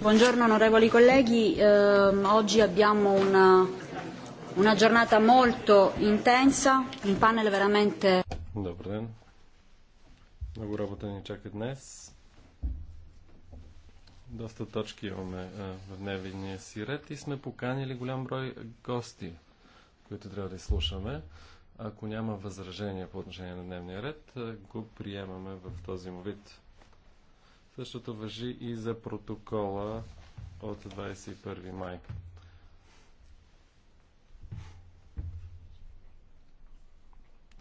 Buongiorno onorevoli colleghi, ehm, oggi abbiamo una, una giornata molto intensa, un panel veramente... Добър ден. Много работа ни чака днес. Доста точки имаме в дневния си ред и сме поканили голям брой гости, които трябва да изслушаме. Ако няма възражения по отношение на дневния ред, го приемаме в този му вид. Същото въжи и за протокола от 21 май.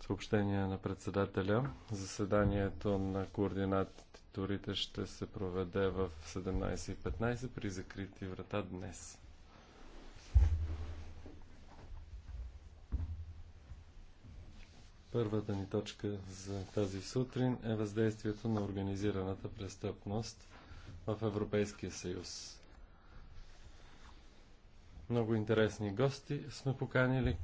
Съобщение на председателя. Заседанието на координаторите ще се проведе в 17.15 при закрити врата днес. Първата ни точка за тази сутрин е въздействието на организираната престъпност в Европейския съюз. Много интересни гости сме поканили.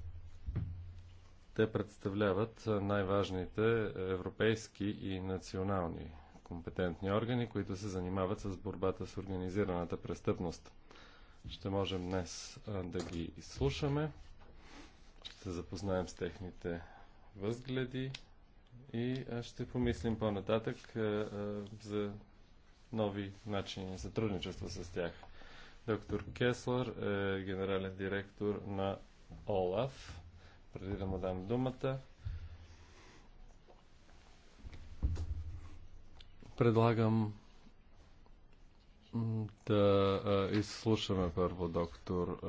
Те представляват най-важните европейски и национални компетентни органи, които се занимават с борбата с организираната престъпност. Ще можем днес да ги изслушаме. Ще се запознаем с техните възгледи и ще помислим по-нататък за нови начини на сътрудничество с тях. Доктор Кеслер е генерален директор на ОЛАФ. Преди да му дам думата, предлагам да изслушаме първо доктор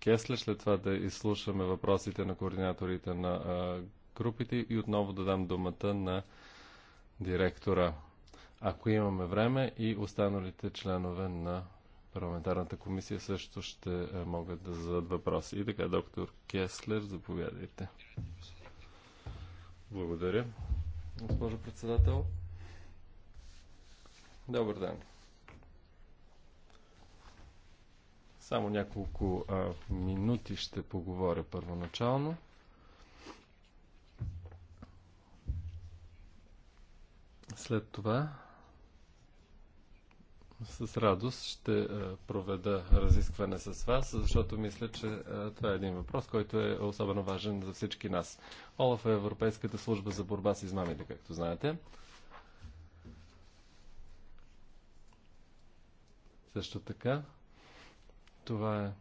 Кесле, след това да изслушаме въпросите на координаторите на а, групите и отново да дам думата на директора, ако имаме време и останалите членове на парламентарната комисия също ще могат да зададат въпроси. И така, доктор Кеслер, заповядайте. Благодаря, госпожо председател. Добър ден. Само няколко а, минути ще поговоря първоначално. След това с радост ще проведа разискване с вас, защото мисля, че това е един въпрос, който е особено важен за всички нас. ОЛАФ е Европейската служба за борба с измамите, както знаете. Също така, това е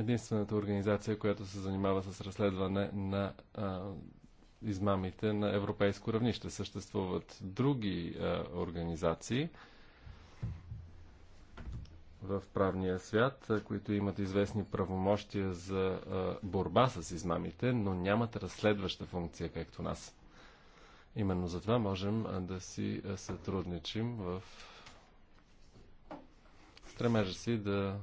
единствената организация, която се занимава с разследване на а, измамите на европейско равнище. Съществуват други а, организации в правния свят, а, които имат известни правомощия за а, борба с измамите, но нямат разследваща функция, както нас. Именно за това можем а, да си сътрудничим в стремежа си да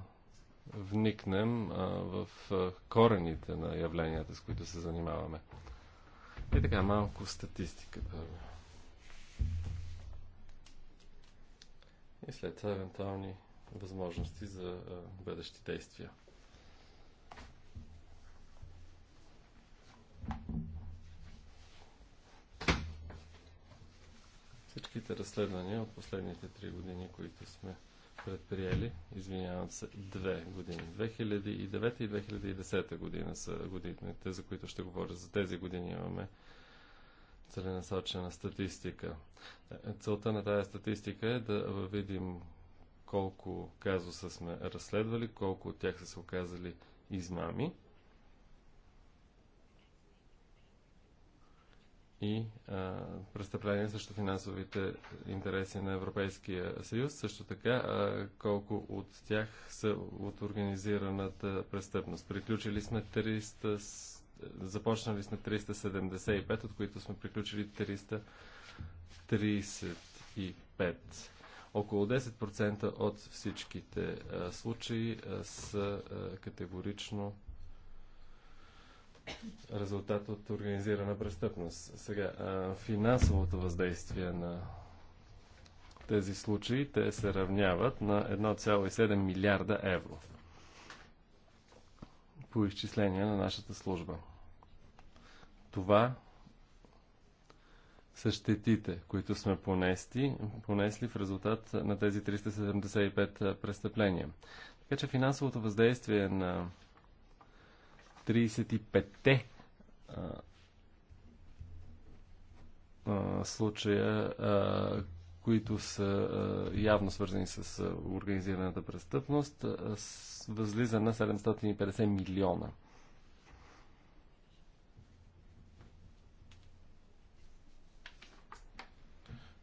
вникнем а, в корените на явленията, с които се занимаваме. И така, малко статистика първо. И след това евентуални възможности за а, бъдещи действия. Всичките разследвания от последните три години, които сме предприели, извинявам се, две години. 2009 и 2010 година са годините, за които ще говоря. За тези години имаме целенасочена статистика. Целта на тази статистика е да видим колко казуса сме разследвали, колко от тях са се оказали измами – и а, престъпления срещу финансовите интереси на Европейския съюз. Също така, а, колко от тях са от организираната престъпност. Приключили сме 300, започнали сме 375, от които сме приключили 335. Около 10% от всичките а, случаи а, са а, категорично резултат от организирана престъпност. Сега, финансовото въздействие на тези случаи, те се равняват на 1,7 милиарда евро по изчисление на нашата служба. Това са щетите, които сме понести, понесли в резултат на тези 375 престъпления. Така че финансовото въздействие на 35-те случая, а, които са а, явно свързани с а, организираната престъпност, с, възлиза на 750 милиона.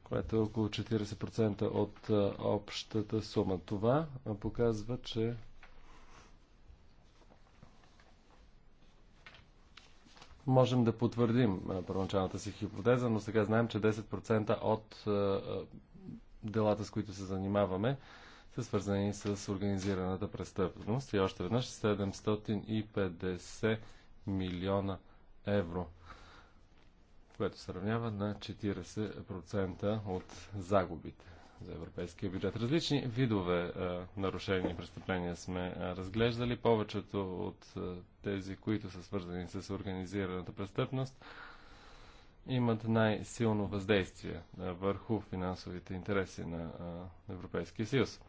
което е около 40% от общата сума. Това показва, че можем да потвърдим първоначалната си хипотеза, но сега знаем, че 10% от делата, с които се занимаваме, са свързани с организираната престъпност и още веднъж 750 милиона евро, което се равнява на 40% от загубите за европейския бюджет. Различни видове а, нарушения и престъпления сме а, разглеждали. Повечето от а, тези, които са свързани с организираната престъпност, имат най-силно въздействие а, върху финансовите интереси на а, Европейския съюз.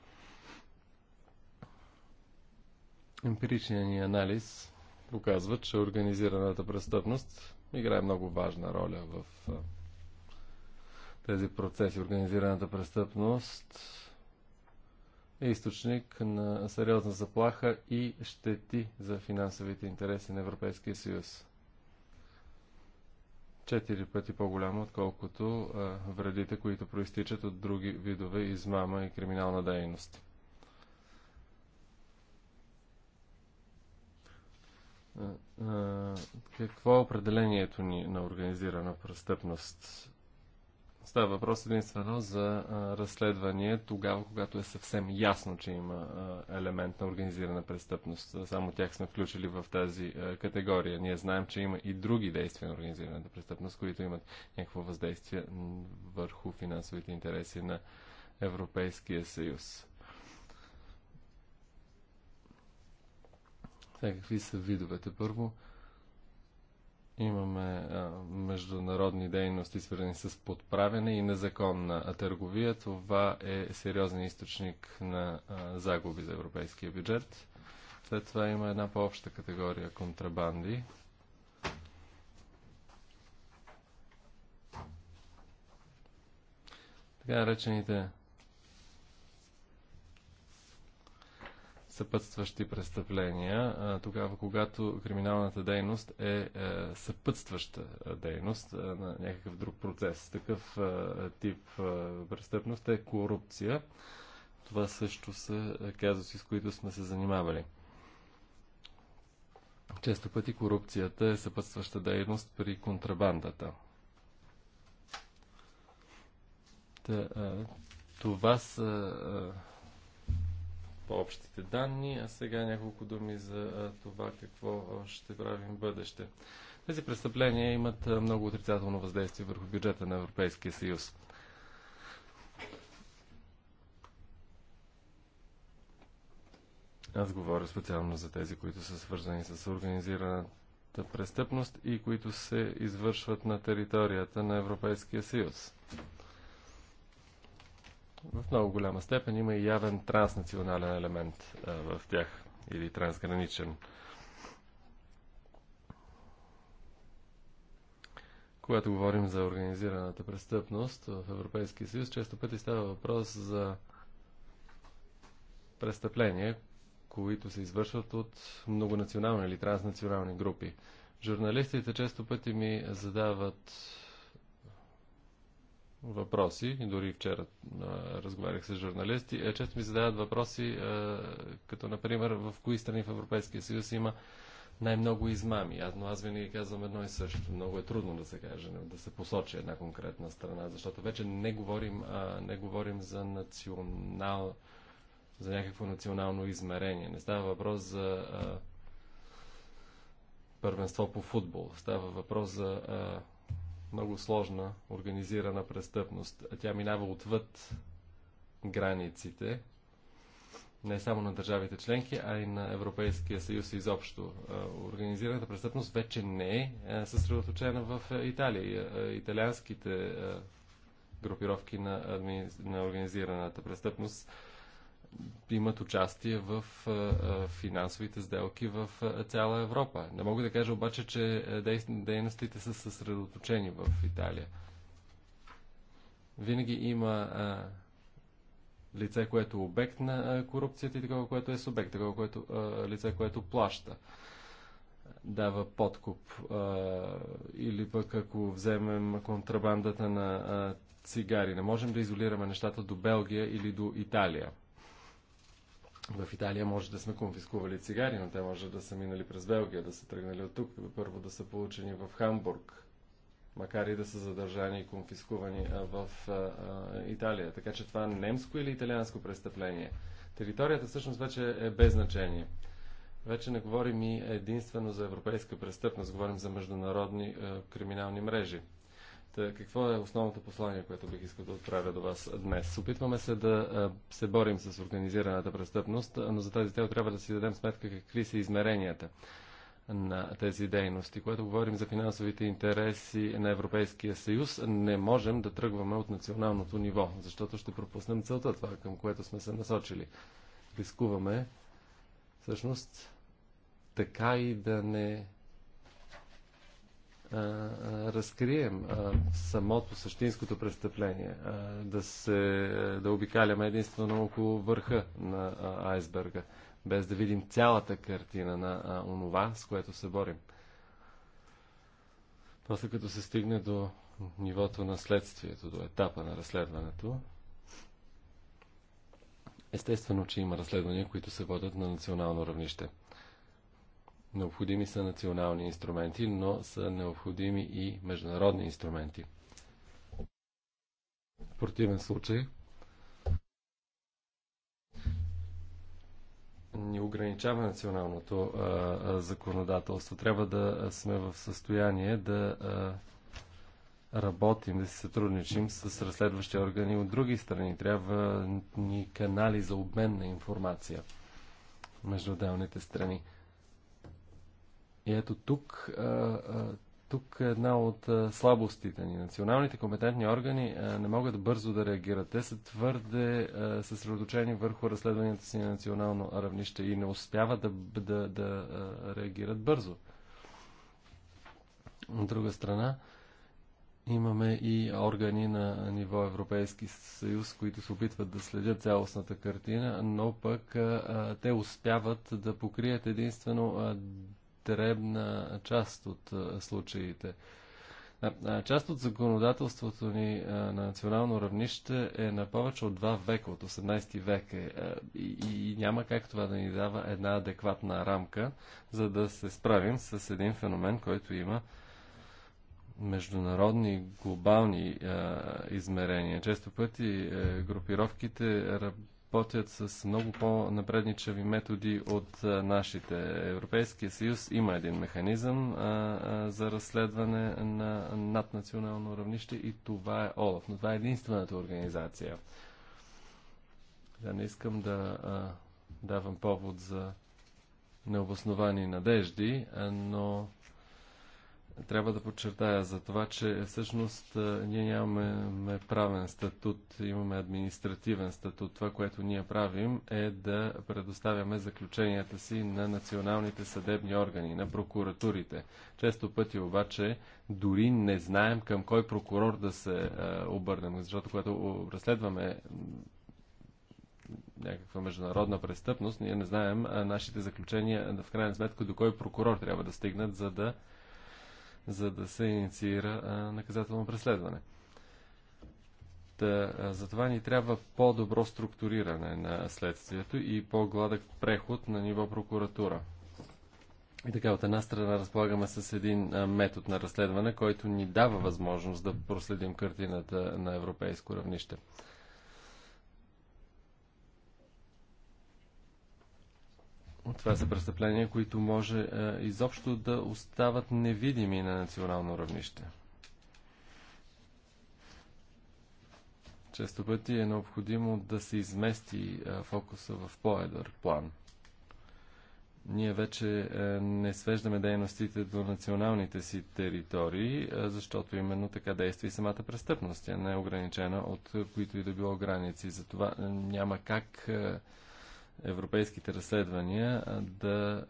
Емпиричният ни анализ показва, че организираната престъпност играе много важна роля в а, тези процеси. Организираната престъпност е източник на сериозна заплаха и щети за финансовите интереси на Европейския съюз. Четири пъти по-голямо, отколкото вредите, които проистичат от други видове измама и криминална дейност. какво е определението ни на организирана престъпност? Става въпрос единствено за а, разследване тогава, когато е съвсем ясно, че има а, елемент на организирана престъпност. Само тях сме включили в тази а, категория. Ние знаем, че има и други действия на организираната престъпност, които имат някакво въздействие върху финансовите интереси на Европейския съюз. Сега, какви са видовете? Първо, Имаме а, международни дейности, свързани с подправяне и незаконна търговия. Това е сериозен източник на а, загуби за европейския бюджет. След това има една по-обща категория контрабанди. Така наречените съпътстващи престъпления, тогава когато криминалната дейност е, е съпътстваща дейност на някакъв друг процес. Такъв тип престъпност е корупция. Това също са казуси, с които сме се занимавали. Често пъти корупцията е съпътстваща дейност при контрабандата. това са по-общите данни, а сега няколко думи за това какво ще правим в бъдеще. Тези престъпления имат много отрицателно въздействие върху бюджета на Европейския съюз. Аз говоря специално за тези, които са свързани с организираната престъпност и които се извършват на територията на Европейския съюз в много голяма степен има и явен транснационален елемент в тях или трансграничен. Когато говорим за организираната престъпност в Европейския съюз, често пъти става въпрос за престъпления, които се извършват от многонационални или транснационални групи. Журналистите често пъти ми задават въпроси, и дори вчера а, разговарях с журналисти, е, често ми задават въпроси, а, като например в кои страни в Европейския съюз има най-много измами. Аз, но аз винаги казвам едно и също. Много е трудно да се каже, да се посочи една конкретна страна, защото вече не говорим, а, не говорим за национал, за някакво национално измерение. Не става въпрос за а, първенство по футбол. Става въпрос за а, много сложна организирана престъпност. Тя минава отвъд границите, не само на държавите членки, а и на Европейския съюз изобщо. Е, организираната престъпност вече не е, е съсредоточена в е, Италия. Италианските групировки на, на организираната престъпност имат участие в финансовите сделки в цяла Европа. Не мога да кажа обаче, че дейностите са съсредоточени в Италия. Винаги има лице, което е обект на корупцията и такова, което е субект, такова, което, лице, което плаща дава подкуп. Или пък ако вземем контрабандата на цигари, не можем да изолираме нещата до Белгия или до Италия в Италия може да сме конфискували цигари, но те може да са минали през Белгия, да са тръгнали от тук, първо да са получени в Хамбург, макар и да са задържани и конфискувани в Италия. Така че това немско или италианско престъпление. Територията всъщност вече е без значение. Вече не говорим и единствено за европейска престъпност, говорим за международни криминални мрежи. Е, какво е основното послание, което бих искал да отправя до вас днес? Опитваме се да е, се борим с организираната престъпност, но за тази цел трябва да си дадем сметка какви са измеренията на тези дейности. Когато говорим за финансовите интереси на Европейския съюз, не можем да тръгваме от националното ниво, защото ще пропуснем целта, това към което сме се насочили. Рискуваме всъщност така и да не разкрием самото същинското престъпление, да, се, да обикаляме единствено около върха на айсберга, без да видим цялата картина на онова, с което се борим. После като се стигне до нивото на следствието, до етапа на разследването, естествено, че има разследвания, които се водят на национално равнище – Необходими са национални инструменти, но са необходими и международни инструменти. В противен случай ни ограничава националното а, а, законодателство. Трябва да сме в състояние да а, работим, да се сътрудничим с разследващи органи от други страни. Трябва ни канали за обмен на информация между отделните страни. И ето тук, тук е една от слабостите ни. Националните компетентни органи не могат бързо да реагират. Те са твърде съсредоточени върху разследванията си на национално равнище и не успяват да, да, да реагират бързо. От друга страна, имаме и органи на ниво Европейски съюз, които се опитват да следят цялостната картина, но пък а, те успяват да покрият единствено а, дребна част от случаите. Част от законодателството ни на национално равнище е на повече от два века, от 18 век е, и, и няма как това да ни дава една адекватна рамка, за да се справим с един феномен, който има международни, глобални а, измерения. Често пъти е, групировките работят с много по-напредничави методи от нашите. Европейския съюз има един механизъм а, а, за разследване на наднационално равнище и това е ОЛАФ. Но това е единствената организация. Да не искам да а, давам повод за необосновани надежди, но трябва да подчертая за това, че всъщност ние нямаме правен статут, имаме административен статут. Това, което ние правим е да предоставяме заключенията си на националните съдебни органи, на прокуратурите. Често пъти обаче дори не знаем към кой прокурор да се обърнем, защото когато разследваме някаква международна престъпност, ние не знаем нашите заключения в крайна сметка до кой прокурор трябва да стигнат, за да за да се инициира наказателно преследване. Та, затова ни трябва по-добро структуриране на следствието и по-гладък преход на ниво прокуратура. И така, от една страна разполагаме с един метод на разследване, който ни дава възможност да проследим картината на европейско равнище. Това са престъпления, които може а, е, изобщо да остават невидими на национално равнище. Често пъти е необходимо да се измести а, е, фокуса в по-едър план. Ние вече а, е, не свеждаме дейностите до националните си територии, защото именно така действа и самата престъпност. Тя не е ограничена от които и да било граници. Затова няма как европейските разследвания да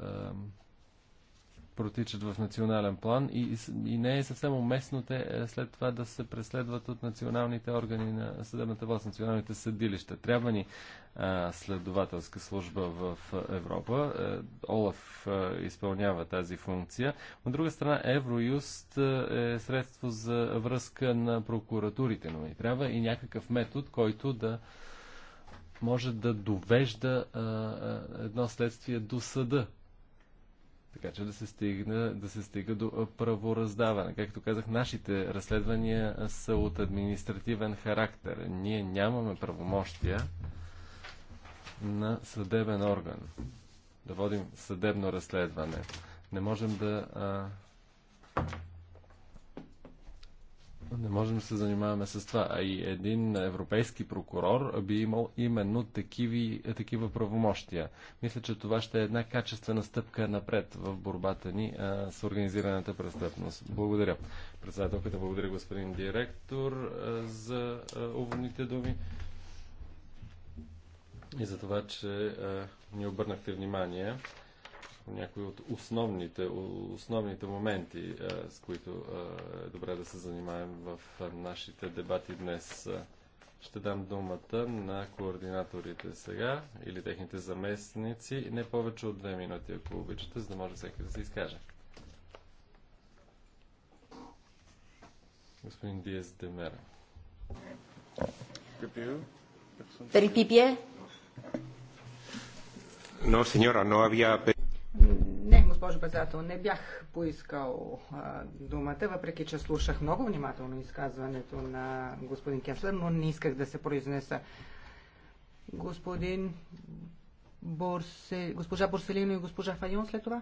протичат в национален план и, и не е съвсем уместно те е, след това да се преследват от националните органи на съдебната власт, националните съдилища. Трябва ни а, следователска служба в Европа. Е, Олаф а, изпълнява тази функция. От друга страна, Евроюст е средство за връзка на прокуратурите, но и трябва и някакъв метод, който да а, може да довежда а, едно следствие до съда. Така че да се, стигне да се стига до правораздаване. Както казах, нашите разследвания са от административен характер. Ние нямаме правомощия на съдебен орган. Да водим съдебно разследване. Не можем да а, не можем да се занимаваме с това. А и един европейски прокурор би имал именно такиви, такива правомощия. Мисля, че това ще е една качествена стъпка напред в борбата ни а, с организираната престъпност. Благодаря. Председателката, благодаря господин директор а, за уводните думи и за това, че а, ни обърнахте внимание някои от основните, основните моменти, е, с които е, е добре да се занимаем в е, нашите дебати днес. Ще дам думата на координаторите сега или техните заместници. Не повече от две минути, ако обичате, за да може всеки да се изкаже. Господин Диес Демера. Del PPE. No, señora, había госпожо председател. Не бях поискал а, думата, въпреки че слушах много внимателно изказването на господин Кефлер, но не исках да се произнеса. Господин Борсе, госпожа Борселино и госпожа Фанион след това.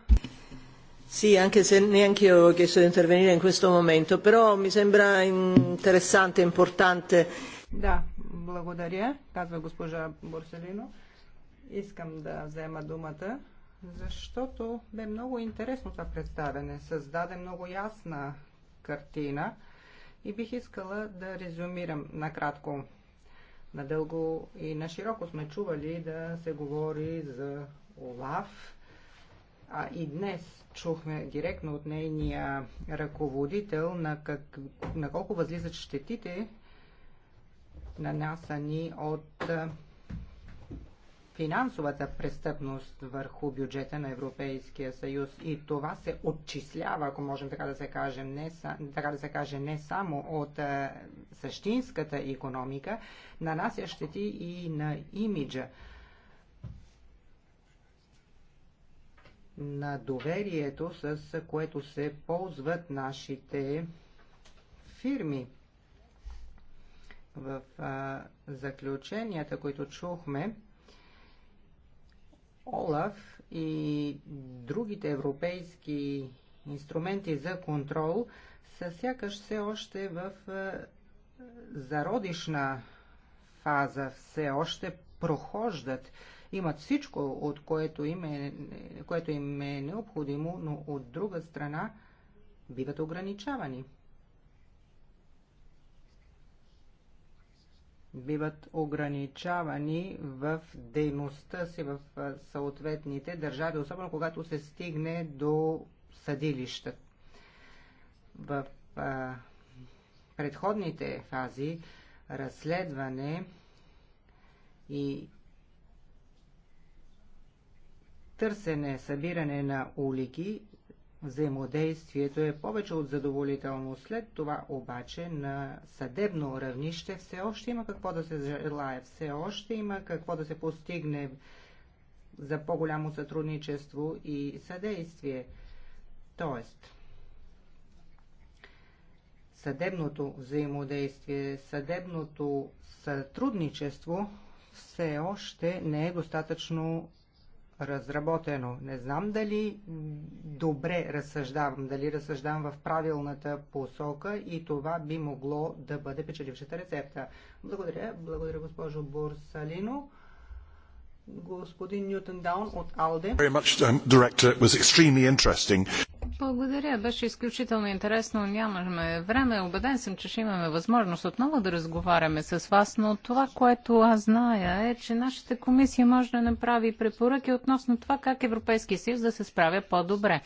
Sì, anche se neanche io ho chiesto di intervenire in questo momento, però mi sembra interessante, importante. Да, благодаря, казва госпожа Борселино. Искам да взема думата защото бе много интересно това представяне. Създаде много ясна картина и бих искала да резюмирам накратко. Надълго и на широко сме чували да се говори за Олаф, а и днес чухме директно от нейния ръководител на, как, на колко възлизат щетите нанасани от финансовата престъпност върху бюджета на Европейския съюз и това се отчислява, ако можем така да се каже, не, така да се каже, не само от е, същинската економика, нанася щети и на имиджа, на доверието, с което се ползват нашите фирми. В а, е, заключенията, които чухме, ОЛАФ и другите европейски инструменти за контрол са сякаш все още в е, зародишна фаза, все още прохождат. Имат всичко, от което им, е, което им е необходимо, но от друга страна биват ограничавани. биват ограничавани в дейността си в съответните държави, особено когато се стигне до съдилища. В а, предходните фази разследване и търсене, събиране на улики взаимодействието е повече от задоволително. След това обаче на съдебно равнище все още има какво да се желая, все още има какво да се постигне за по-голямо сътрудничество и съдействие. Тоест, съдебното взаимодействие, съдебното сътрудничество все още не е достатъчно разработено. Не знам дали добре разсъждавам, дали разсъждавам в правилната посока и това би могло да бъде печелившата рецепта. Благодаря. Благодаря, госпожо Борсалино. Господин Ньютон Даун от АЛДЕ. Um, благодаря. Беше изключително интересно. Нямаме време. Обеден съм, че ще имаме възможност отново да разговаряме с вас, но това, което аз зная е, че нашата комисия може да направи препоръки относно това как Европейския съюз да се справя по-добре.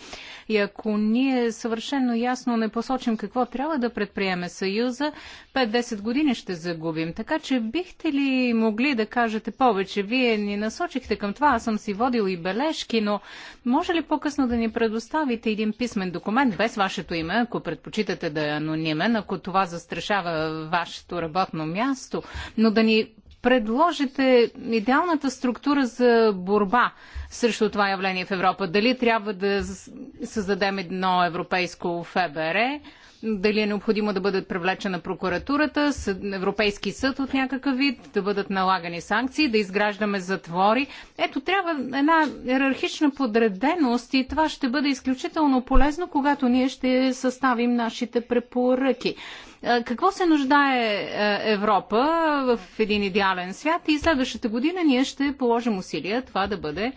И ако ние съвършено ясно не посочим какво трябва да предприеме съюза, 5-10 години ще загубим. Така че бихте ли могли да кажете повече? Вие ни насочихте към това. Аз съм си водил и бележки, но може ли по-късно да ни предоставите един писмен документ без вашето име, ако предпочитате да е анонимен, ако това застрашава вашето работно място, но да ни предложите идеалната структура за борба срещу това явление в Европа. Дали трябва да създадем едно европейско ФБР, дали е необходимо да бъдат привлечена прокуратурата, Европейски съд от някакъв вид, да бъдат налагани санкции, да изграждаме затвори. Ето, трябва една иерархична подреденост и това ще бъде изключително полезно, когато ние ще съставим нашите препоръки. Какво се нуждае Европа в един идеален свят и следващата година ние ще положим усилия това да бъде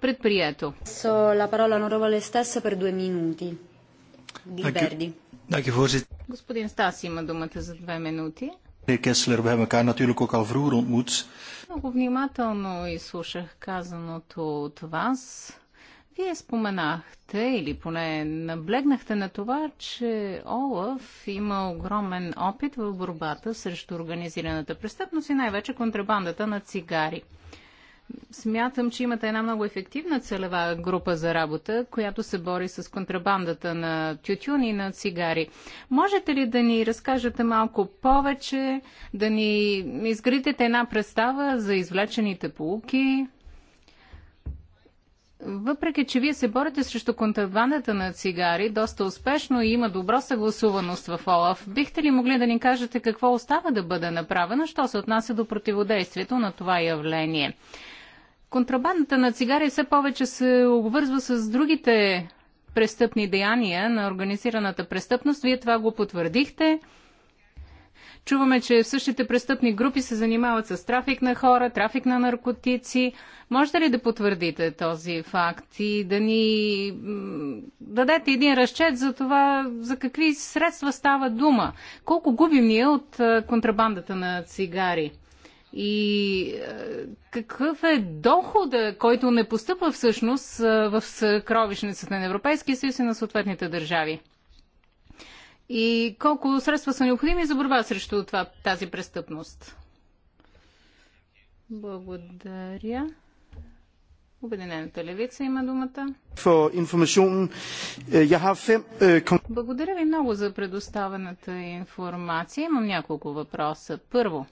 предприето. So, la parola onorevole Stessa per due minuti. Liberdi. Господин Стас има думата за две минути. Много внимателно изслушах казаното от вас. Вие споменахте или поне наблегнахте на това, че Олаф има огромен опит в борбата срещу организираната престъпност и най-вече контрабандата на цигари. Смятам, че имате една много ефективна целева група за работа, която се бори с контрабандата на тютюн и на цигари. Можете ли да ни разкажете малко повече, да ни изградите една представа за извлечените полуки? Въпреки, че вие се борите срещу контрабандата на цигари доста успешно и има добро съгласуваност в ОЛАФ, бихте ли могли да ни кажете какво остава да бъде направено, що се отнася до противодействието на това явление? Контрабандата на цигари все повече се обвързва с другите престъпни деяния на организираната престъпност. Вие това го потвърдихте. Чуваме, че същите престъпни групи се занимават с трафик на хора, трафик на наркотици. Можете ли да потвърдите този факт и да ни дадете един разчет за това, за какви средства става дума? Колко губим ние от контрабандата на цигари? И е, какъв е дохода, който не постъпва всъщност е, в съкровищницата на Европейския съюз и на съответните държави? И колко средства са необходими за борба срещу това, тази престъпност? Благодаря. Обединената левица има думата. Е, Благодаря ви много за предоставената информация. Имам няколко въпроса. Първо,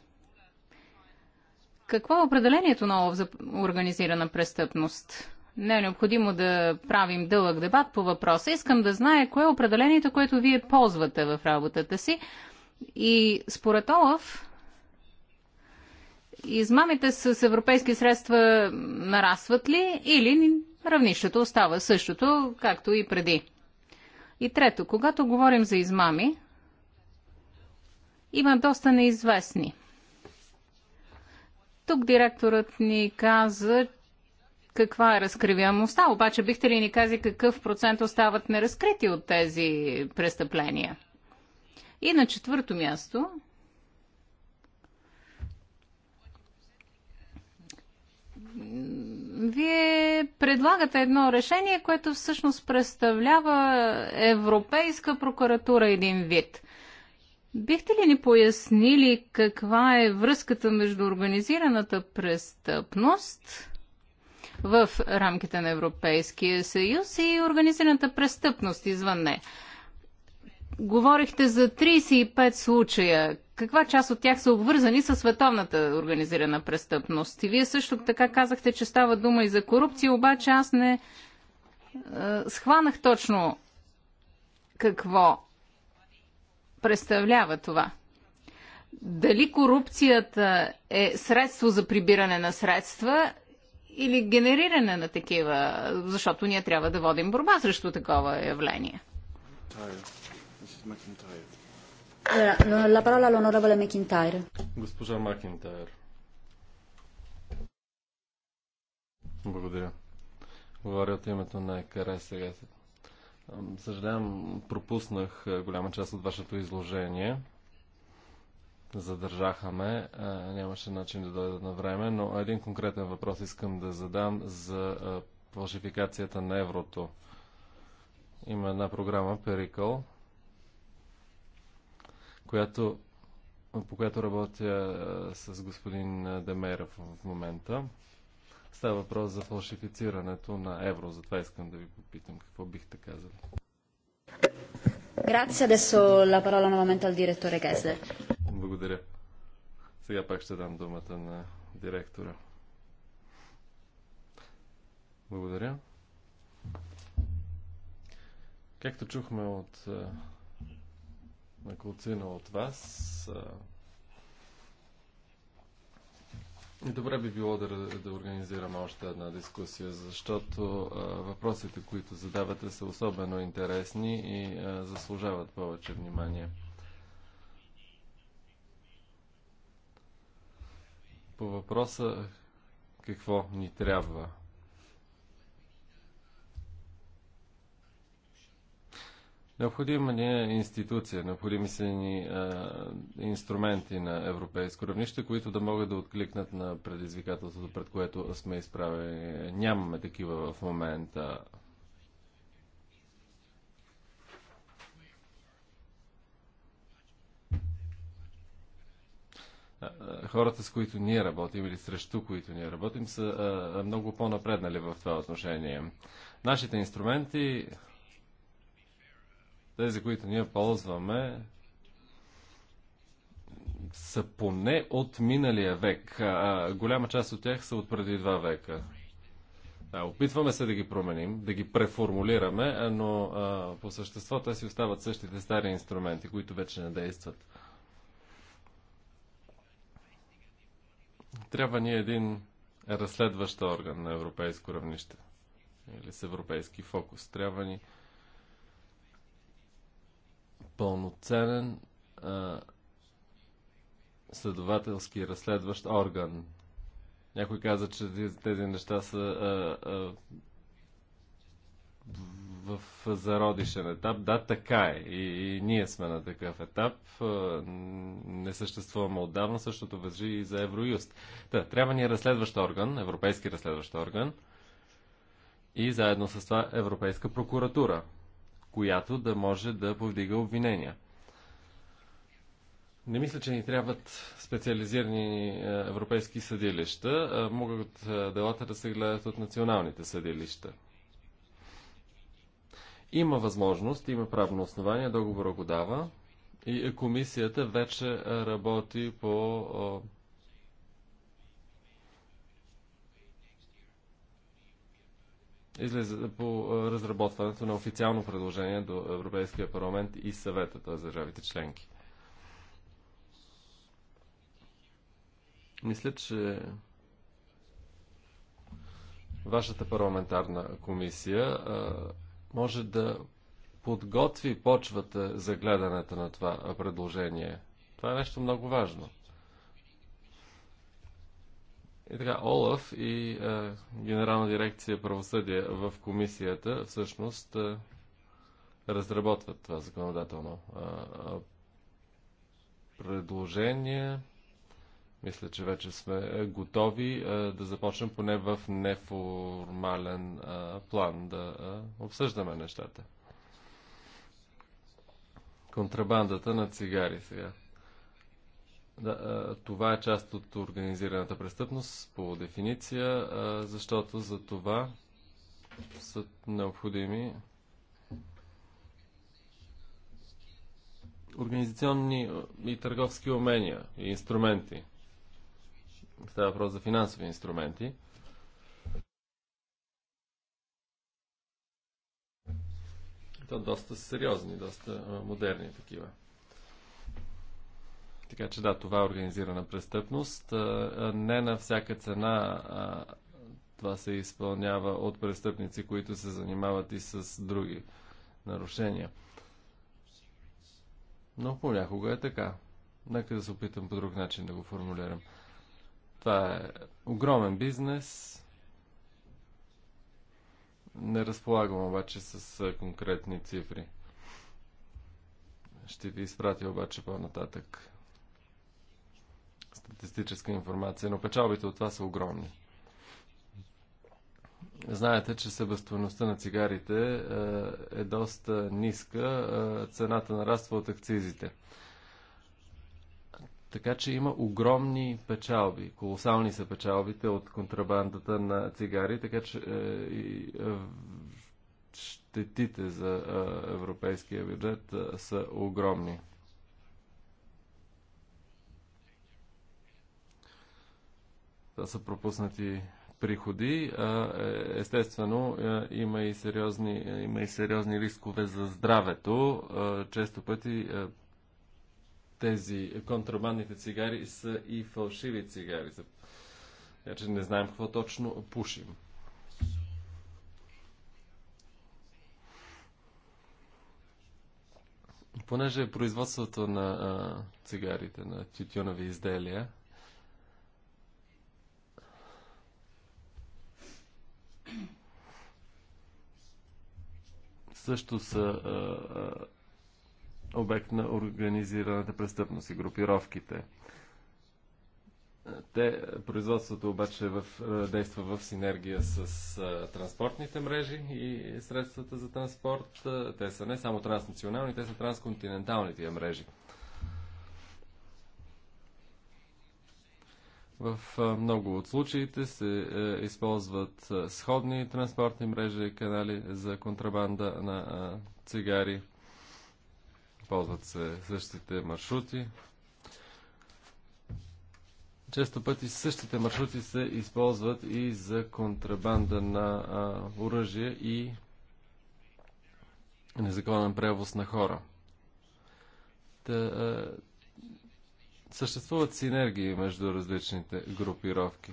какво е определението на за организирана престъпност? Не е необходимо да правим дълъг дебат по въпроса. Искам да знае кое е определението, което вие ползвате в работата си. И според ОЛАФ, измамите с европейски средства нарастват ли или равнището остава същото, както и преди? И трето, когато говорим за измами, има доста неизвестни – тук директорът ни каза, каква е разкривямостта. обаче бихте ли ни казали какъв процент остават неразкрити от тези престъпления? И на четвърто място, вие предлагате едно решение, което всъщност представлява Европейска прокуратура един вид – Бихте ли ни пояснили каква е връзката между организираната престъпност в рамките на Европейския съюз и организираната престъпност извън не? Говорихте за 35 случая. Каква част от тях са обвързани с световната организирана престъпност? И вие също така казахте, че става дума и за корупция, обаче аз не е, схванах точно какво представлява това? Дали корупцията е средство за прибиране на средства или генериране на такива, защото ние трябва да водим борба срещу такова явление? Е, е Госпожа Макинтайр. Благодаря. Говоря от името на ЕКР сега. Съжалявам, пропуснах е, голяма част от вашето изложение. Задържаха ме. Е, нямаше начин да дойда на време, но един конкретен въпрос искам да задам за е, фалшификацията на еврото. Има една програма, Перикъл, която, по която работя с господин Демеров в момента. Става въпрос за фалшифицирането на евро, затова искам да ви попитам какво бихте казали. Grazie, adesso la parola nuovamente al direttore Благодаря. Сега пак ще дам думата на директора. Благодаря. Както чухме от на колцина от вас, Добре би било да, да организираме още една дискусия, защото а, въпросите, които задавате, са особено интересни и а, заслужават повече внимание. По въпроса какво ни трябва Необходима ни е институция, необходими са ни а, инструменти на европейско равнище, които да могат да откликнат на предизвикателството, пред което сме изправени. Нямаме такива в момента. хората, с които ние работим или срещу които ние работим, са а, много по-напреднали в това отношение. Нашите инструменти тези, които ние ползваме, са поне от миналия век. А, голяма част от тях са от преди два века. Да, опитваме се да ги променим, да ги преформулираме, но а, по същество те си остават същите стари инструменти, които вече не действат. Трябва ни един разследващ орган на европейско равнище или с европейски фокус. Трябва ни пълноценен а, следователски разследващ орган. Някой каза, че тези неща са а, а, в зародишен етап. Да, така е. И, и ние сме на такъв етап. Не съществуваме отдавна. Същото въжи и за Евроюст. Та, трябва ни е разследващ орган, европейски разследващ орган и заедно с това Европейска прокуратура която да може да повдига обвинения. Не мисля, че ни трябват специализирани е, европейски съдилища. Е, могат е, делата да се гледат от националните съдилища. Има възможност, има правно основание, договора го дава и комисията вече работи по излиза по разработването на официално предложение до Европейския парламент и съвета, за държавите членки. Мисля, че вашата парламентарна комисия може да подготви почвата за гледането на това предложение. Това е нещо много важно. И е така, Олаф и е, Генерална дирекция правосъдие в комисията всъщност е, разработват това законодателно е, е предложение. Мисля, че вече сме е, готови е, да започнем поне в неформален е, план да е, обсъждаме нещата. Контрабандата на цигари сега. Да, това е част от организираната престъпност по дефиниция, защото за това са необходими организационни и търговски умения и инструменти. Става въпрос за финансови инструменти. То доста сериозни, доста модерни такива. Така че да, това е организирана престъпност. Не на всяка цена това се изпълнява от престъпници, които се занимават и с други нарушения. Но понякога е така. Нека да се опитам по друг начин да го формулирам. Това е огромен бизнес. Не разполагам обаче с конкретни цифри. Ще ви изпратя обаче по-нататък статистическа информация, но печалбите от това са огромни. Знаете, че себестойността на цигарите е, е доста ниска, е, цената нараства от акцизите. Така че има огромни печалби, колосални са печалбите от контрабандата на цигари, така че е, и щетите за европейския бюджет са огромни. Това са пропуснати приходи. Е, естествено, има и сериозни, има и сериозни рискове за здравето. Често пъти тези контрабандните цигари са и фалшиви цигари. Така че не знаем какво точно пушим. Понеже производството на а, цигарите, на тютюнови изделия, също са обект на организираната престъпност и групировките. Те, производството обаче в, действа в синергия с а, транспортните мрежи и средствата за транспорт. Те са не само транснационални, те са трансконтиненталните мрежи. В много от случаите се е, използват сходни транспортни мрежи и канали за контрабанда на цигари. Ползват се същите маршрути. Често пъти същите маршрути се използват и за контрабанда на оръжие и незаконен превоз на хора съществуват синергии между различните групировки.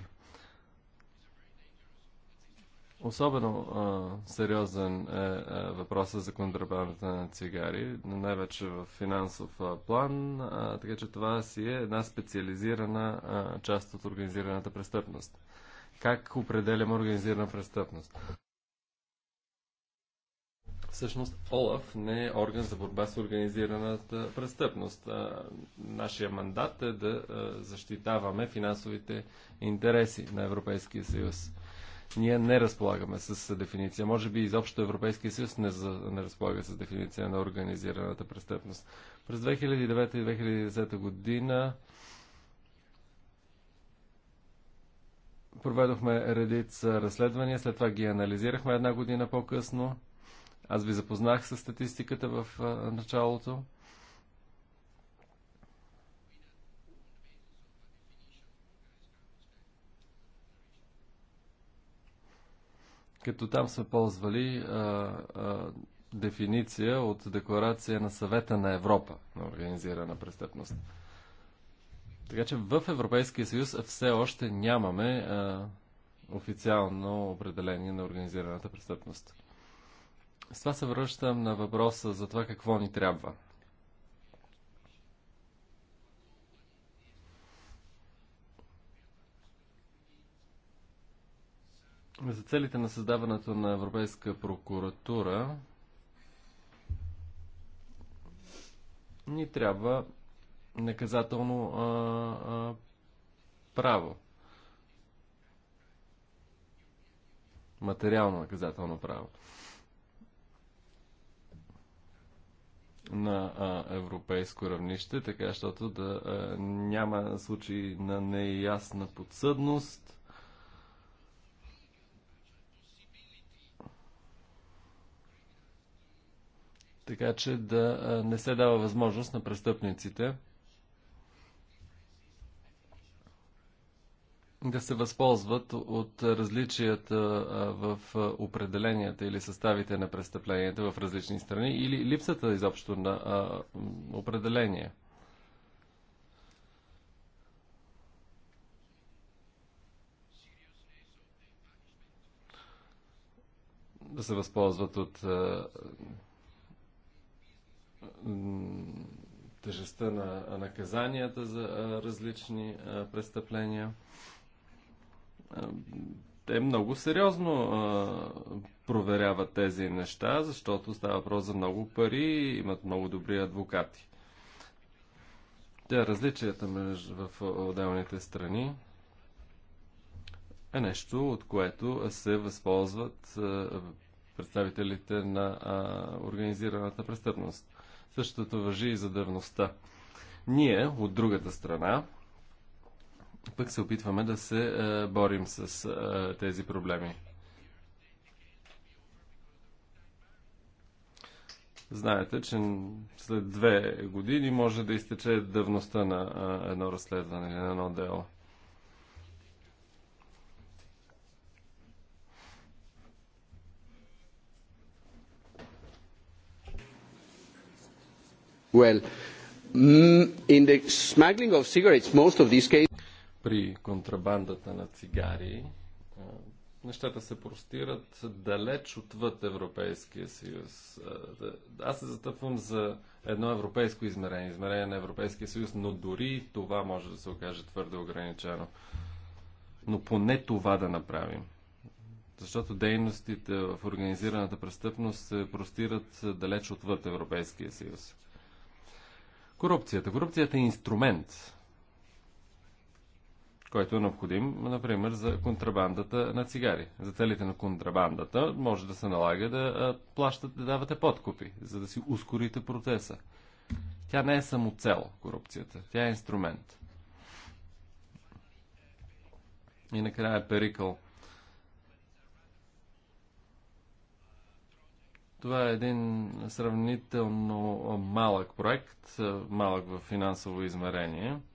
Особено а, сериозен е а, е въпросът за контрабандата на цигари, най-вече в финансов а, план, а, така че това си е една специализирана а, част от организираната престъпност. Как определям организирана престъпност? Всъщност ОЛАФ не е орган за борба с организираната престъпност. Нашия мандат е да защитаваме финансовите интереси на Европейския съюз. Ние не разполагаме с дефиниция. Може би изобщо Европейския съюз не, за, не разполага с дефиниция на организираната престъпност. През 2009 и 2010 година проведохме редица разследвания, след това ги анализирахме една година по-късно. Аз ви запознах с статистиката в началото. като там сме ползвали а, а, дефиниция от Декларация на съвета на Европа на организирана престъпност. Така че в Европейския съюз все още нямаме а, официално определение на организираната престъпност. С това се връщам на въпроса за това какво ни трябва. За целите на създаването на Европейска прокуратура ни трябва наказателно а, а, право. Материално наказателно право. на а, европейско равнище, така защото да а, няма случаи на неясна подсъдност. Така че да не се дава възможност на престъпниците да се възползват от различията в определенията или съставите на престъпленията в различни страни или липсата изобщо на определение. Да се възползват от тежестта на наказанията за различни престъпления те много сериозно а, проверяват тези неща, защото става въпрос за много пари и имат много добри адвокати. Те различията между в отделните страни е нещо, от което се възползват а, представителите на а, организираната престъпност. Същото въжи и за дървността. Ние, от другата страна, пък се опитваме да се е, борим с е, тези проблеми. Знаете, че след две години може да изтече давността на е, едно разследване или на едно дело. Well, mm, in the smuggling of cigarettes, most of these cases при контрабандата на цигари, нещата се простират далеч отвъд Европейския съюз. Аз се затъпвам за едно европейско измерение, измерение на Европейския съюз, но дори това може да се окаже твърде ограничено. Но поне това да направим. Защото дейностите в организираната престъпност се простират далеч отвъд Европейския съюз. Корупцията. Корупцията е инструмент който е необходим, например, за контрабандата на цигари. За целите на контрабандата може да се налага да плащате, да давате подкупи, за да си ускорите процеса. Тя не е само цел, корупцията. Тя е инструмент. И накрая е Перикъл. Това е един сравнително малък проект, малък в финансово измерение –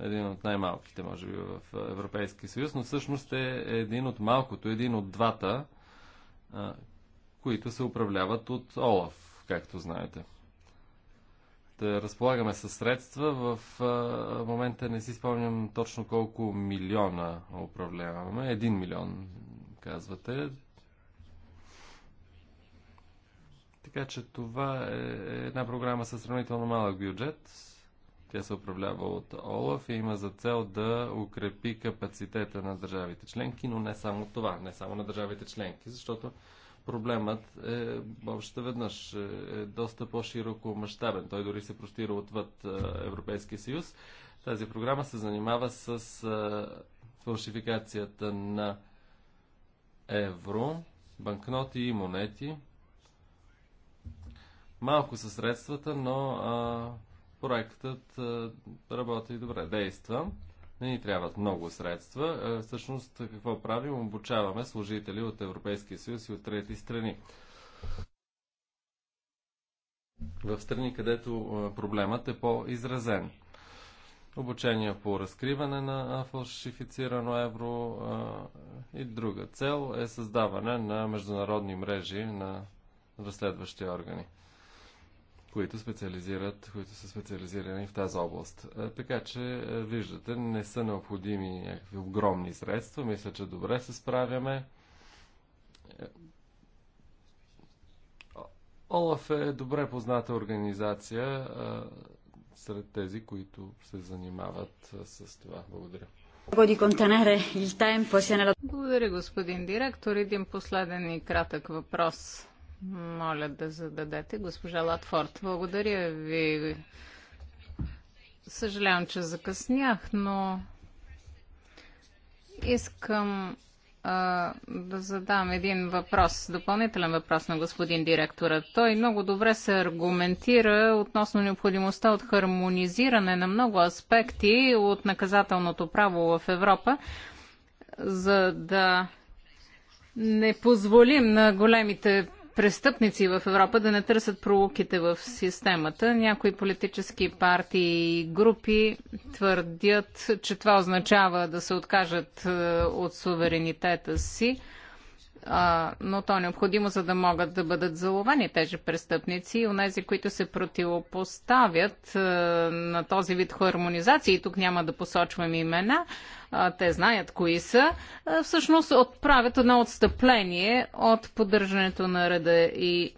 един от най-малките, може би, в Европейския съюз, но всъщност е един от малкото, един от двата, които се управляват от ОЛАФ, както знаете. Да разполагаме със средства, в момента не си спомням точно колко милиона управляваме. Един милион, казвате. Така че това е, е една програма със сравнително малък бюджет тя се управлява от ОЛАФ и има за цел да укрепи капацитета на държавите членки, но не само това, не само на държавите членки, защото проблемът е още веднъж е, е доста по-широко мащабен. Той дори се простира отвъд е, Европейския съюз. Тази програма се занимава с е, фалшификацията на евро, банкноти и монети. Малко са средствата, но а, проектът работи добре, действа. Не ни трябват много средства. Всъщност, какво правим? Обучаваме служители от Европейския съюз и от трети страни. В страни, където проблемът е по-изразен. Обучение по разкриване на фалшифицирано евро и друга цел е създаване на международни мрежи на разследващи органи които, специализират, които са специализирани в тази област. Е, така че, е, виждате, не са необходими някакви огромни средства. Мисля, че добре се справяме. Е, Олаф е добре позната организация сред тези, които се занимават с това. Благодаря. Благодаря, господин директор. Един последен и кратък въпрос. Моля да зададете госпожа Латфорд. Благодаря ви. Съжалявам, че закъснях, но искам а, да задам един въпрос, допълнителен въпрос на господин директора. Той много добре се аргументира относно необходимостта от хармонизиране на много аспекти от наказателното право в Европа, за да не позволим на големите престъпници в Европа да не търсят пролуките в системата. Някои политически партии и групи твърдят, че това означава да се откажат е, от суверенитета си а, но то е необходимо, за да могат да бъдат заловени тези престъпници и онези, които се противопоставят а, на този вид хармонизации, и тук няма да посочвам имена, а, те знаят кои са, а, всъщност отправят едно отстъпление от поддържането на реда и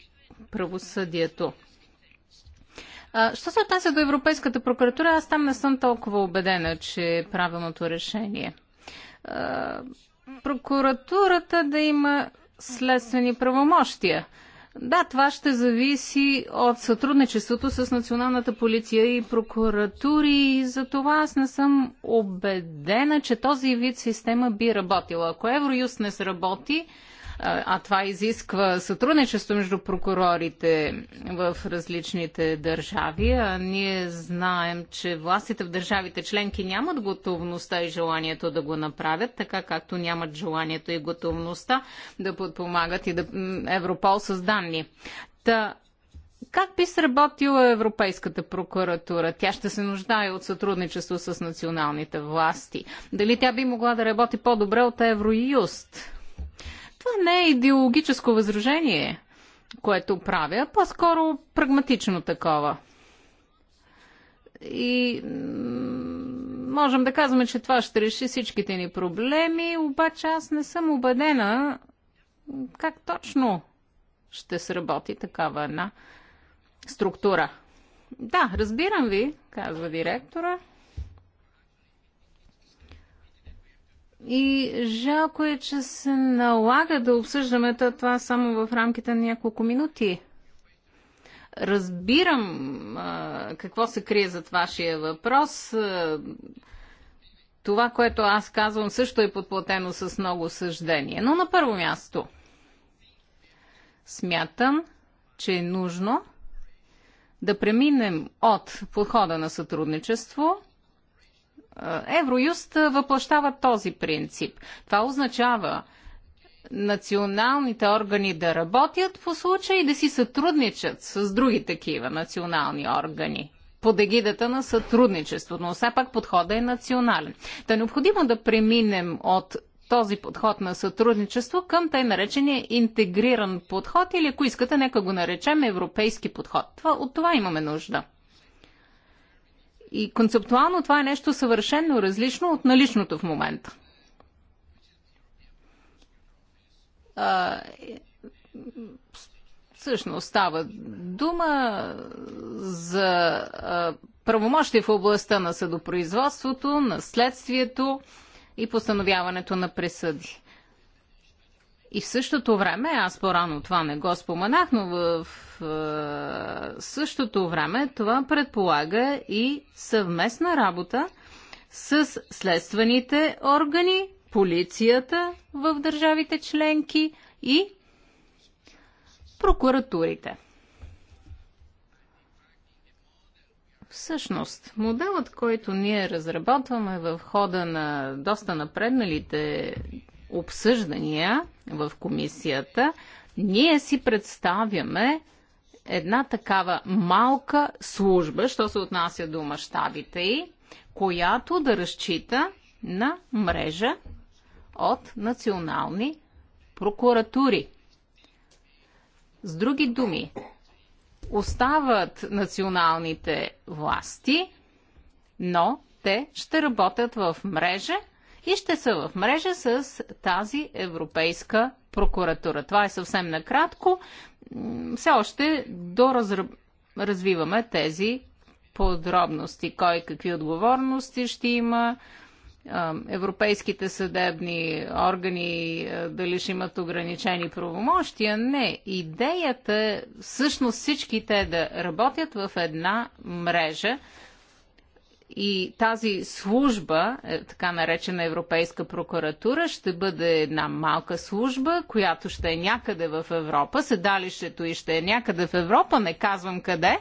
правосъдието. А, що се отнася до Европейската прокуратура, аз там не съм толкова убедена, че е правилното решение. А, прокуратурата да има следствени правомощия. Да, това ще зависи от сътрудничеството с Националната полиция и прокуратури и за това аз не съм убедена, че този вид система би работила. Ако Евроюст не сработи, а това изисква сътрудничество между прокурорите в различните държави. А ние знаем, че властите в държавите членки нямат готовността и желанието да го направят, така както нямат желанието и готовността да подпомагат и да Европол с данни. Та, как би сработила Европейската прокуратура? Тя ще се нуждае от сътрудничество с националните власти. Дали тя би могла да работи по-добре от Евроюст? Това не е идеологическо възражение, което правя, по-скоро прагматично такова. И можем да казваме, че това ще реши всичките ни проблеми, обаче аз не съм убедена как точно ще сработи такава една структура. Да, разбирам ви, казва директора. И жалко е, че се налага да обсъждаме това само в рамките на няколко минути. Разбирам а, какво се крие зад вашия въпрос. Това, което аз казвам, също е подплатено с много съждение. Но на първо място, смятам, че е нужно да преминем от подхода на сътрудничество – е, Евроюст въплащава този принцип. Това означава националните органи да работят по случай да си сътрудничат с други такива национални органи под егидата на сътрудничество, но все пак подходът е национален. Та е необходимо да преминем от този подход на сътрудничество към тъй наречения интегриран подход или ако искате, нека го наречем европейски подход. Това, от това имаме нужда. И концептуално това е нещо съвършенно различно от наличното в момента. А, всъщност става дума за а, правомощи в областта на съдопроизводството, наследствието и постановяването на присъди. И в същото време, аз по-рано това не го споменах, но в, в е, същото време това предполага и съвместна работа с следствените органи, полицията в държавите членки и прокуратурите. Всъщност, моделът, който ние разработваме в хода на доста напредналите обсъждания в комисията, ние си представяме една такава малка служба, що се отнася до мащабите й, която да разчита на мрежа от национални прокуратури. С други думи, остават националните власти, но те ще работят в мрежа и ще са в мрежа с тази Европейска прокуратура. Това е съвсем накратко. Все още доразвиваме развиваме тези подробности. Кой какви отговорности ще има, европейските съдебни органи дали ще имат ограничени правомощия. Не. Идеята е всъщност всички те да работят в една мрежа, и тази служба, е, така наречена Европейска прокуратура, ще бъде една малка служба, която ще е някъде в Европа. Седалището и ще е някъде в Европа, не казвам къде,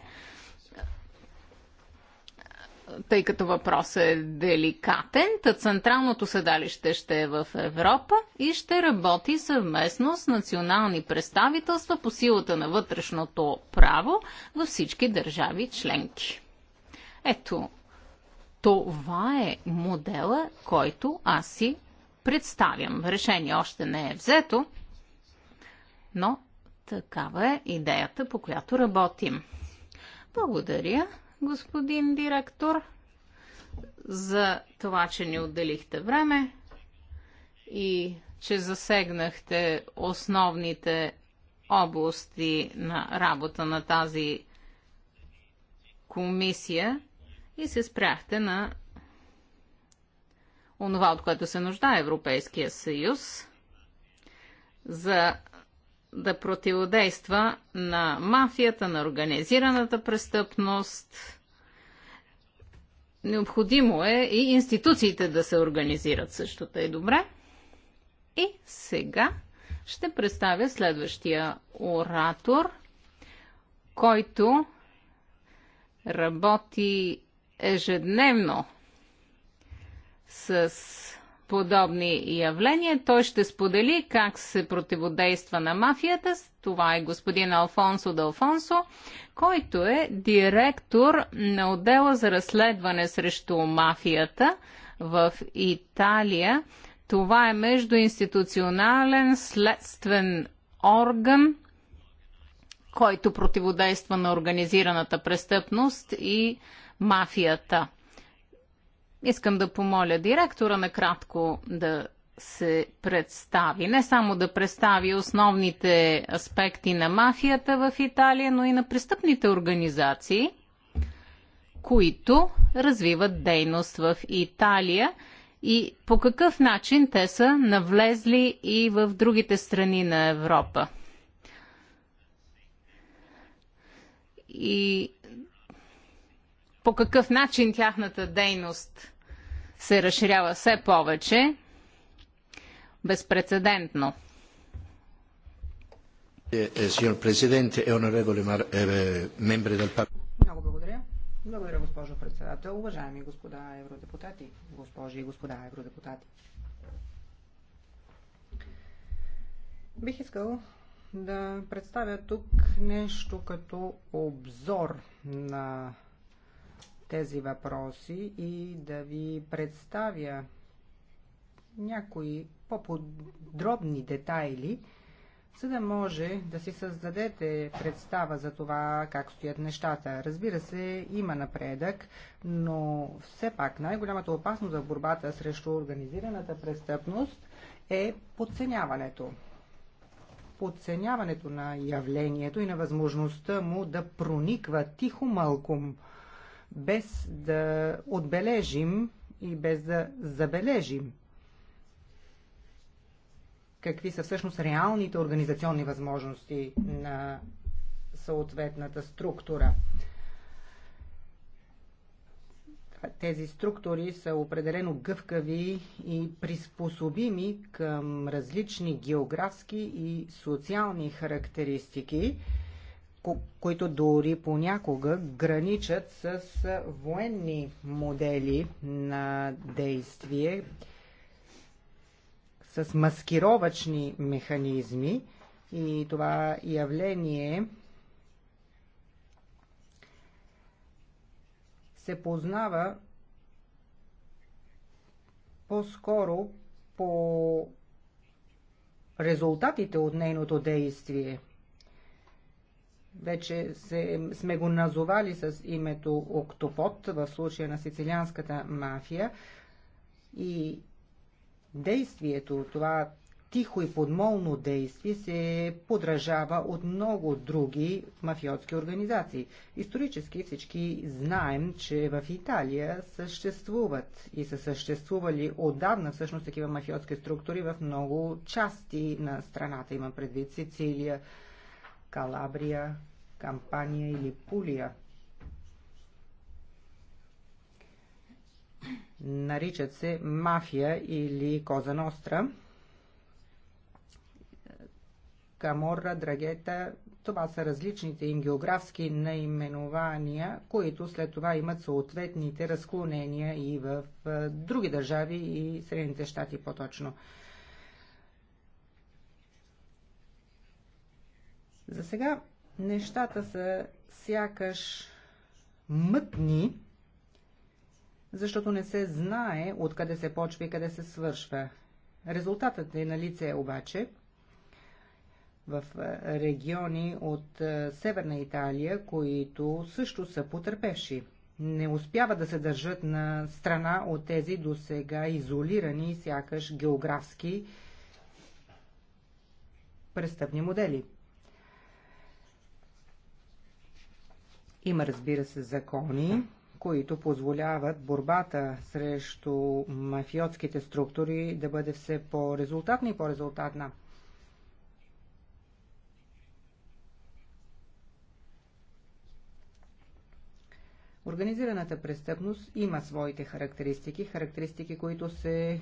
тъй като въпросът е деликатен. Та централното седалище ще е в Европа и ще работи съвместно с национални представителства по силата на вътрешното право във всички държави членки. Ето, това е модела, който аз си представям. Решение още не е взето, но такава е идеята, по която работим. Благодаря, господин директор, за това, че ни отделихте време и че засегнахте основните области на работа на тази комисия и се спряхте на онова, от което се нуждае Европейския съюз, за да противодейства на мафията, на организираната престъпност. Необходимо е и институциите да се организират също тъй добре. И сега ще представя следващия оратор, който работи ежедневно с подобни явления. Той ще сподели как се противодейства на мафията. Това е господин Алфонсо Далфонсо, който е директор на отдела за разследване срещу мафията в Италия. Това е междуинституционален следствен орган, който противодейства на организираната престъпност и мафията. Искам да помоля директора накратко да се представи. Не само да представи основните аспекти на мафията в Италия, но и на престъпните организации, които развиват дейност в Италия и по какъв начин те са навлезли и в другите страни на Европа. И по какъв начин тяхната дейност се разширява все повече, безпредседентно. Е, е, е Много благодаря. Благодаря, госпожо председател. Уважаеми господа евродепутати, госпожи и господа евродепутати. Бих искал да представя тук нещо като обзор на тези въпроси и да ви представя някои по-подробни детайли, за да може да си създадете представа за това как стоят нещата. Разбира се, има напредък, но все пак най-голямата опасност в борбата срещу организираната престъпност е подценяването. Подценяването на явлението и на възможността му да прониква тихо мълком без да отбележим и без да забележим какви са всъщност реалните организационни възможности на съответната структура. Тези структури са определено гъвкави и приспособими към различни географски и социални характеристики които дори понякога граничат с военни модели на действие, с маскировачни механизми и това явление се познава по-скоро по резултатите от нейното действие – вече се, сме го назовали с името Октопот в случая на сицилианската мафия и действието, това тихо и подмолно действие се подражава от много други мафиотски организации. Исторически всички знаем, че в Италия съществуват и са съществували отдавна всъщност такива мафиотски структури в много части на страната. Има предвид Сицилия, Калабрия, Кампания или Пулия. Наричат се мафия или Коза Ностра. Каморра, Драгета, това са различните им географски наименования, които след това имат съответните разклонения и в други държави и Средните щати по-точно. За сега нещата са сякаш мътни, защото не се знае откъде се почва и къде се свършва. Резултатът е на лице обаче в е, региони от е, Северна Италия, които също са потърпевши. Не успява да се държат на страна от тези до сега изолирани, сякаш географски престъпни модели. Има, разбира се, закони, които позволяват борбата срещу мафиотските структури да бъде все по-резултатна и по-резултатна. Организираната престъпност има своите характеристики, характеристики, които се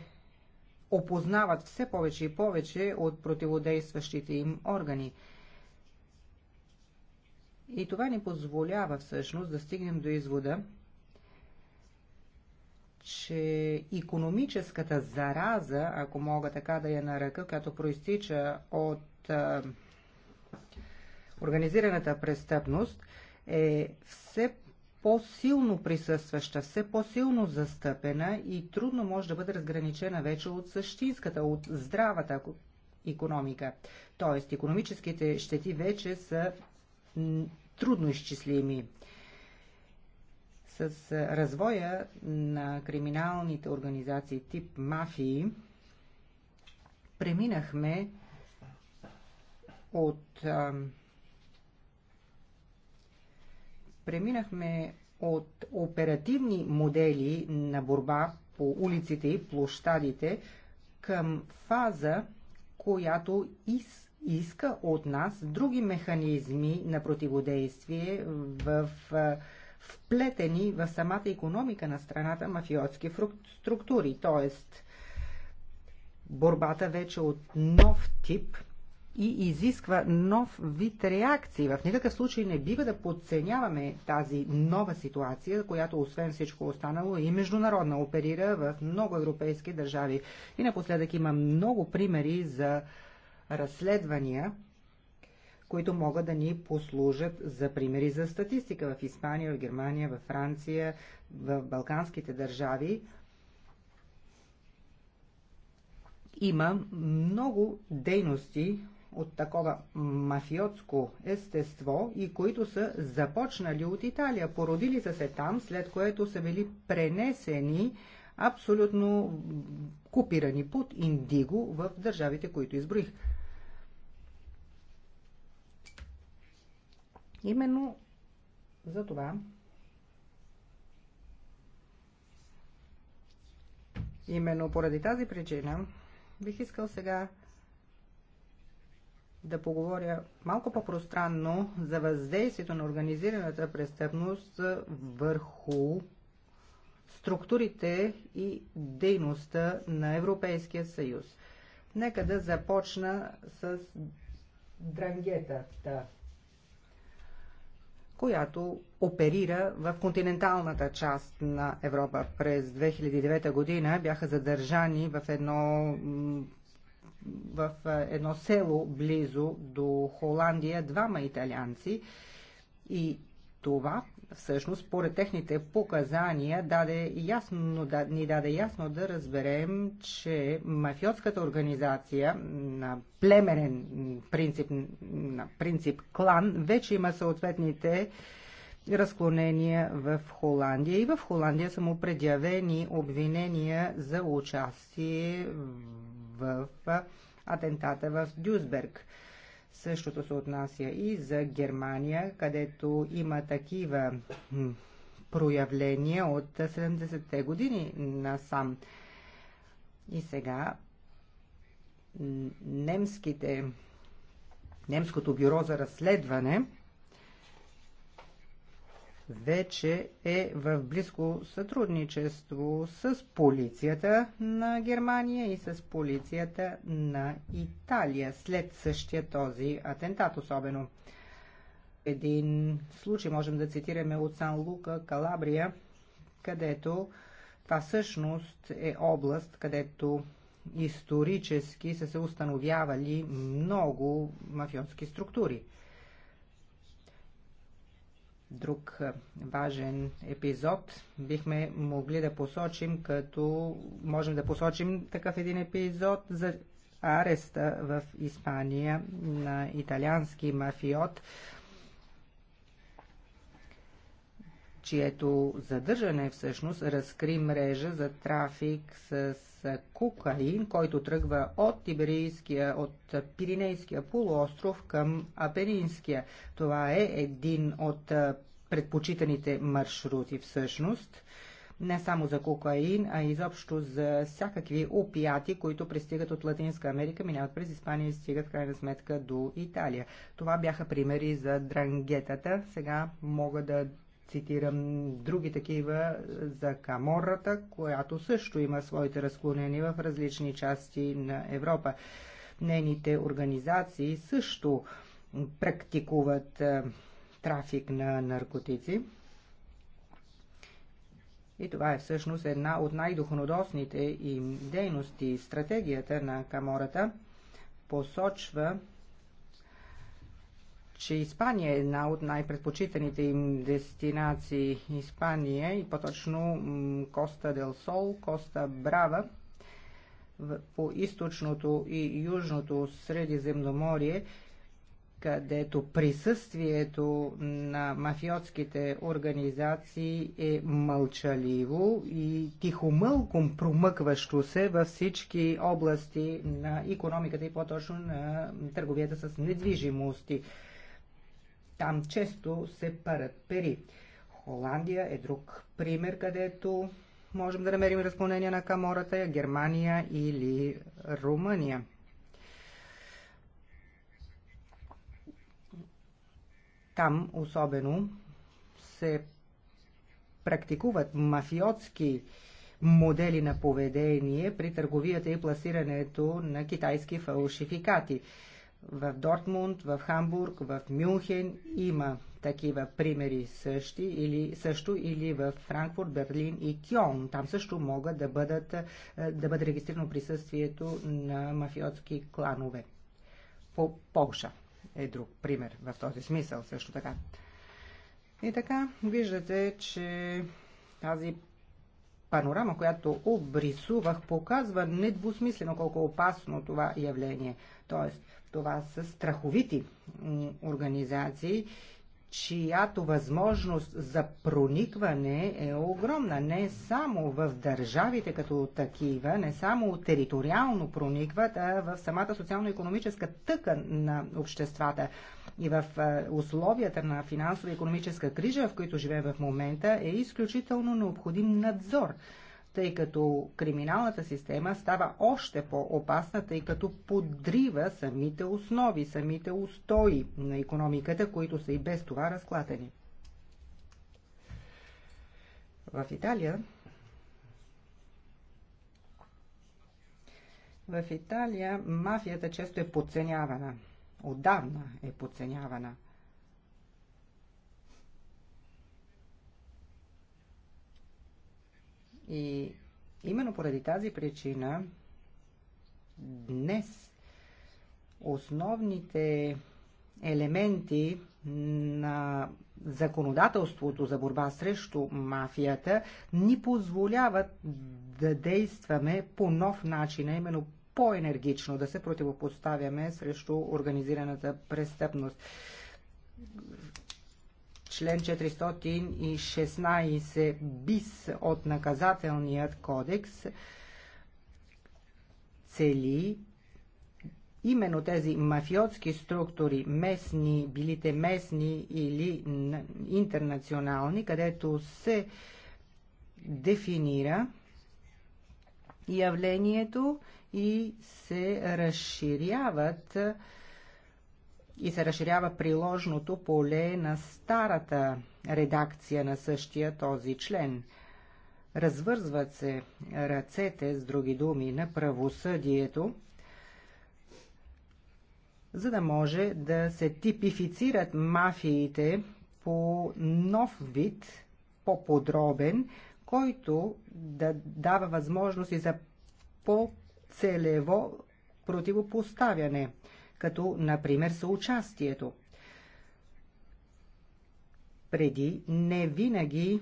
опознават все повече и повече от противодействащите им органи. И това ни позволява всъщност да стигнем до извода, че економическата зараза, ако мога така да я наръка, която проистича от а, организираната престъпност, е все по-силно присъстваща, все по-силно застъпена и трудно може да бъде разграничена вече от същинската, от здравата економика. Тоест, економическите щети вече са трудно изчислими. С развоя на криминалните организации тип мафии преминахме от а, преминахме от оперативни модели на борба по улиците и площадите към фаза, която из иска от нас други механизми на противодействие в вплетени в самата економика на страната мафиотски структури, т.е. борбата вече от нов тип и изисква нов вид реакции. В никакъв случай не бива да подценяваме тази нова ситуация, която освен всичко останало и международна оперира в много европейски държави. И напоследък има много примери за разследвания, които могат да ни послужат за примери за статистика в Испания, в Германия, в Франция, в Балканските държави. Има много дейности, от такова мафиотско естество и които са започнали от Италия. Породили са се там, след което са били пренесени, абсолютно купирани под индиго в държавите, които изброих. Именно за това Именно поради тази причина бих искал сега да поговоря малко по-пространно за въздействието на организираната престъпност върху структурите и дейността на Европейския съюз. Нека да започна с дрангетата която оперира в континенталната част на Европа. През 2009 година бяха задържани в едно в едно село близо до Холандия двама италианци и това всъщност, според техните показания, даде ясно, да, ни даде ясно да разберем, че мафиотската организация на племенен принцип, на принцип клан, вече има съответните разклонения в Холандия и в Холандия са му предявени обвинения за участие в атентата в Дюсберг. Същото се отнася и за Германия, където има такива проявления от 70-те години насам. И сега немските, немското бюро за разследване вече е в близко сътрудничество с полицията на Германия и с полицията на Италия след същия този атентат особено. Един случай можем да цитираме от Сан Лука, Калабрия, където това всъщност е област, където исторически са се установявали много мафиотски структури друг важен епизод бихме могли да посочим, като можем да посочим такъв един епизод за ареста в Испания на италиански мафиот, чието задържане всъщност разкри мрежа за трафик с кокаин, който тръгва от Тиберийския, от Пиринейския полуостров към Апенинския. Това е един от предпочитаните маршрути всъщност не само за кокаин, а изобщо за всякакви опияти, които пристигат от Латинска Америка, минават през Испания и стигат в крайна сметка до Италия. Това бяха примери за дрангетата. Сега мога да цитирам други такива за Камората, която също има своите разклонения в различни части на Европа. Нейните организации също практикуват е, трафик на наркотици. И това е всъщност една от най-духонодосните им дейности. Стратегията на Камората посочва че Испания е една от най-предпочитаните им дестинации. Испания и по-точно Коста Дел Сол, Коста Брава, по източното и южното Средиземноморие, където присъствието на мафиотските организации е мълчаливо и тихомълком промъкващо се във всички области на економиката и по-точно на търговията с недвижимости. Там често се парат пери. Холандия е друг пример, където можем да намерим разклонение на камората, Германия или Румъния. Там особено се практикуват мафиотски модели на поведение при търговията и пласирането на китайски фалшификати. В Дортмунд, в Хамбург, в Мюнхен има такива примери същи или, също или в Франкфурт, Берлин и Кьон. Там също могат да, бъдат, е, да бъде регистрирано присъствието на мафиотски кланове. По Полша е друг пример в този смисъл също така. И така, виждате, че тази панорама, която обрисувах, показва недвусмислено колко опасно това явление. Тоест, това са страховити организации, чиято възможност за проникване е огромна. Не само в държавите като такива, не само териториално проникват, а в самата социално-економическа тъка на обществата. И в условията на финансово-економическа крижа, в които живеем в момента, е изключително необходим надзор тъй като криминалната система става още по-опасна, тъй като подрива самите основи, самите устои на економиката, които са и без това разклатени. В Италия В Италия мафията често е подценявана. Отдавна е подценявана – И именно поради тази причина днес основните елементи на законодателството за борба срещу мафията ни позволяват да действаме по нов начин, а именно по-енергично да се противопоставяме срещу организираната престъпност член 416 бис от наказателният кодекс цели именно тези мафиотски структури, местни, билите местни или интернационални, където се дефинира явлението и се разширяват и се разширява приложното поле на старата редакция на същия този член. Развързват се ръцете, с други думи, на правосъдието, за да може да се типифицират мафиите по нов вид, по-подробен, който да дава възможности за по-целево противопоставяне като например съучастието. Преди не винаги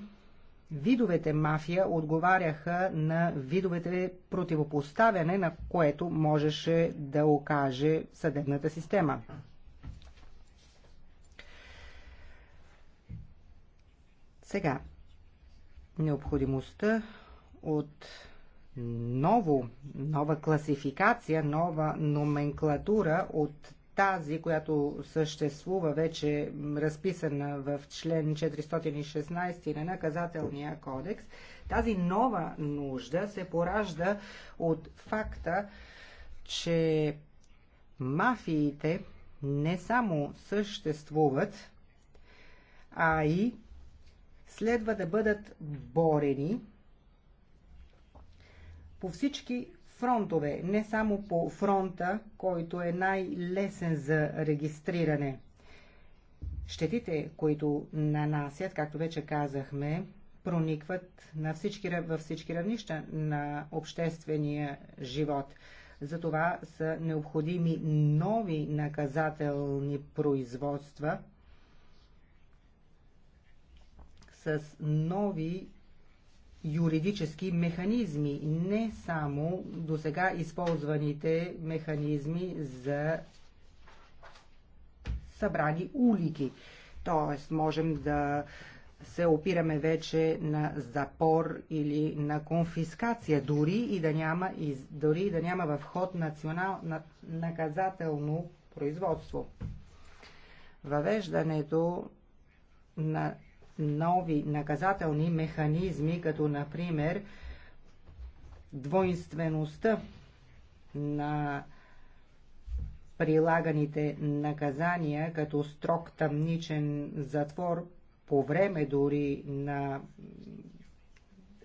видовете мафия отговаряха на видовете противопоставяне, на което можеше да окаже съдебната система. Сега, необходимостта от ново, нова класификация, нова номенклатура от тази, която съществува вече разписана в член 416 на наказателния кодекс, тази нова нужда се поражда от факта, че мафиите не само съществуват, а и следва да бъдат борени по всички фронтове, не само по фронта, който е най-лесен за регистриране. Щетите, които нанасят, както вече казахме, проникват на всички, във всички равнища на обществения живот. Затова са необходими нови наказателни производства с нови юридически механизми, не само до сега използваните механизми за събрани улики. Тоест, можем да се опираме вече на запор или на конфискация, дори и да няма, дори и да няма в ход национал, наказателно производство. Въвеждането на нови наказателни механизми, като например двойствеността на прилаганите наказания, като строг тъмничен затвор по време дори на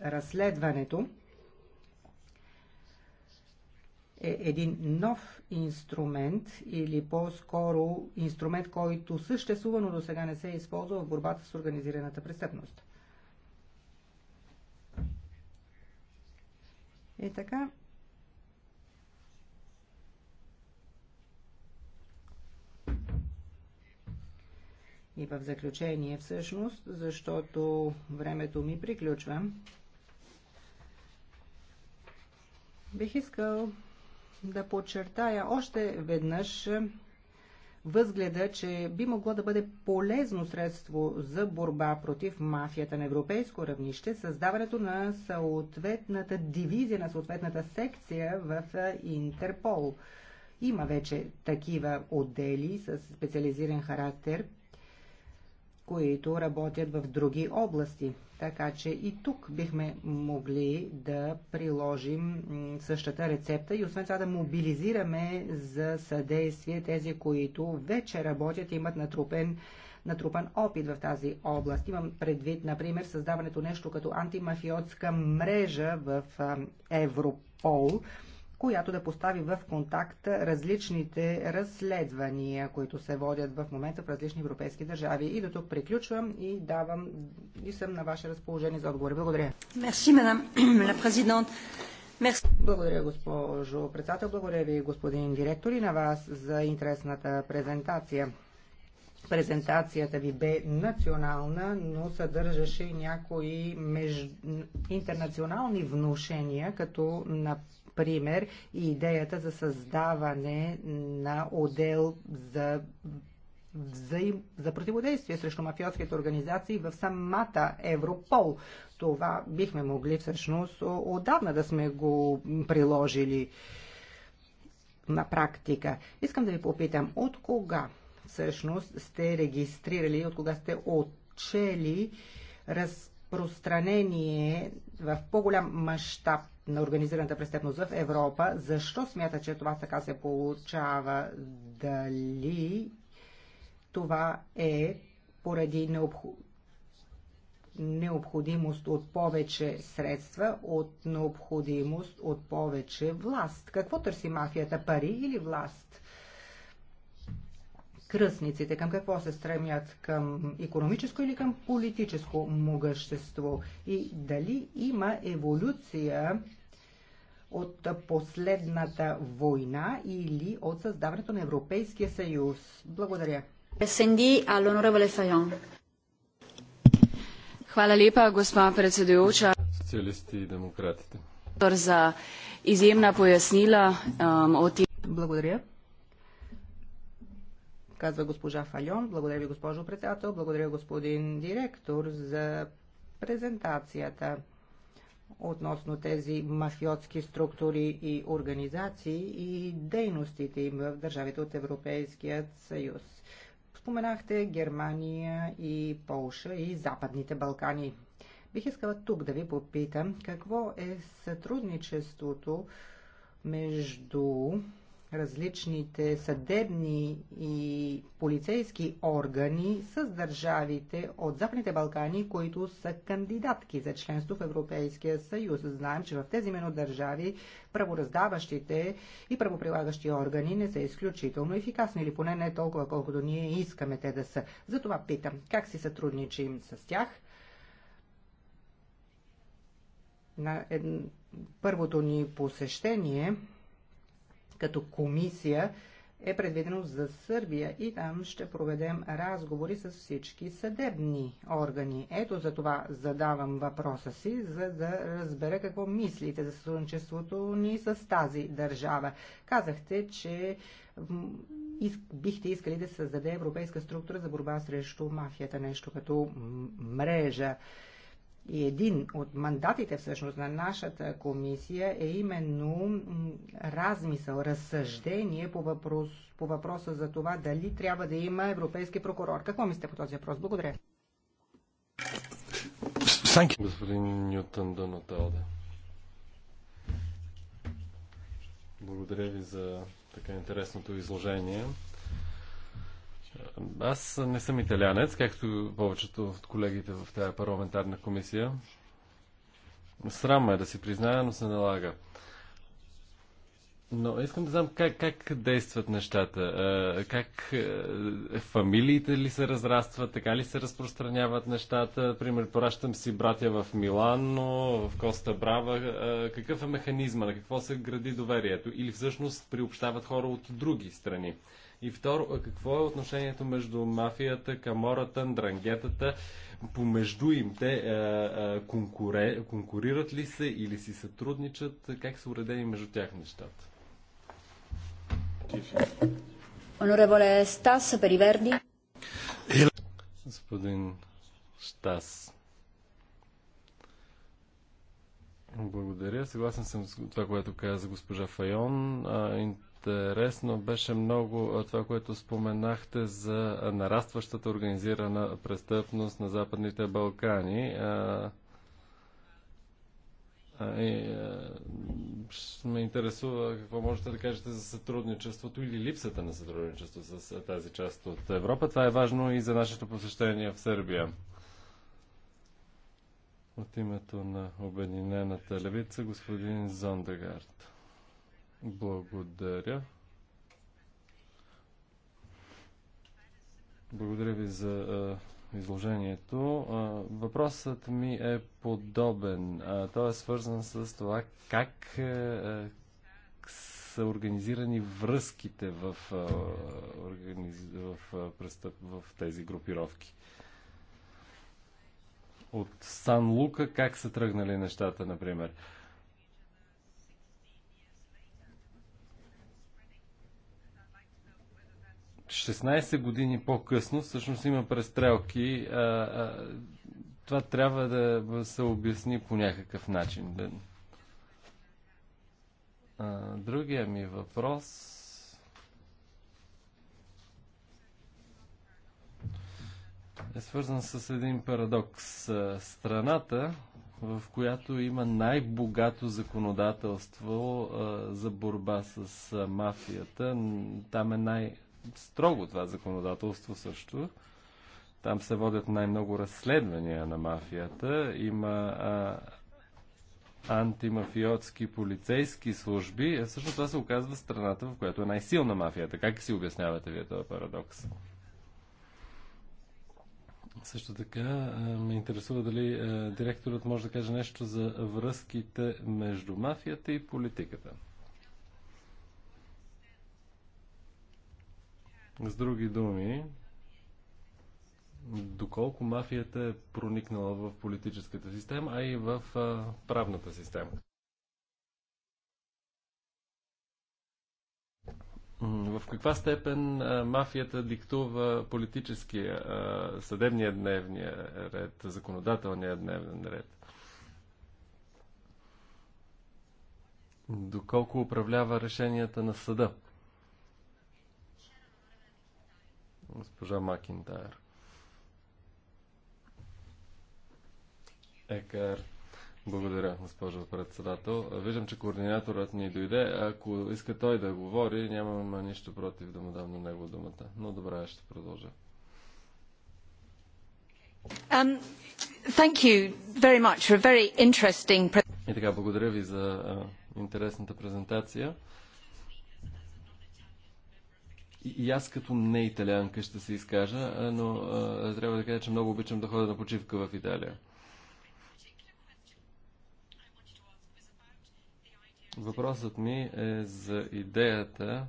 разследването, е един нов инструмент или по-скоро инструмент, който съществува, но до сега не се е използвал в борбата с организираната престъпност. И е така, И в заключение всъщност, защото времето ми приключва, бих искал да подчертая още веднъж възгледа, че би могло да бъде полезно средство за борба против мафията на европейско равнище, създаването на съответната дивизия, на съответната секция в Интерпол. Има вече такива отдели с специализиран характер, които работят в други области. Така че и тук бихме могли да приложим същата рецепта и освен това да мобилизираме за съдействие тези, които вече работят и имат натрупен натрупан опит в тази област. Имам предвид, например, създаването нещо като антимафиотска мрежа в Европол, която да постави в контакт различните разследвания, които се водят в момента в различни европейски държави. И до тук приключвам и давам и съм на ваше разположение за отговори. Благодаря. Мерси, мадам ла президент. Благодаря, госпожо председател. Благодаря ви, господин директор, и на вас за интересната презентация. Презентацията ви бе национална, но съдържаше някои меж... интернационални внушения, като на пример и идеята за създаване на отдел за за, за противодействие срещу мафиотските организации в самата Европол. Това бихме могли всъщност отдавна да сме го приложили на практика. Искам да ви попитам, от кога всъщност сте регистрирали, от кога сте отчели разпространение в по-голям мащаб на организираната престъпност в Европа. Защо смята, че това така се получава? Дали това е поради необходимост от повече средства, от необходимост от повече власт. Какво търси мафията? Пари или власт? кръстниците, към какво се стремят, към економическо или към политическо могъщество и дали има еволюция от последната война или от създаването на Европейския съюз. Благодаря. Песенди алонорабле Fayon. Хвала липа, господа predsedujoča. Социалисти и демократите. За иземна пояснила um, от... Благодаря казва госпожа Файон. Благодаря ви, госпожо председател. Благодаря, господин директор, за презентацията относно тези мафиотски структури и организации и дейностите им в държавите от Европейският съюз. Споменахте Германия и Полша и Западните Балкани. Бих искала тук да ви попитам какво е сътрудничеството между различните съдебни и полицейски органи с държавите от Западните Балкани, които са кандидатки за членство в Европейския съюз. Знаем, че в тези именно държави правораздаващите и правоприлагащи органи не са изключително ефикасни или поне не толкова колкото ние искаме те да са. Затова питам, как си сътрудничим с тях? На ед... първото ни посещение като комисия е предвидено за Сърбия и там ще проведем разговори с всички съдебни органи. Ето за това задавам въпроса си, за да разбера какво мислите за сътрудничеството ни с тази държава. Казахте, че бихте искали да създаде европейска структура за борба срещу мафията, нещо като мрежа и един от мандатите всъщност на нашата комисия е именно размисъл, разсъждение по, въпрос, по въпроса за това дали трябва да има европейски прокурор. Какво мислите по този въпрос? Благодаря. Господин Нютон Донаталде. Благодаря ви за така интересното изложение. Аз не съм италянец, както повечето от колегите в тази парламентарна комисия. Срам е да си призная, но се налага. Но искам да знам как, как действат нещата. Е, как е, фамилиите ли се разрастват, така ли се разпространяват нещата. Пример, поращам си братя в Милано, в Коста Брава. Е, какъв е механизма, на какво се гради доверието? Или всъщност приобщават хора от други страни? И второ, какво е отношението между мафията, камората, дрангетата, помежду им те а, е, а, е, конкуре, конкурират ли се или си сътрудничат? Как са уредени между тях нещата? Онореволе Стас, Периверди. Господин Штас. Благодаря. Съгласен съм с това, което каза госпожа Файон интересно беше много това, което споменахте за нарастващата организирана престъпност на Западните Балкани. И, ме интересува какво можете да кажете за сътрудничеството или липсата на сътрудничество с тази част от Европа. Това е важно и за нашето посещение в Сърбия. От името на Обединената левица, господин Зондегард. Благодаря. Благодаря ви за а, изложението. А, въпросът ми е подобен. А, той е свързан с това как а, е, е, са организирани връзките в, а, организ... в, а, престъп... в тези групировки. От Сан Лука как са тръгнали нещата, например? А, 16 години по-късно всъщност има престрелки. А, а, това трябва да се обясни по някакъв начин. А, другия ми въпрос. е свързан с един парадокс. Страната, в която има най-богато законодателство за борба с мафията. Там е най- строго това законодателство също. Там се водят най-много разследвания на мафията. Има а, антимафиотски полицейски служби. А е, всъщност това се оказва страната, в която е най-силна мафията. Как си обяснявате вие този парадокс? Също така ме интересува дали директорът може да каже нещо за връзките между мафията и политиката. С други думи, доколко мафията е проникнала в политическата система, а и в а, правната система. В каква степен а, мафията диктува политическия, а, съдебния дневния ред, законодателния дневен ред? Доколко управлява решенията на съда? госпожа Макинтайр. Екар. Благодаря, госпожо председател. Виждам, че координаторът ни дойде. Ако иска той да говори, нямам нищо против да му дам на него думата. Но добре, ще продължа. Um, thank you very much for a very interesting... И така, благодаря ви за а, интересната презентация. И, и аз като не италианка ще се изкажа, но а, трябва да кажа, че много обичам да ходя на почивка в Италия. Въпросът ми е за идеята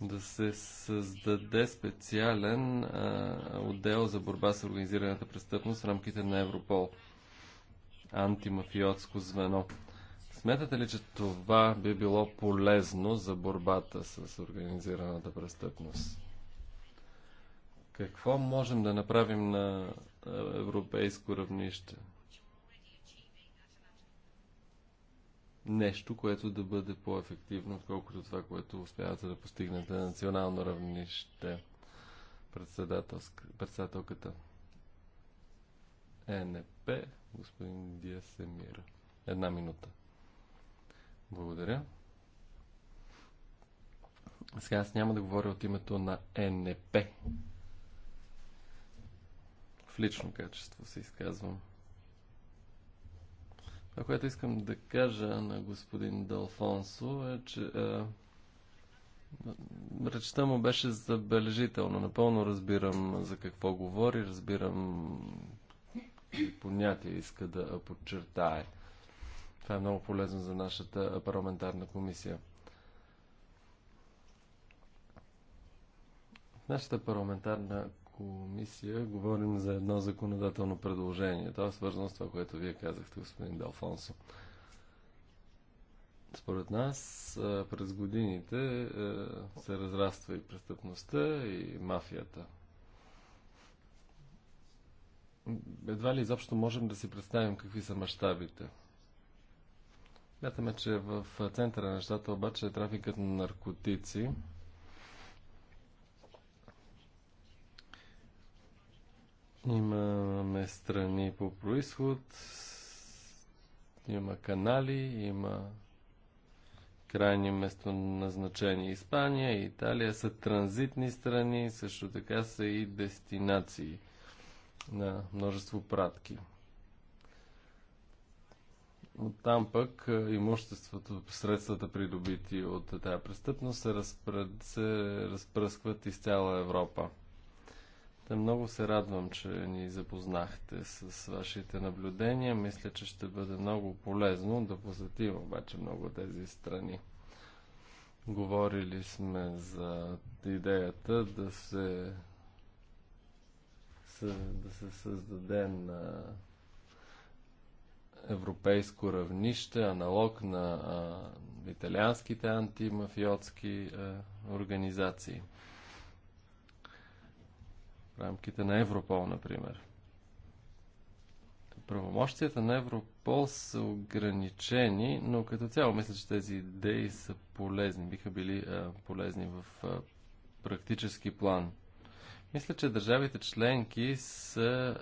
да се създаде специален а, отдел за борба с организираната престъпност в рамките на Европол. Антимафиотско звено. Смятате ли, че това би било полезно за борбата с организираната престъпност? Какво можем да направим на европейско равнище? Нещо, което да бъде по-ефективно, отколкото това, което успявате да постигнете на национално равнище. Председателката. ЕНП, господин Диасемир. Една минута. Благодаря. Сега аз няма да говоря от името на НП. В лично качество се изказвам. Това, което искам да кажа на господин Далфонсо е, че е, речта му беше забележителна. Напълно разбирам за какво говори, разбирам понятие иска да подчертае. Това е много полезно за нашата парламентарна комисия. В нашата парламентарна комисия говорим за едно законодателно предложение. Това е свързано с това, което вие казахте, господин Далфонсо. Според нас през годините се разраства и престъпността, и мафията. Едва ли изобщо можем да си представим какви са мащабите – Мятаме, че в центъра на нещата обаче е трафикът на наркотици. Имаме страни по происход, има канали, има крайни местоназначения Испания и Италия са транзитни страни, също така са и дестинации на множество пратки. Оттам пък е, имуществото, средствата придобити от тази престъпност се, разпред, се разпръскват из цяла Европа. Та много се радвам, че ни запознахте с вашите наблюдения. Мисля, че ще бъде много полезно да посетим обаче много тези страни. Говорили сме за идеята да се, да се създаде на европейско равнище, аналог на а, италианските антимафиотски а, организации. В рамките на Европол, например. Правомощията на Европол са ограничени, но като цяло мисля, че тези идеи са полезни, биха били а, полезни в а, практически план – мисля, че държавите членки са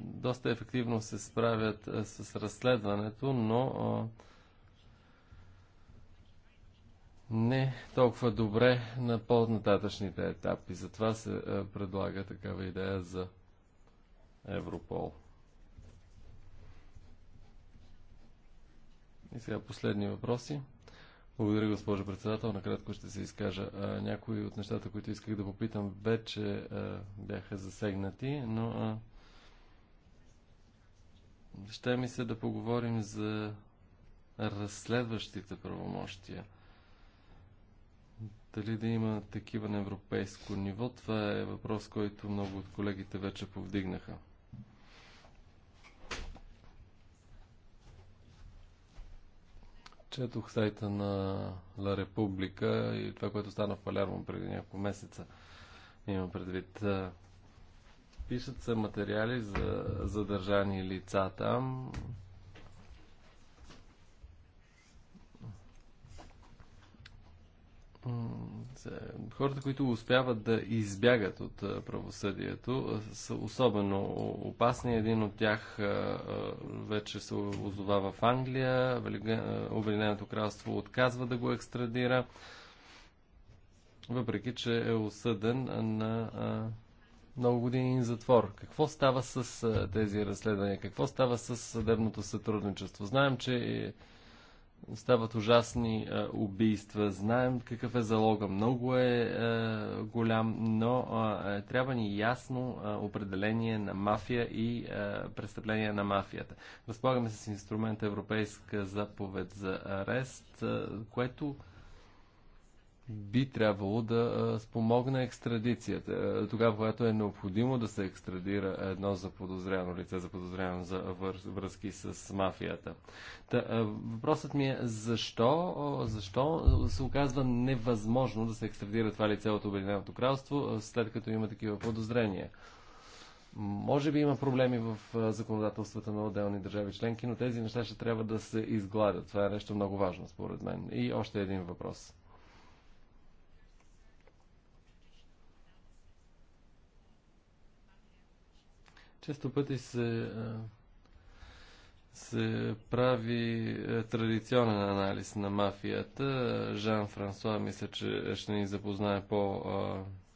доста ефективно се справят с разследването, но не толкова добре на по-нататъчните етапи. Затова се предлага такава идея за Европол. И сега последни въпроси. Благодаря, госпожо председател. Накратко ще се изкажа. Някои от нещата, които исках да попитам, вече бяха засегнати, но ще ми се да поговорим за разследващите правомощия. Дали да има такива на европейско ниво, това е въпрос, който много от колегите вече повдигнаха. Четох сайта на Ла Република и това, което стана в Палермо преди няколко месеца. има предвид. Е, пишат се материали за задържани лица там. Е, хората, които успяват да избягат от е, правосъдието, е, са особено опасни. Един от тях вече се озова в Англия. Обединеното кралство отказва да го екстрадира, въпреки че е осъден на много години затвор. Какво става с тези разследвания? Какво става с съдебното сътрудничество? Знаем, че стават ужасни а, е, убийства. Знаем какъв е залога. Много е а, е, голям, но а, е, трябва ни ясно а, определение на мафия и а, престъпление на мафията. Разполагаме с инструмента Европейска заповед за арест, а, което би трябвало да спомогне екстрадицията. Тогава, когато е необходимо да се екстрадира едно заподозряно лице, заподозряно за връзки с мафията. Та, въпросът ми е защо, защо се оказва невъзможно да се екстрадира това лице от Обединеното кралство, след като има такива подозрения? Може би има проблеми в законодателствата на отделни държави членки, но тези неща ще трябва да се изгладят. Това е нещо много важно, според мен. И още един въпрос. Често пъти се, се прави традиционен анализ на мафията. Жан Франсуа мисля, че ще ни запознае по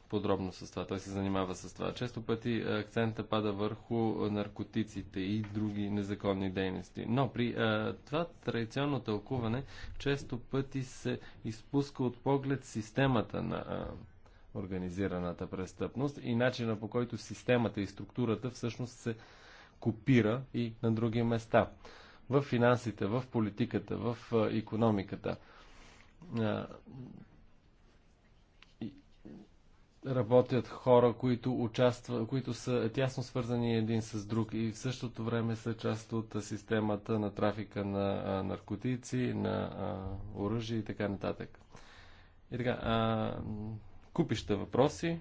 подробно с това. Той се занимава с това. Често пъти акцента пада върху наркотиците и други незаконни дейности. Но при а, това традиционно тълкуване често пъти се изпуска от поглед системата на а, организираната престъпност и начина по който системата и структурата всъщност се копира и на други места. В финансите, в политиката, в економиката. Работят хора, които участват, които са тясно свързани един с друг и в същото време са част от системата на трафика на наркотици, на оръжие и така нататък. И така, а, купища въпроси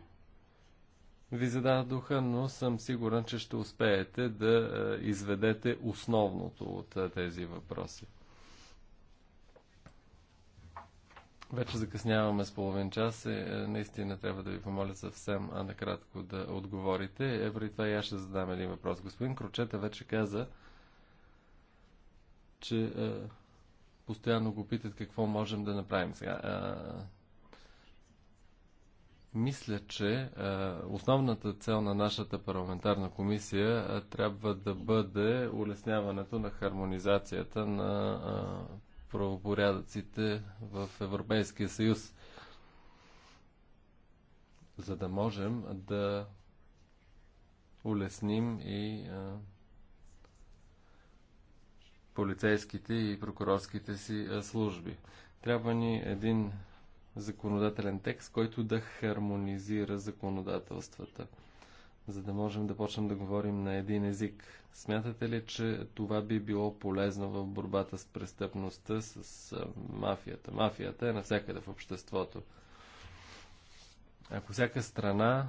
ви зададоха, но съм сигурен, че ще успеете да е, изведете основното от е, тези въпроси. Вече закъсняваме с половин час и е, наистина трябва да ви помоля съвсем накратко да отговорите. Евро и това и аз ще задам един въпрос. Господин Крочета вече каза, че е, постоянно го питат какво можем да направим сега. Е, мисля, че основната цел на нашата парламентарна комисия трябва да бъде улесняването на хармонизацията на правопорядъците в Европейския съюз, за да можем да улесним и полицейските и прокурорските си служби. Трябва ни един законодателен текст, който да хармонизира законодателствата, за да можем да почнем да говорим на един език. Смятате ли, че това би било полезно в борбата с престъпността, с мафията? Мафията е навсякъде в обществото. Ако всяка страна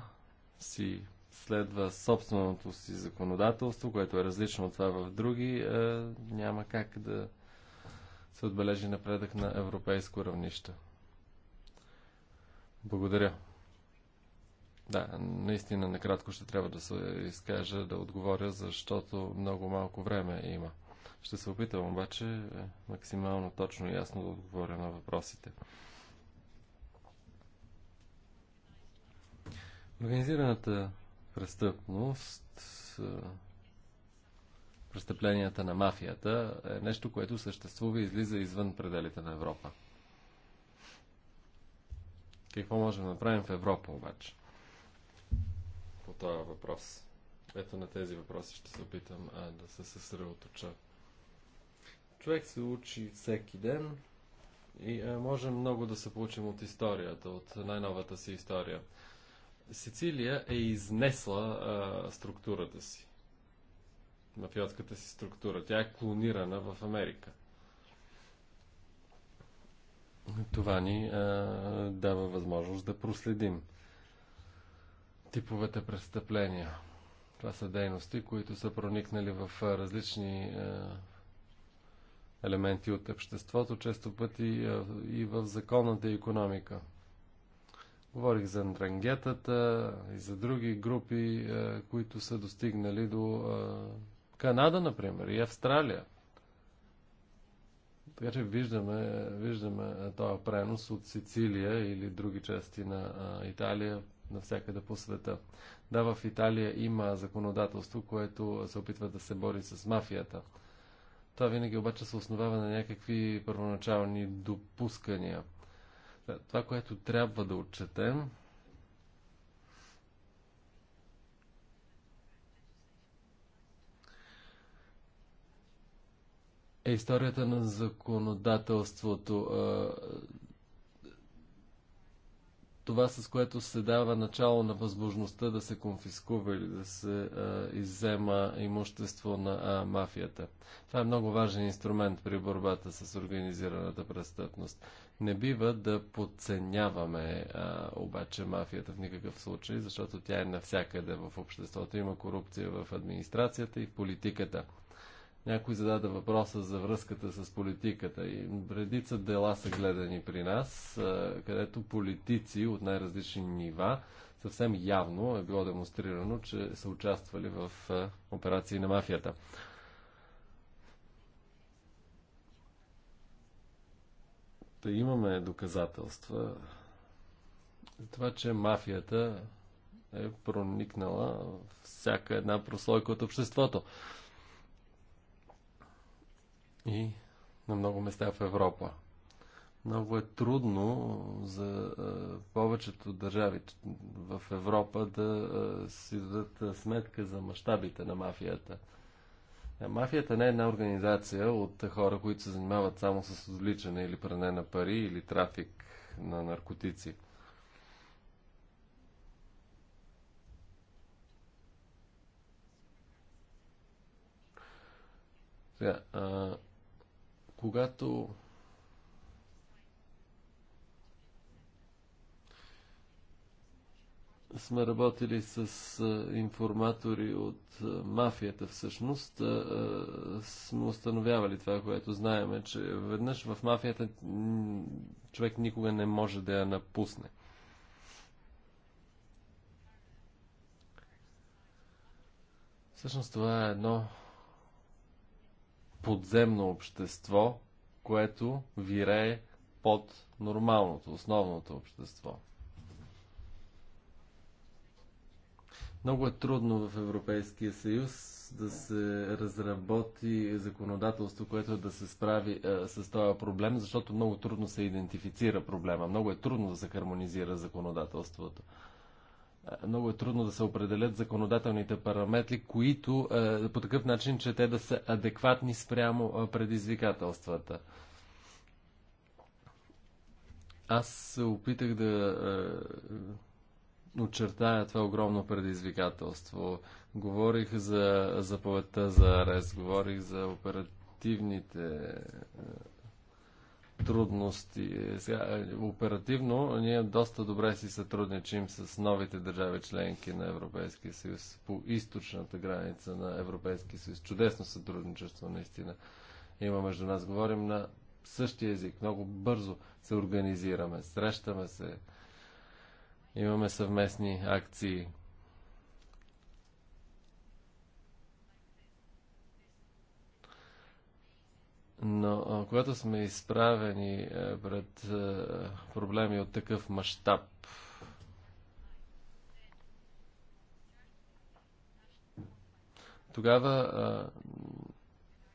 си следва собственото си законодателство, което е различно от това в други, е, няма как да се отбележи напредък на европейско равнище. Благодаря. Да, наистина накратко ще трябва да се изкажа, да отговоря, защото много малко време има. Ще се опитам обаче е, максимално точно и ясно да отговоря на въпросите. Организираната престъпност, е, престъпленията на мафията е нещо, което съществува и излиза извън пределите на Европа. Какво можем да направим в Европа обаче? По този въпрос. Ето на тези въпроси ще се опитам а, да се съсредоточа. Човек се учи всеки ден и а, можем много да се получим от историята, от най-новата си история. Сицилия е изнесла а, структурата си. Мафиотската си структура. Тя е клонирана в Америка. Това ни а, дава възможност да проследим типовете престъпления. Това са дейности, които са проникнали в различни а, елементи от обществото, често пъти а, и в законната економика. Говорих за андрангетата и за други групи, а, които са достигнали до а, Канада, например, и Австралия. Така че виждаме, виждаме този пренос от Сицилия или други части на Италия навсякъде по света. Да, в Италия има законодателство, което се опитва да се бори с мафията. Това винаги обаче се основава на някакви първоначални допускания. Това, което трябва да отчетем, е историята на законодателството. Това, с което се дава начало на възможността да се конфискува или да се иззема имущество на мафията. Това е много важен инструмент при борбата с организираната престъпност. Не бива да подценяваме а, обаче мафията в никакъв случай, защото тя е навсякъде в обществото. Има корупция в администрацията и в политиката. Някой зададе въпроса за връзката с политиката и редица дела са гледани при нас, където политици от най-различни нива съвсем явно е било демонстрирано, че са участвали в операции на мафията. Та имаме доказателства за това, че мафията е проникнала всяка една прослойка от обществото и на много места в Европа. Много е трудно за повечето държави в Европа да си дадат сметка за мащабите на мафията. Мафията не е една организация от хора, които се занимават само с отвличане или пране на пари или трафик на наркотици. Сега, а, когато сме работили с информатори от мафията всъщност, сме установявали това, което знаем, че веднъж в мафията човек никога не може да я напусне. Всъщност това е едно подземно общество, което вирее под нормалното, основното общество. Много е трудно в Европейския съюз да се разработи законодателство, което да се справи а, е, с този проблем, защото много трудно се идентифицира проблема. Много е трудно да се хармонизира законодателството. Е, много е трудно да се определят законодателните параметри, които е, по такъв начин, че те да са адекватни спрямо е, предизвикателствата. Аз се опитах да очертая това огромно предизвикателство. Говорих за заповедта за арест, говорих за оперативните трудности. Сега, оперативно ние доста добре си сътрудничим с новите държави членки на Европейския съюз по източната граница на Европейския съюз. Чудесно сътрудничество наистина има между нас. Говорим на същия език. Много бързо се организираме, срещаме се, имаме съвместни акции. Но когато сме изправени е, пред е, проблеми от такъв мащаб, тогава а,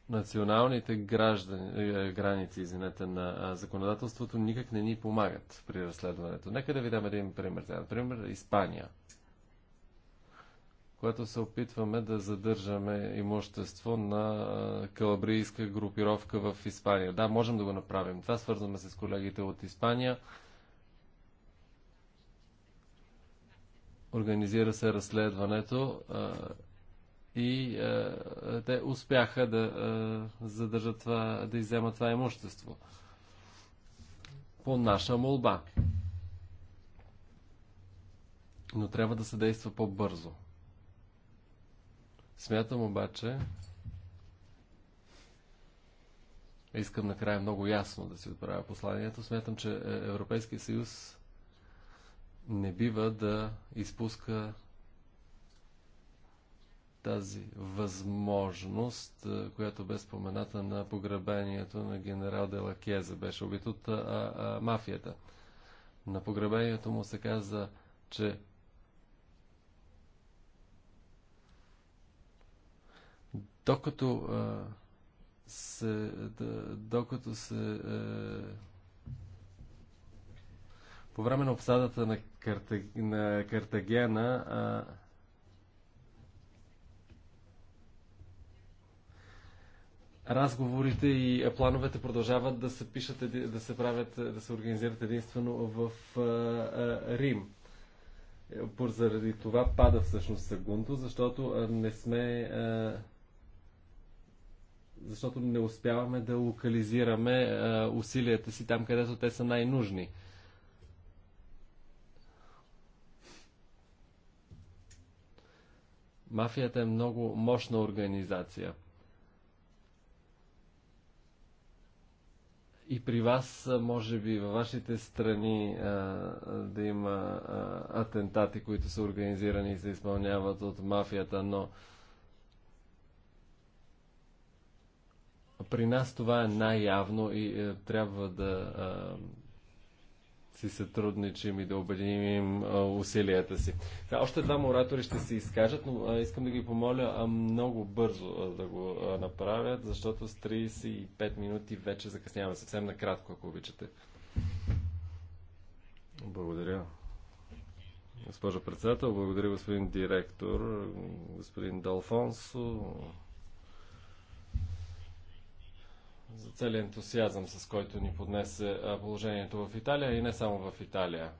националните граждани, е, граници извинете, на а, законодателството никак не ни помагат при разследването. Нека да ви дам един пример. Например, Испания – когато се опитваме да задържаме имущество на калабрийска групировка в Испания. Да, можем да го направим. Това свързваме се с колегите от Испания. Организира се разследването и те успяха да задържат това, да изземат това имущество. По наша молба. Но трябва да се действа по-бързо. Смятам обаче, искам накрая много ясно да си отправя посланието, смятам, че е, Европейския съюз не бива да изпуска тази възможност, е, която бе спомената на погребението на генерал Делакеза, беше убит от а, а, мафията. На погребението му се каза, че докато се, докато се по време на обсадата на, Карта, на Картагена а, разговорите и плановете продължават да се пишат, да се правят, да се организират единствено в а, а, Рим. Е, заради това пада всъщност Сагунто, защото не сме а, защото не успяваме да локализираме а, е, усилията си там, където те са най-нужни. Мафията е много мощна организация. И при вас, е, може би, във вашите страни а, е, да има а, атентати, които са организирани и се изпълняват от мафията, но а, при нас това е най-явно и е, трябва да е, си сътрудничим и да обединим е, усилията си. Та, още два оратори ще се изкажат, но е, искам да ги помоля е, много бързо е, да го е, направят, защото с 35 минути вече закъсняваме. Съвсем накратко, ако обичате. Благодаря. Госпожо председател, благодаря господин директор, господин Далфонсо. за целият ентусиазъм, с който ни поднесе положението в Италия и не само в Италия.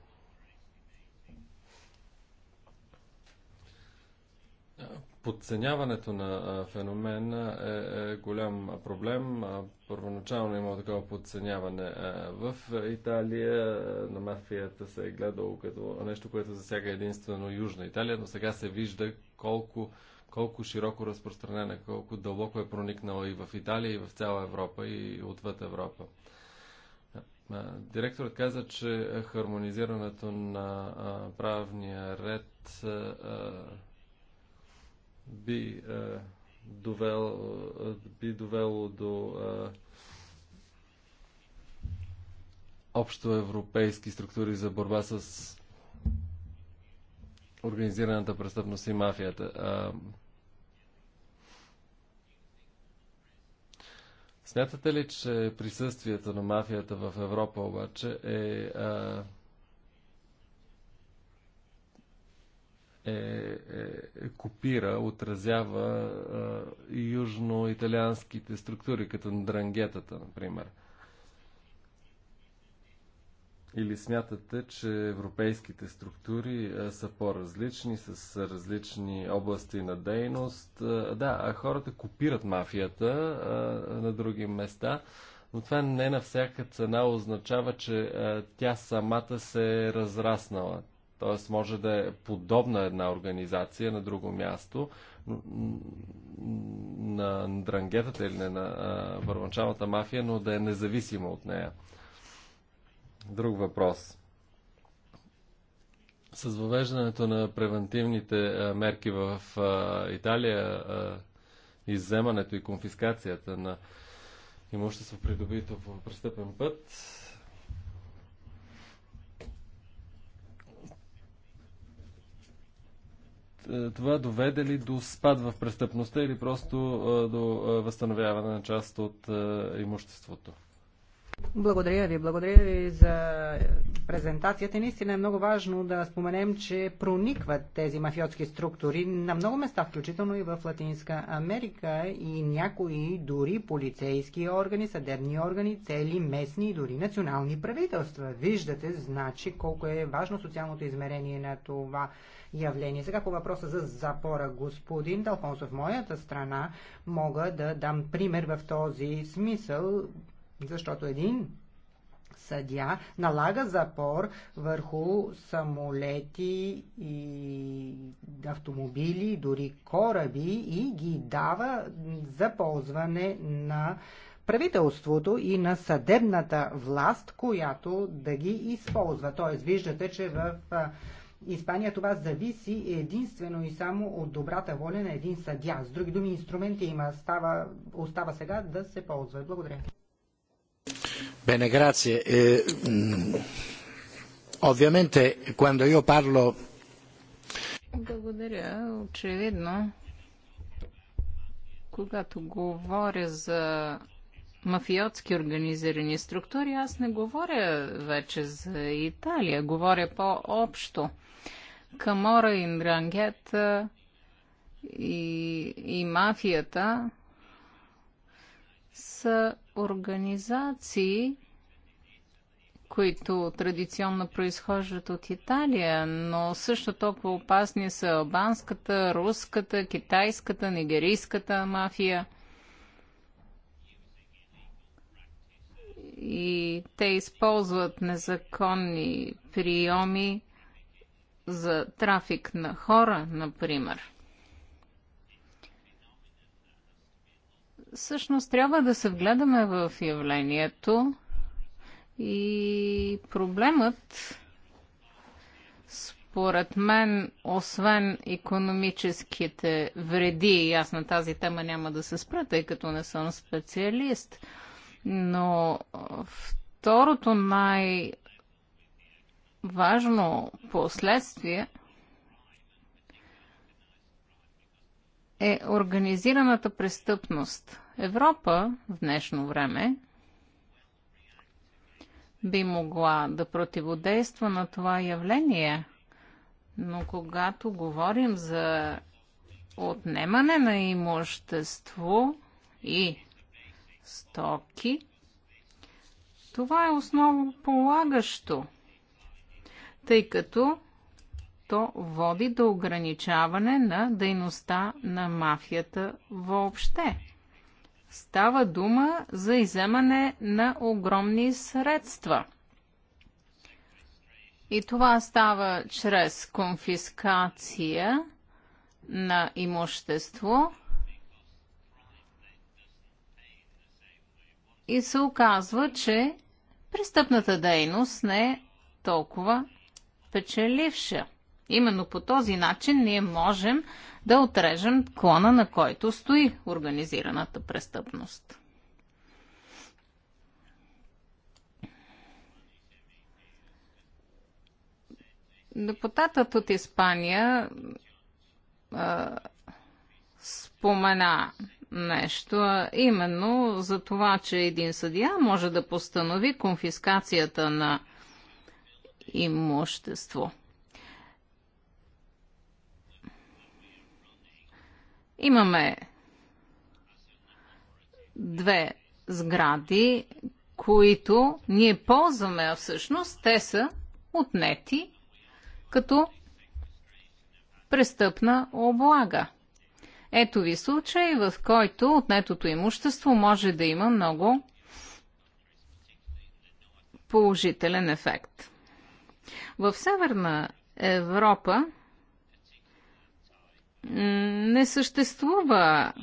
Подценяването на феномена е, е, голям проблем. Първоначално има такова подценяване в Италия. На мафията се е гледало като нещо, което засяга единствено Южна Италия, но сега се вижда колко колко широко разпространена, колко дълбоко е проникнала и в Италия, и в цяла Европа, и отвъд Европа. Директорът каза, че хармонизирането на правния ред би, довел, би довело до общоевропейски структури за борба с организираната престъпност и мафията. смятате ли, че присъствието на мафията в Европа обаче е, а, е, е, е копира, отразява а, южно-италианските структури, като Дрангетата, например? А, или смятате, че европейските структури са по-различни, с различни области на дейност? да, а хората копират мафията на други места, но това не на всяка цена означава, че тя самата се е разраснала. Тоест може да е подобна една организация на друго място, на дрангетата или на върванчалната мафия, но да е независима от нея друг въпрос. С въвеждането на превентивните мерки в Италия, изземането и конфискацията на имущество придобито по престъпен път, е, това доведе ли до спад в престъпността или просто е, до е, възстановяване на част от имуществото? Благодаря ви. Благодаря ви за презентацията. Наистина е много важно да споменем, че проникват тези мафиотски структури на много места, включително и в Латинска Америка и някои дори полицейски органи, съдебни органи, цели местни и дори национални правителства. Виждате, значи, колко е важно социалното измерение на това явление. Сега по въпроса за запора, господин Далфонсов, моята страна мога да дам пример в този смисъл. Защото един съдя налага запор върху самолети и автомобили, дори кораби и ги дава за ползване на правителството и на съдебната власт, която да ги използва. Тоест, виждате, че в Испания това зависи единствено и само от добрата воля на един съдя. С други думи, инструменти има. остава сега да се ползва. Благодаря. Bene, grazie. Eh, mm, ovviamente quando io parlo... Благодаря. Очевидно, когато говоря за мафиотски организирани структури, аз не говоря вече за Италия, говоря по-общо. Камора и Ндрангет и, и мафията са организации, които традиционно произхождат от Италия, но също толкова опасни са албанската, руската, китайската, нигерийската мафия. И те използват незаконни приеми за трафик на хора, например. Всъщност трябва да се вгледаме в явлението и проблемът според мен, освен економическите вреди, и аз на тази тема няма да се спра, тъй като не съм специалист, но второто най-важно последствие – е организираната престъпност. Европа в днешно време би могла да противодейства на това явление, но когато говорим за отнемане на имущество и стоки, това е основополагащо, тъй като то води до ограничаване на дейността на мафията въобще. Става дума за иземане на огромни средства. И това става чрез конфискация на имущество и се оказва, че престъпната дейност не е толкова печеливша. Именно по този начин ние можем да отрежем клона, на който стои организираната престъпност. Депутатът от Испания а, спомена нещо, именно за това, че един съдия може да постанови конфискацията на имущество. Имаме две сгради, които ние ползваме, а всъщност те са отнети като престъпна облага. Ето ви случай, в който отнетото имущество може да има много положителен ефект. В Северна Европа не съществува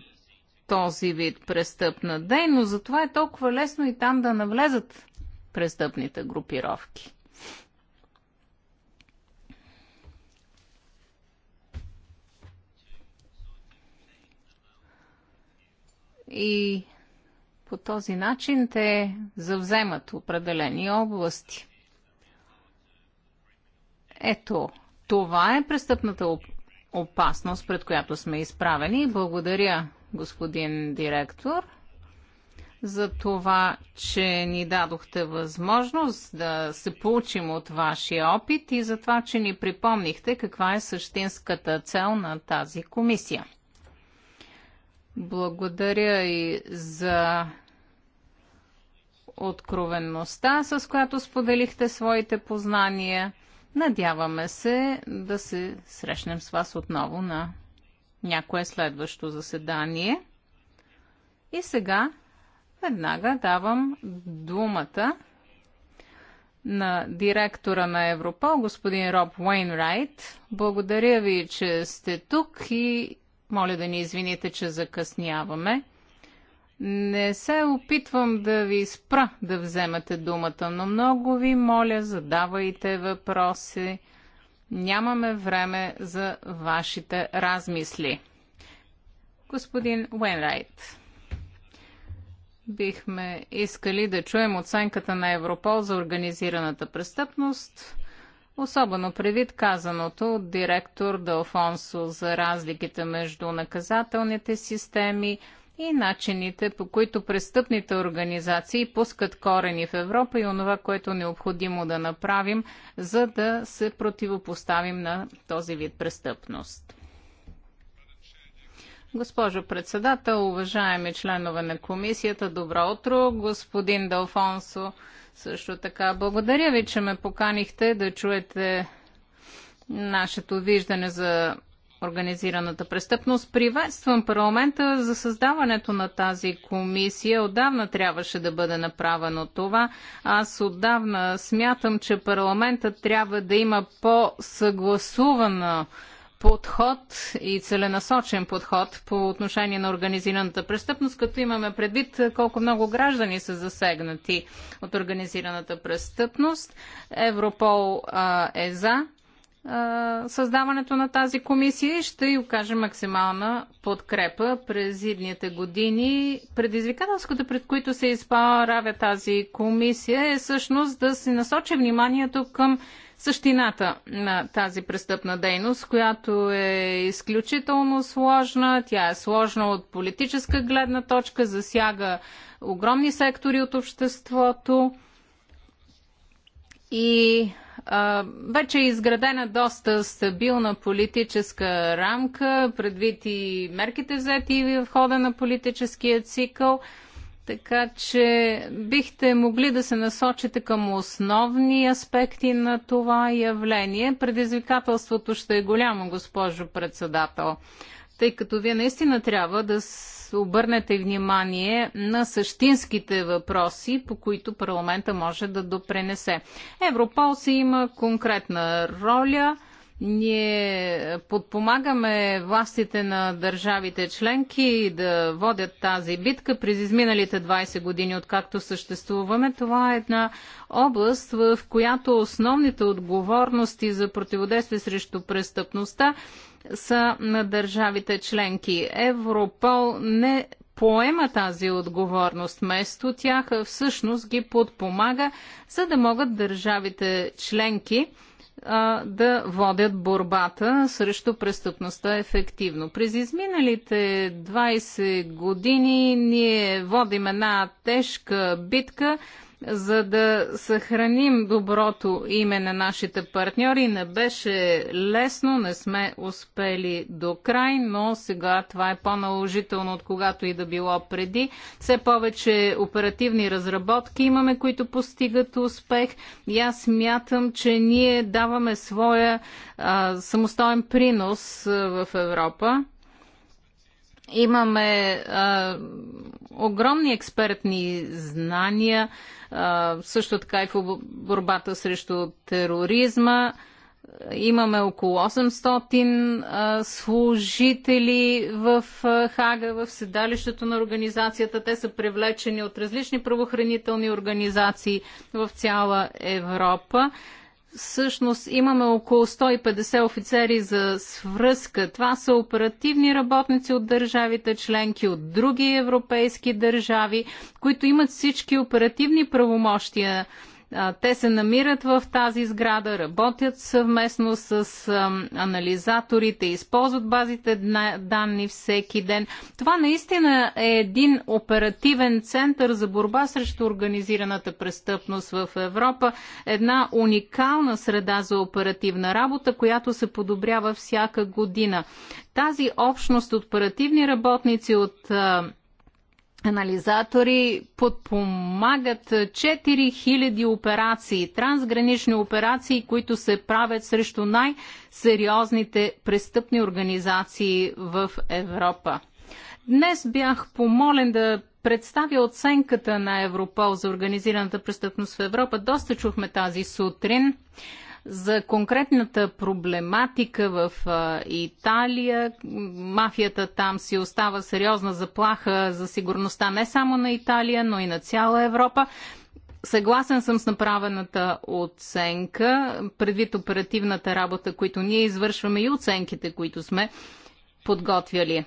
този вид престъпна дейност, затова е толкова лесно и там да навлезат престъпните групировки. И по този начин те завземат определени области. Ето, това е престъпната опасност, пред която сме изправени. Благодаря, господин директор, за това, че ни дадохте възможност да се получим от вашия опит и за това, че ни припомнихте каква е същинската цел на тази комисия. Благодаря и за откровенността, с която споделихте своите познания Надяваме се да се срещнем с вас отново на някое следващо заседание. И сега веднага давам думата на директора на Европол, господин Роб Уейнрайт. Благодаря ви, че сте тук и моля да ни извините, че закъсняваме. Не се опитвам да ви спра да вземете думата, но много ви моля, задавайте въпроси. Нямаме време за вашите размисли. Господин Уенрайт, бихме искали да чуем оценката на Европол за организираната престъпност, особено предвид казаното от директор Далфонсо за разликите между наказателните системи – и начините по които престъпните организации пускат корени в Европа и онова, което е необходимо да направим, за да се противопоставим на този вид престъпност. Госпожо председател, уважаеми членове на комисията, добро утро. Господин Далфонсо, също така благодаря ви, че ме поканихте да чуете нашето виждане за организираната престъпност. Приветствам парламента за създаването на тази комисия. Отдавна трябваше да бъде направено това. Аз отдавна смятам, че парламентът трябва да има по-съгласувана подход и целенасочен подход по отношение на организираната престъпност, като имаме предвид колко много граждани са засегнати от организираната престъпност. Европол а, е за създаването на тази комисия и ще й окаже максимална подкрепа през идните години. Предизвикателството, пред които се изправя тази комисия е всъщност да се насочи вниманието към същината на тази престъпна дейност, която е изключително сложна. Тя е сложна от политическа гледна точка, засяга огромни сектори от обществото и вече е изградена доста стабилна политическа рамка, предвид и мерките взети в хода на политическия цикъл. Така че бихте могли да се насочите към основни аспекти на това явление. Предизвикателството ще е голямо, госпожо председател, тъй като вие наистина трябва да обърнете внимание на същинските въпроси, по които парламента може да допренесе. Европол си има конкретна роля. Ние подпомагаме властите на държавите членки да водят тази битка през изминалите 20 години, откакто съществуваме. Това е една област, в която основните отговорности за противодействие срещу престъпността са на държавите членки. Европол не поема тази отговорност вместо тях, всъщност ги подпомага, за да могат държавите членки да водят борбата срещу престъпността ефективно. През изминалите 20 години ние водим една тежка битка за да съхраним доброто име на нашите партньори. Не беше лесно, не сме успели до край, но сега това е по-наложително от когато и да било преди. Все повече оперативни разработки имаме, които постигат успех и аз смятам, че ние даваме своя а, самостоен принос а, в Европа. Имаме а, огромни експертни знания, а, също така и в борбата срещу тероризма. Имаме около 800 а, служители в а, Хага, в седалището на организацията. Те са привлечени от различни правоохранителни организации в цяла Европа всъщност имаме около 150 офицери за свръзка. Това са оперативни работници от държавите членки, от други европейски държави, които имат всички оперативни правомощия те се намират в тази сграда, работят съвместно с анализаторите, използват базите данни всеки ден. Това наистина е един оперативен център за борба срещу организираната престъпност в Европа. Една уникална среда за оперативна работа, която се подобрява всяка година. Тази общност от оперативни работници от анализатори подпомагат 4000 операции, трансгранични операции, които се правят срещу най-сериозните престъпни организации в Европа. Днес бях помолен да представя оценката на Европол за организираната престъпност в Европа. Доста чухме тази сутрин за конкретната проблематика в Италия. Мафията там си остава сериозна заплаха за сигурността не само на Италия, но и на цяла Европа. Съгласен съм с направената оценка, предвид оперативната работа, които ние извършваме и оценките, които сме подготвяли.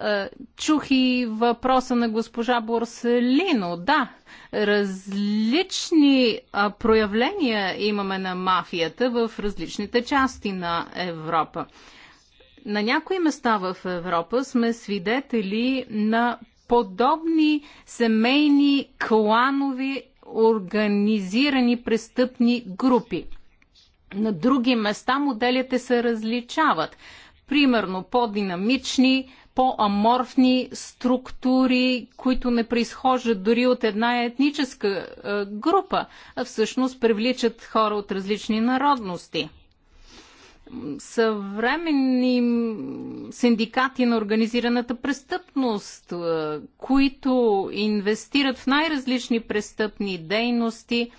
Е, чух и въпроса на госпожа Борселино. Да, различни а, проявления имаме на мафията в различните части на Европа. На някои места в Европа сме свидетели на подобни семейни, кланови, организирани престъпни групи. На други места моделите се различават. Примерно по-динамични, по-аморфни структури, които не произхождат дори от една етническа е, група, а всъщност привличат хора от различни народности съвременни синдикати на организираната престъпност, е, които инвестират в най-различни престъпни дейности, е,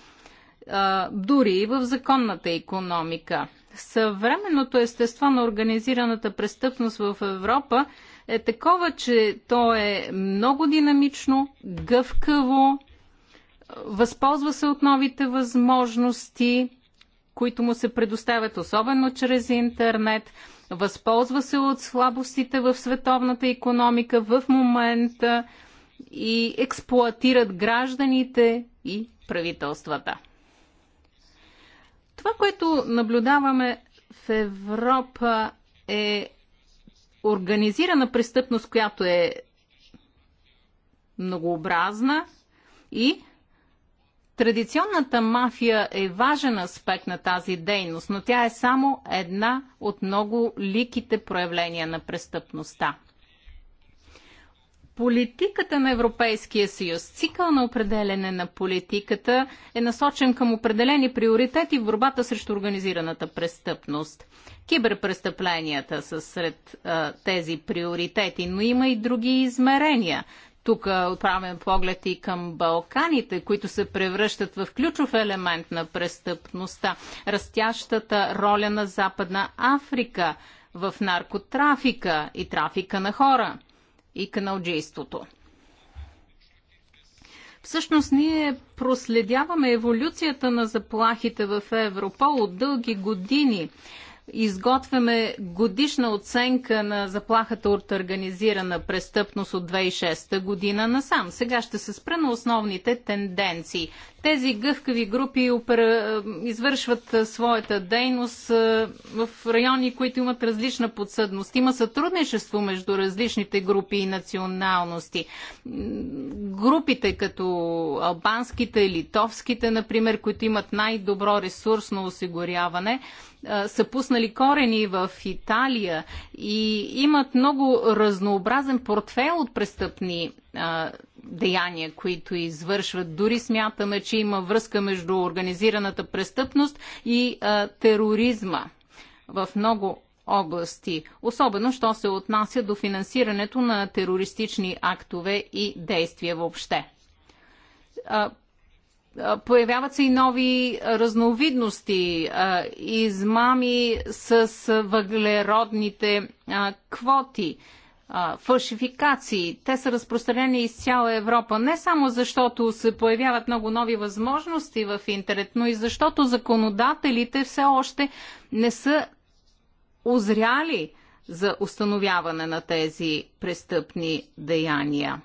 дори и в законната економика. Съвременното естество на организираната престъпност в Европа е такова, че то е много динамично, гъвкаво, възползва се от новите възможности, които му се предоставят, особено чрез интернет, възползва се от слабостите в световната економика в момента и експлоатират гражданите и правителствата. Това, което наблюдаваме в Европа е организирана престъпност, която е многообразна и Традиционната мафия е важен аспект на тази дейност, но тя е само една от много ликите проявления на престъпността. Политиката на Европейския съюз, цикъл на определене на политиката е насочен към определени приоритети в борбата срещу организираната престъпност. Киберпрестъпленията са сред а, тези приоритети, но има и други измерения. Тук отправен поглед и към Балканите, които се превръщат в ключов елемент на престъпността, растящата роля на Западна Африка в наркотрафика и трафика на хора – и каналджейството. Всъщност ние проследяваме еволюцията на заплахите в Европол от дълги години изготвяме годишна оценка на заплахата от организирана престъпност от 2006 година насам. Сега ще се спра на основните тенденции. Тези гъвкави групи опера... Е, извършват е, своята дейност е, в райони, които имат различна подсъдност. Има сътрудничество между различните групи и националности. Групите като албанските, литовските, например, които имат най-добро ресурсно осигуряване, са пуснали корени в Италия и имат много разнообразен портфел от престъпни а, деяния, които извършват. Дори смятаме, че има връзка между организираната престъпност и а, тероризма в много области, особено що се отнася до финансирането на терористични актове и действия въобще Появяват се и нови разновидности, измами с въглеродните квоти, фалшификации. Те са разпространени из цяла Европа, не само защото се появяват много нови възможности в интернет, но и защото законодателите все още не са озряли за установяване на тези престъпни деяния.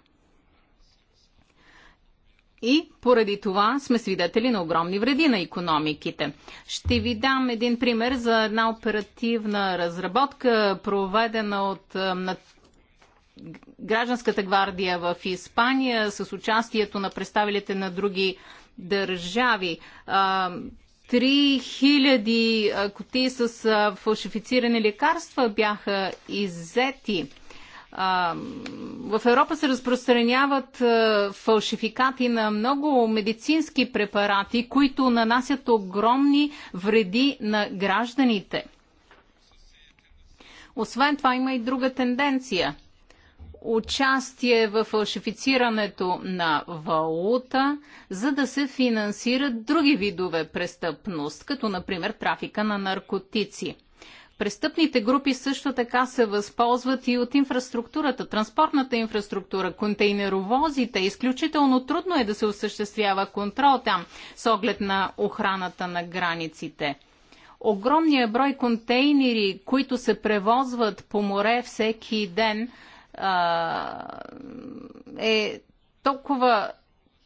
И поради това сме свидетели на огромни вреди на економиките. Ще ви дам един пример за една оперативна разработка, проведена от е, Гражданската гвардия в Испания с участието на представителите на други държави. 3000 е, е, кутии с фалшифицирани лекарства бяха иззети в Европа се разпространяват фалшификати на много медицински препарати, които нанасят огромни вреди на гражданите. Освен това има и друга тенденция. Участие в фалшифицирането на валута, за да се финансират други видове престъпност, като например трафика на наркотици – Престъпните групи също така се възползват и от инфраструктурата, транспортната инфраструктура, контейнеровозите. Изключително трудно е да се осъществява контрол там с оглед на охраната на границите. Огромният брой контейнери, които се превозват по море всеки ден, е толкова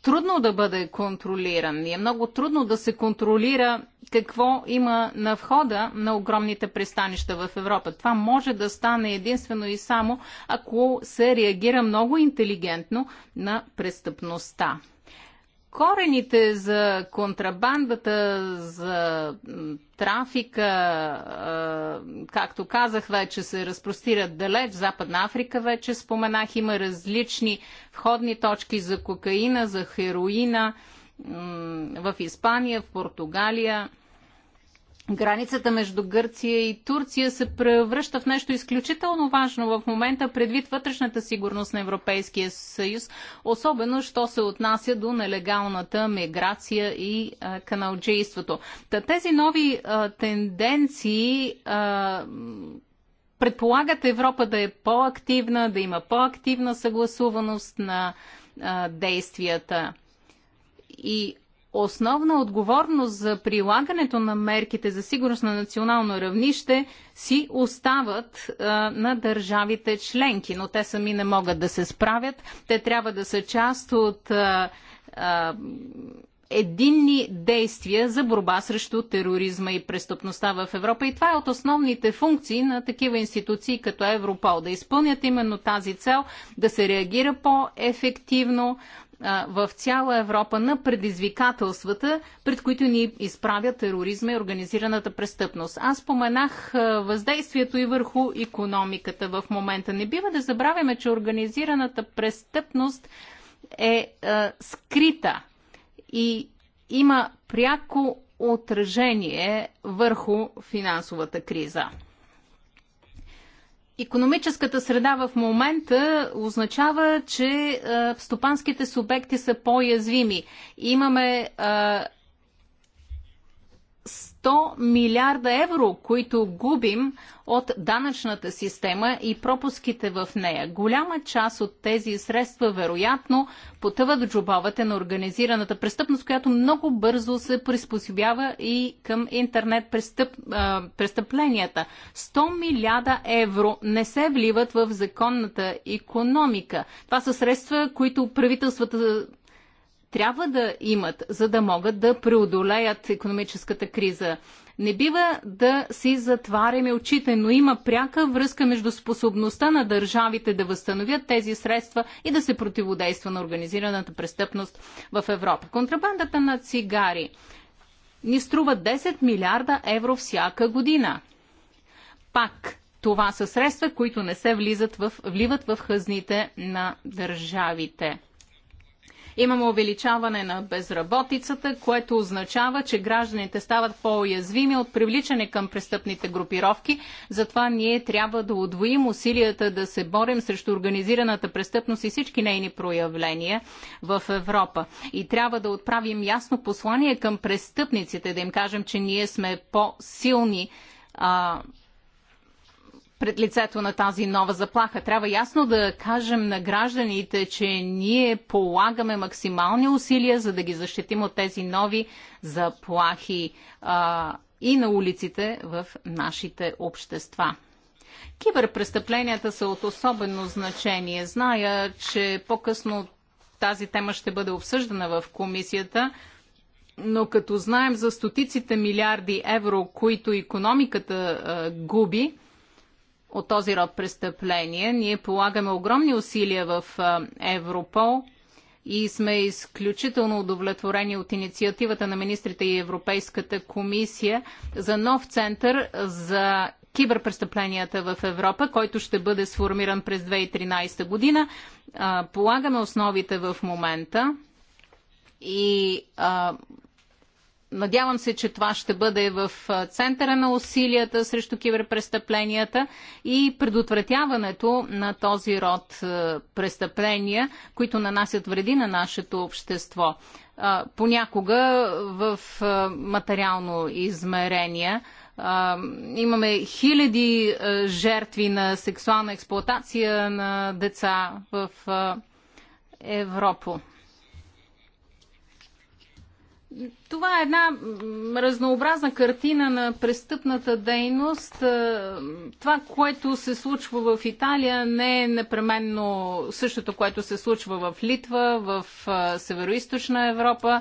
трудно да бъде контролиран и е много трудно да се контролира какво има на входа на огромните пристанища в Европа. Това може да стане единствено и само ако се реагира много интелигентно на престъпността корените за контрабандата, за трафика, както казах вече, се разпростират далеч. Западна Африка вече споменах, има различни входни точки за кокаина, за хероина в Испания, в Португалия – Границата между Гърция и Турция се превръща в нещо изключително важно в момента предвид вътрешната сигурност на Европейския съюз, особено що се отнася до нелегалната миграция и каналджейството. Та тези нови а, тенденции а, предполагат Европа да е по-активна, да има по-активна съгласуваност на а, действията. И основна отговорност за прилагането на мерките за сигурност на национално равнище си остават а, на държавите членки, но те сами не могат да се справят. Те трябва да са част от а, а, единни действия за борба срещу тероризма и престъпността в Европа. И това е от основните функции на такива институции като Европол. Да изпълнят именно тази цел, да се реагира по-ефективно, в цяла Европа на предизвикателствата, пред които ни изправят тероризма и организираната престъпност. Аз споменах въздействието и върху економиката в момента. Не бива да забравяме, че организираната престъпност е, е скрита и има пряко отражение върху финансовата криза. Економическата среда в момента означава, че стопанските субекти са по-язвими. Имаме 100 милиарда евро, които губим от данъчната система и пропуските в нея. Голяма част от тези средства вероятно потъват в джобовете на организираната престъпност, която много бързо се приспособява и към интернет престъп, а, престъпленията. 100 милиарда евро не се вливат в законната економика. Това са средства, които правителствата трябва да имат, за да могат да преодолеят економическата криза. Не бива да си затваряме очите, но има пряка връзка между способността на държавите да възстановят тези средства и да се противодейства на организираната престъпност в Европа. Контрабандата на цигари ни струва 10 милиарда евро всяка година. Пак това са средства, които не се влизат в, вливат в хъзните на държавите. Имаме увеличаване на безработицата, което означава, че гражданите стават по-уязвими от привличане към престъпните групировки. Затова ние трябва да удвоим усилията да се борим срещу организираната престъпност и всички нейни проявления в Европа. И трябва да отправим ясно послание към престъпниците, да им кажем, че ние сме по-силни пред лицето на тази нова заплаха. Трябва ясно да кажем на гражданите, че ние полагаме максимални усилия, за да ги защитим от тези нови заплахи а, и на улиците в нашите общества. Киберпрестъпленията са от особено значение. Зная, че по-късно тази тема ще бъде обсъждана в комисията, но като знаем за стотиците милиарди евро, които економиката а, губи, от този род престъпления. Ние полагаме огромни усилия в Европол и сме изключително удовлетворени от инициативата на министрите и Европейската комисия за нов център за киберпрестъпленията в Европа, който ще бъде сформиран през 2013 година. Полагаме основите в момента и Надявам се, че това ще бъде в центъра на усилията срещу киберпрестъпленията и предотвратяването на този род престъпления, които нанасят вреди на нашето общество. Понякога в материално измерение имаме хиляди жертви на сексуална експлоатация на деца в Европа. Това е една разнообразна картина на престъпната дейност. Е, това, което се случва в Италия, не е непременно същото, което се случва в Литва, в е, Североизточна Европа.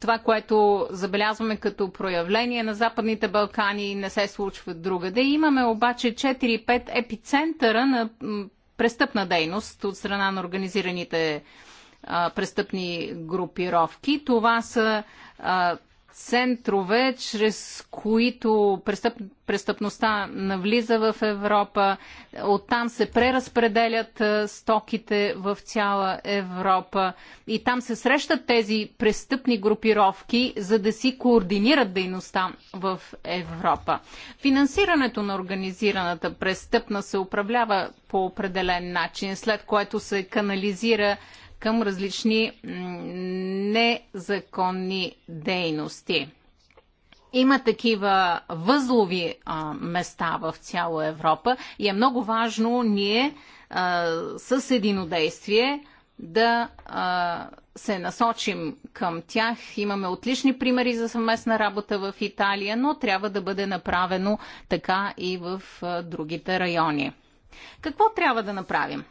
Това, което забелязваме като проявление на Западните Балкани, не се случва другаде. Имаме обаче 4-5 епицентъра на престъпна дейност от страна на организираните престъпни групировки. Това са центрове, чрез които престъп, престъпността навлиза в Европа. Оттам се преразпределят стоките в цяла Европа. И там се срещат тези престъпни групировки, за да си координират дейността в Европа. Финансирането на организираната престъпна се управлява по определен начин, след което се канализира към различни незаконни дейности. Има такива възлови а, места в цяла Европа и е много важно ние а, с единодействие да а, се насочим към тях. Имаме отлични примери за съвместна работа в Италия, но трябва да бъде направено така и в а, другите райони. Какво трябва да направим?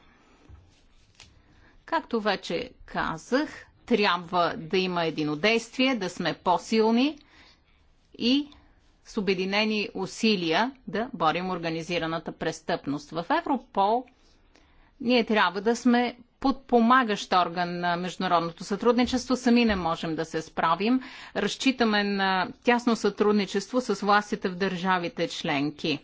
Както вече казах, трябва да има единодействие, да сме по-силни и с обединени усилия да борим организираната престъпност. В Европол ние трябва да сме подпомагащ орган на международното сътрудничество. Сами не можем да се справим. Разчитаме на тясно сътрудничество с властите в държавите членки.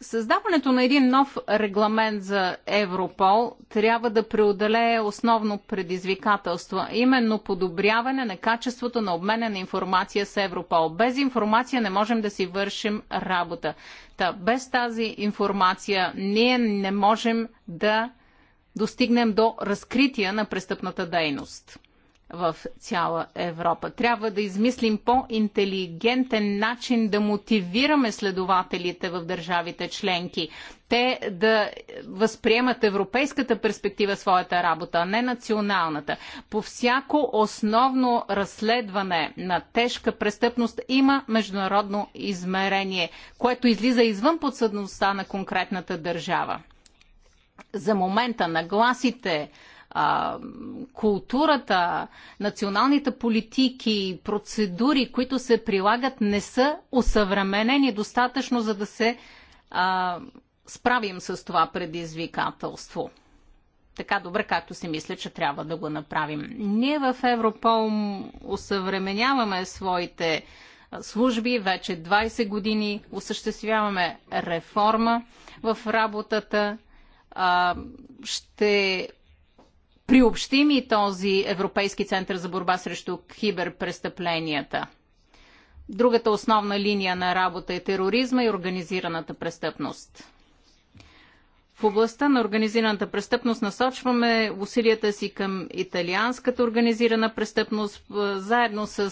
Създаването на един нов регламент за Европол трябва да преодолее основно предизвикателство, именно подобряване на качеството на обмена на информация с Европол. Без информация не можем да си вършим работа. Та, без тази информация ние не можем да достигнем до разкрития на престъпната дейност в цяла Европа. Трябва да измислим по-интелигентен начин да мотивираме следователите в държавите членки. Те да възприемат европейската перспектива своята работа, а не националната. По всяко основно разследване на тежка престъпност има международно измерение, което излиза извън подсъдността на конкретната държава. За момента нагласите, а, културата, националните политики, процедури, които се прилагат, не са усъвременени достатъчно, за да се а, справим с това предизвикателство. Така добре, както си мисля, че трябва да го направим. Ние в Европол усъвременяваме своите служби. Вече 20 години осъществяваме реформа в работата. Ще приобщим и този Европейски център за борба срещу киберпрестъпленията. Другата основна линия на работа е тероризма и организираната престъпност. В областта на организираната престъпност насочваме усилията си към италианската организирана престъпност. Заедно с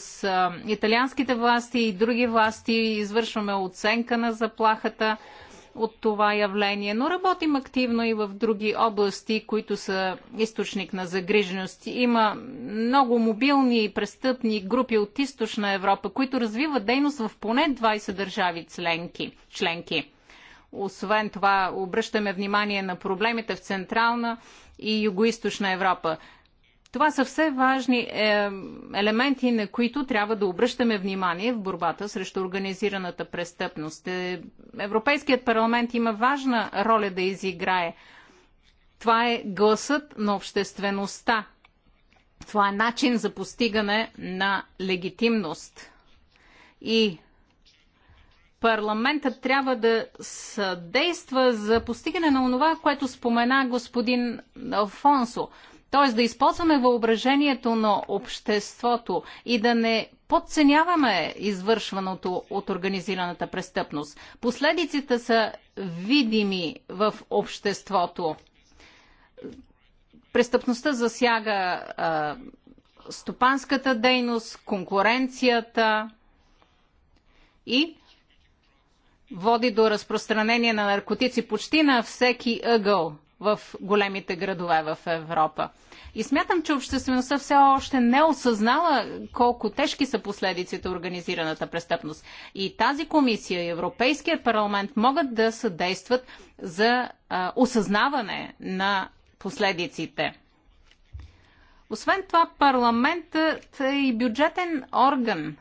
италианските власти и други власти извършваме оценка на заплахата – от това явление, но работим активно и в други области, които са източник на загриженост. Има много мобилни и престъпни групи от източна Европа, които развиват дейност в поне 20 държави членки. членки. Освен това, обръщаме внимание на проблемите в Централна и Югоизточна Европа. Това са все важни е, елементи, на които трябва да обръщаме внимание в борбата срещу организираната престъпност. Е, Европейският парламент има важна роля да изиграе. Това е гласът на обществеността. Това е начин за постигане на легитимност. И парламентът трябва да съдейства за постигане на онова, което спомена господин Алфонсо – Тоест да използваме въображението на обществото и да не подценяваме извършваното от организираната престъпност. Последиците са видими в обществото. Престъпността засяга а, стопанската дейност, конкуренцията и води до разпространение на наркотици почти на всеки ъгъл в големите градове в Европа. И смятам, че обществеността все още не осъзнала колко тежки са последиците организираната престъпност. И тази комисия и Европейският парламент могат да съдействат за а, осъзнаване на последиците. Освен това, парламентът е и бюджетен орган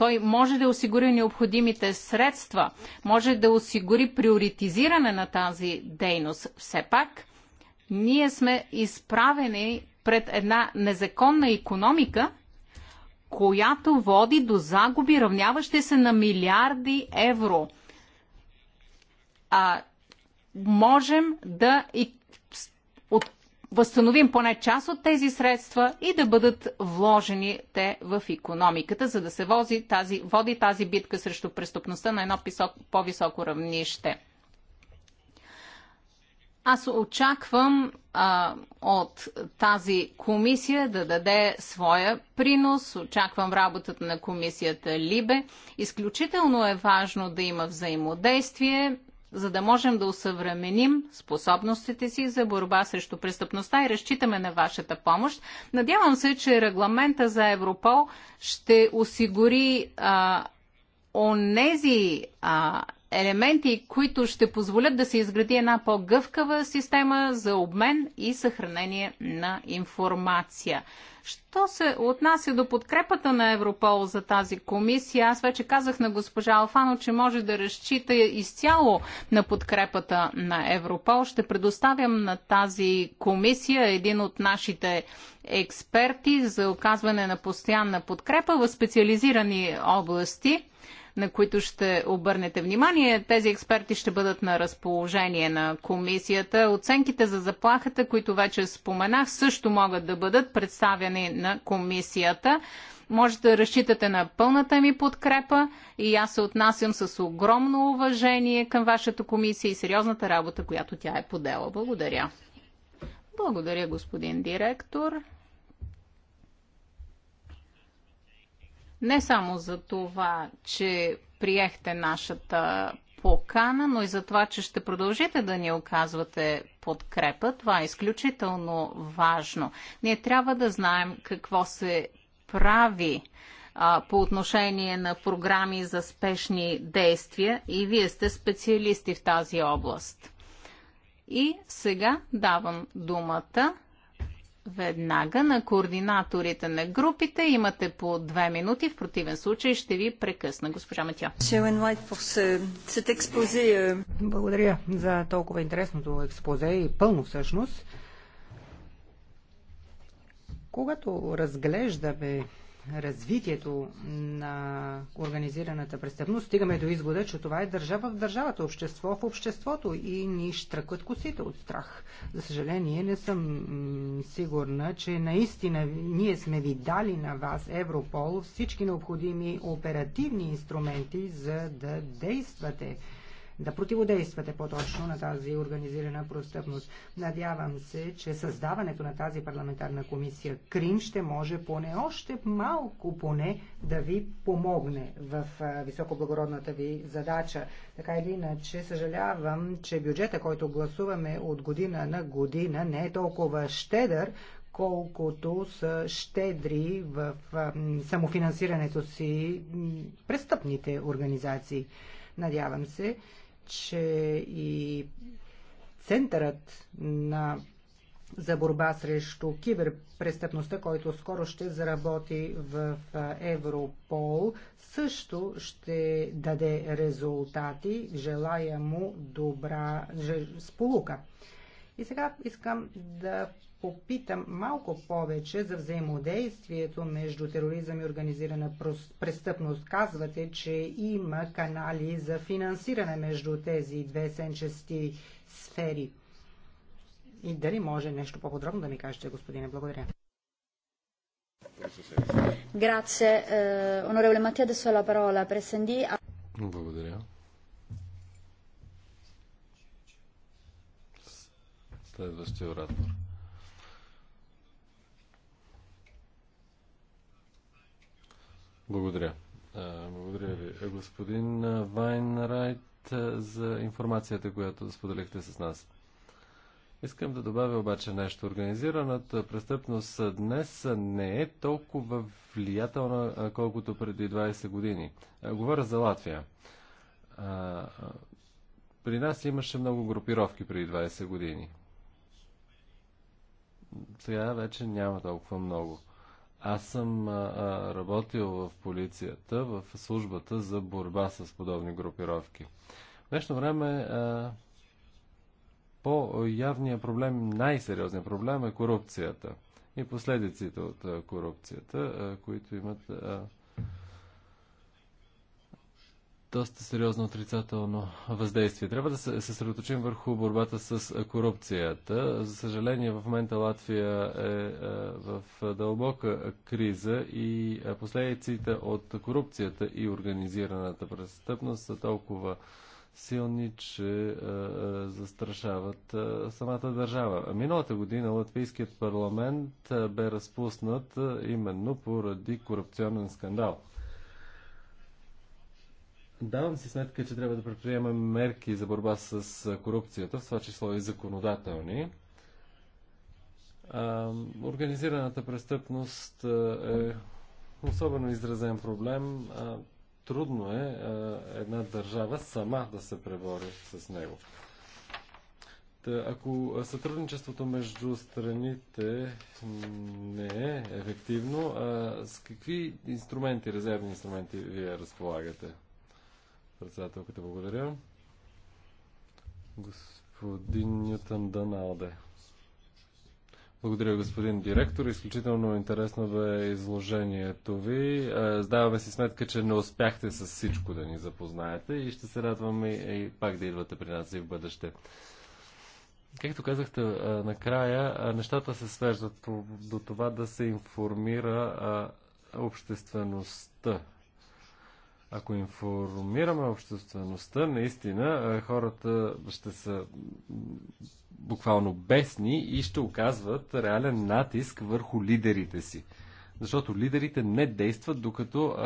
той може да осигури необходимите средства, може да осигури приоритизиране на тази дейност. Все пак, ние сме изправени пред една незаконна економика, която води до загуби, равняващи се на милиарди евро. А можем да и от възстановим поне част от тези средства и да бъдат вложени те в економиката, за да се вози тази, води тази битка срещу престъпността на едно по-високо равнище. Аз очаквам а, от тази комисия да даде своя принос. Очаквам работата на комисията Либе. Изключително е важно да има взаимодействие за да можем да усъвременим способностите си за борба срещу престъпността и разчитаме на вашата помощ. Надявам се, че регламента за Европол ще осигури а, онези а, елементи, които ще позволят да се изгради една по-гъвкава система за обмен и съхранение на информация. Що се отнася до подкрепата на Европол за тази комисия, аз вече казах на госпожа Алфано, че може да разчита изцяло на подкрепата на Европол. Ще предоставям на тази комисия един от нашите експерти за оказване на постоянна подкрепа в специализирани области на които ще обърнете внимание. Тези експерти ще бъдат на разположение на комисията. Оценките за заплахата, които вече споменах, също могат да бъдат представени на комисията. Може да разчитате на пълната ми подкрепа и аз се отнасям с огромно уважение към вашата комисия и сериозната работа, която тя е подела. Благодаря. Благодаря, господин директор. не само за това, че приехте нашата покана, но и за това, че ще продължите да ни оказвате подкрепа. Това е изключително важно. Ние трябва да знаем какво се прави а, по отношение на програми за спешни действия и вие сте специалисти в тази област. И сега давам думата веднага на координаторите на групите. Имате по две минути, в противен случай ще ви прекъсна. Госпожа Матя. Uh, uh. Благодаря за толкова интересното експозе и пълно всъщност. Когато разглеждаме развитието на организираната престъпност, стигаме до извода, че това е държава в държавата, общество в обществото и ни штръкват косите от страх. За съжаление, не съм сигурна, че наистина ние сме ви дали на вас, Европол, всички необходими оперативни инструменти, за да действате да противодействате по-точно на тази организирана престъпност. Надявам се, че създаването на тази парламентарна комисия Крим ще може поне още малко поне да ви помогне в високоблагородната ви задача. Така или иначе, съжалявам, че бюджета, който гласуваме от година на година, не е толкова щедър, колкото са щедри в самофинансирането си престъпните организации. Надявам се, че и Центърът на за борба срещу киберпрестъпността, който скоро ще заработи в Европол, също ще даде резултати. Желая му добра сполука. И сега искам да попитам малко повече за взаимодействието между тероризъм и организирана престъпност. Казвате, че има канали за финансиране между тези две сенчести сфери. И дали може нещо по-подробно да ми кажете, господине? Благодаря. Е, Благодаря. Следващия оратор. Благодаря. Благодаря ви, господин Вайнрайт, за информацията, която споделихте с нас. Искам да добавя обаче нещо. Организираната престъпност днес не е толкова влиятелна, колкото преди 20 години. Говоря за Латвия. При нас имаше много групировки преди 20 години. Сега вече няма толкова много. Аз съм а, работил в полицията, в службата за борба с подобни групировки. В днешно време а, по-явният проблем, най-сериозният проблем е корупцията и последиците от а, корупцията, а, които имат а, доста сериозно отрицателно въздействие. Трябва да се съсредоточим върху борбата с корупцията. За съжаление, в момента Латвия е, е в дълбока криза и е, последиците от корупцията и организираната престъпност са толкова силни, че е, застрашават самата държава. Миналата година Латвийският парламент бе разпуснат именно поради корупционен скандал. Давам си сметка, че трябва да предприемем мерки за борба с корупцията, в това число и законодателни. А, организираната престъпност е особено изразен проблем. А, трудно е а, една държава сама да се пребори с него. Та, ако сътрудничеството между страните не е ефективно, а с какви инструменти, резервни инструменти вие разполагате? Председателката, благодаря. Господин Нютон Даналде. Благодаря, господин директор. Изключително интересно бе изложението ви. Сдаваме е, си сметка, че не успяхте с всичко да ни запознаете и ще се радваме и пак да идвате при нас и в бъдеще. Както казахте е, накрая, е, нещата се свеждат до това да се информира обществеността ако информираме обществеността, наистина хората ще са буквално бесни и ще оказват реален натиск върху лидерите си. Защото лидерите не действат, докато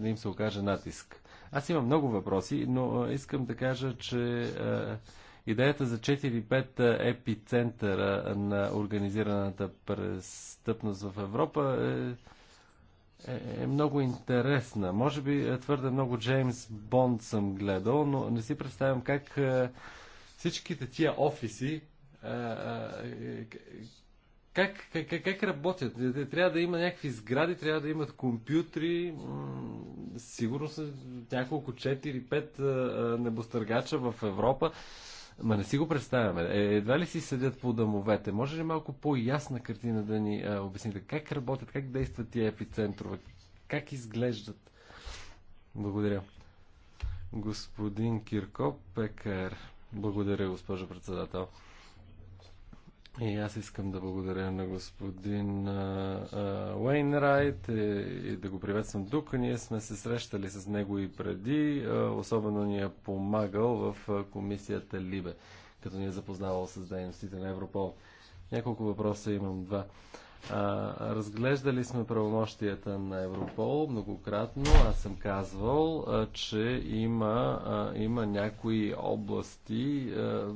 не, им се окаже натиск. Аз имам много въпроси, но искам да кажа, че идеята за 4-5 епицентъра на организираната престъпност в Европа е е, е много интересна. Може би е, твърде много Джеймс Бонд съм гледал, но не си представям как е, всичките тия офиси как, как, как, как работят? Трябва да има някакви сгради, трябва да имат компютри, сигурно са няколко 4-5 небостъргача в Европа. Ма не си го представяме. Е, едва ли си седят по домовете? Може ли малко по-ясна картина да ни а, обясните? Как работят, как действат тия епицентрове? Как изглеждат? Благодаря. Господин Кирко Пекер. Благодаря, госпожо председател. И аз искам да благодаря на господин Уейнрайт и, е, и да го приветствам тук. Ние сме се срещали с него и преди. А, особено ни е помагал в а, комисията Либе, като ни е запознавал с дейностите на Европол. Няколко въпроса имам два. А, разглеждали сме правомощията на Европол многократно. Аз съм казвал, а, че има, а, има някои области, а,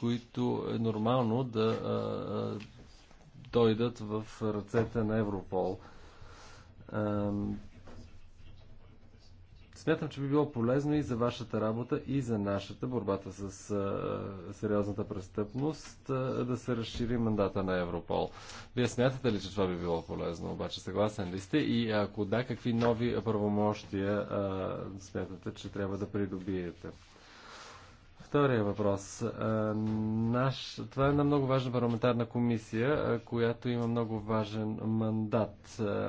които е нормално да а, а, дойдат в ръцете на Европол. А, смятам, че би било полезно и за вашата работа, и за нашата борбата с а, сериозната престъпност а, да се разшири мандата на Европол. Вие смятате ли, че това би било полезно? Обаче съгласен ли сте? И ако да, какви нови правомощия а, смятате, че трябва да придобиете? Втория въпрос. Е, наш, това е една много важна парламентарна комисия, е, която има много важен мандат. Е,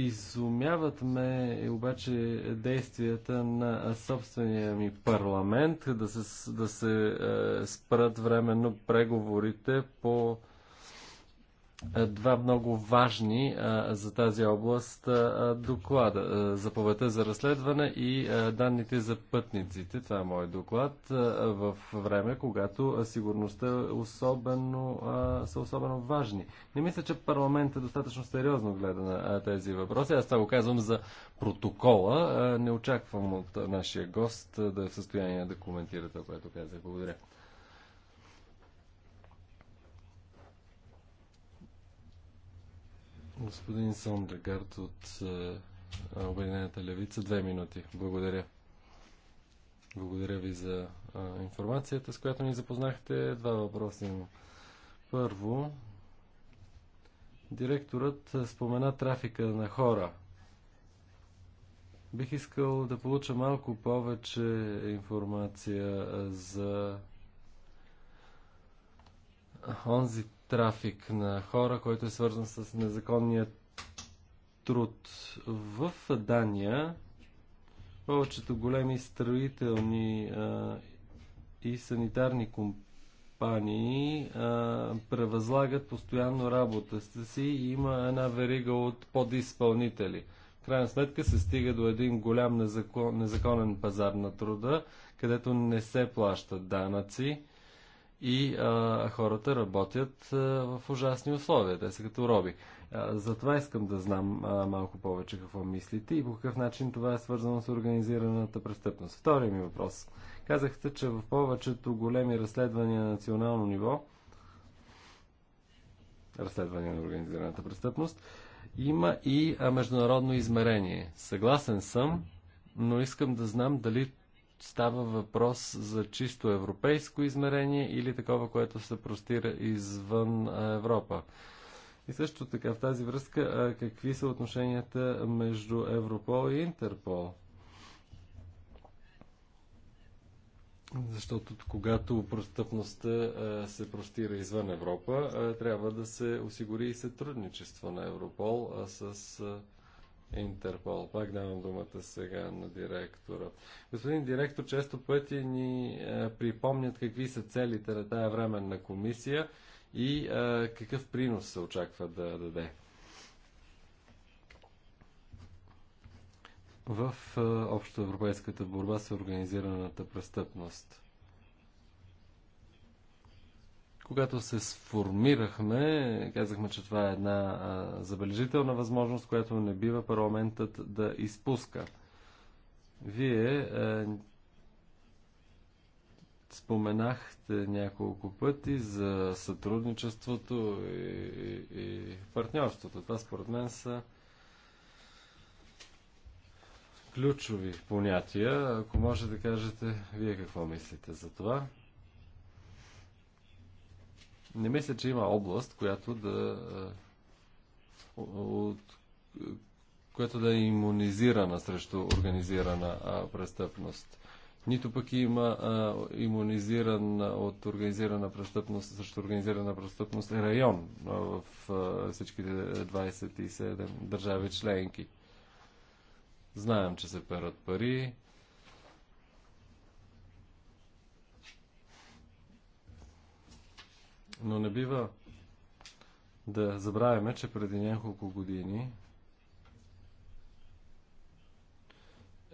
изумяват ме обаче действията на собствения ми парламент да се, да се спрат временно преговорите по е, два много важни а, е, за тази област а, е, доклада. А, заповедта за разследване и данните за пътниците. Това е мой доклад в време, когато сигурността особено, са особено важни. Не мисля, че парламентът е достатъчно сериозно гледа на тези въпроси. Аз това го казвам за протокола. Не очаквам от нашия гост да е в състояние да коментира това, което казах. Благодаря. Господин Сондегард от е, е, Обединената левица, две минути. Благодаря. Благодаря ви за е, информацията, с която ни запознахте. Два въпроса има. Първо, директорът спомена трафика на хора. Бих искал да получа малко повече информация за онзи трафик на хора, който е свързан с незаконния труд. В Дания повечето големи строителни а, и санитарни компании а, превъзлагат постоянно работата си и има една верига от подизпълнители. В крайна сметка се стига до един голям незакон, незаконен пазар на труда, където не се плащат данъци и а, хората работят а, в ужасни условия. Те са като роби. А, затова искам да знам а, малко повече какво мислите и по какъв начин това е свързано с организираната престъпност. Втория ми въпрос. Казахте, че в повечето големи разследвания на национално ниво, разследвания на организираната престъпност, има и международно измерение. Съгласен съм, но искам да знам дали става въпрос за чисто европейско измерение или такова, което се простира извън Европа. И също така, в тази връзка, какви са отношенията между Европол и Интерпол? Защото когато престъпността се простира извън Европа, трябва да се осигури и сътрудничество на Европол с Интерпол. Пак давам думата сега на директора. Господин директор, често пъти ни а, е, припомнят какви са целите на тая временна комисия и а, е, какъв принос се очаква да даде. В е, общоевропейската борба с организираната престъпност. Когато се сформирахме, казахме, че това е една а, забележителна възможност, която не бива парламентът да изпуска. Вие а, споменахте няколко пъти за сътрудничеството и, и, и партньорството. Това според мен са ключови понятия. Ако може да кажете, вие какво мислите за това? Не мисля, че има област, която да, от, която да е иммунизирана срещу организирана престъпност. Нито пък има а, иммунизиран от организирана престъпност срещу организирана престъпност район в а, всичките 27 държави членки. Знаем, че се перат пари, Но не бива да забравяме, че преди няколко години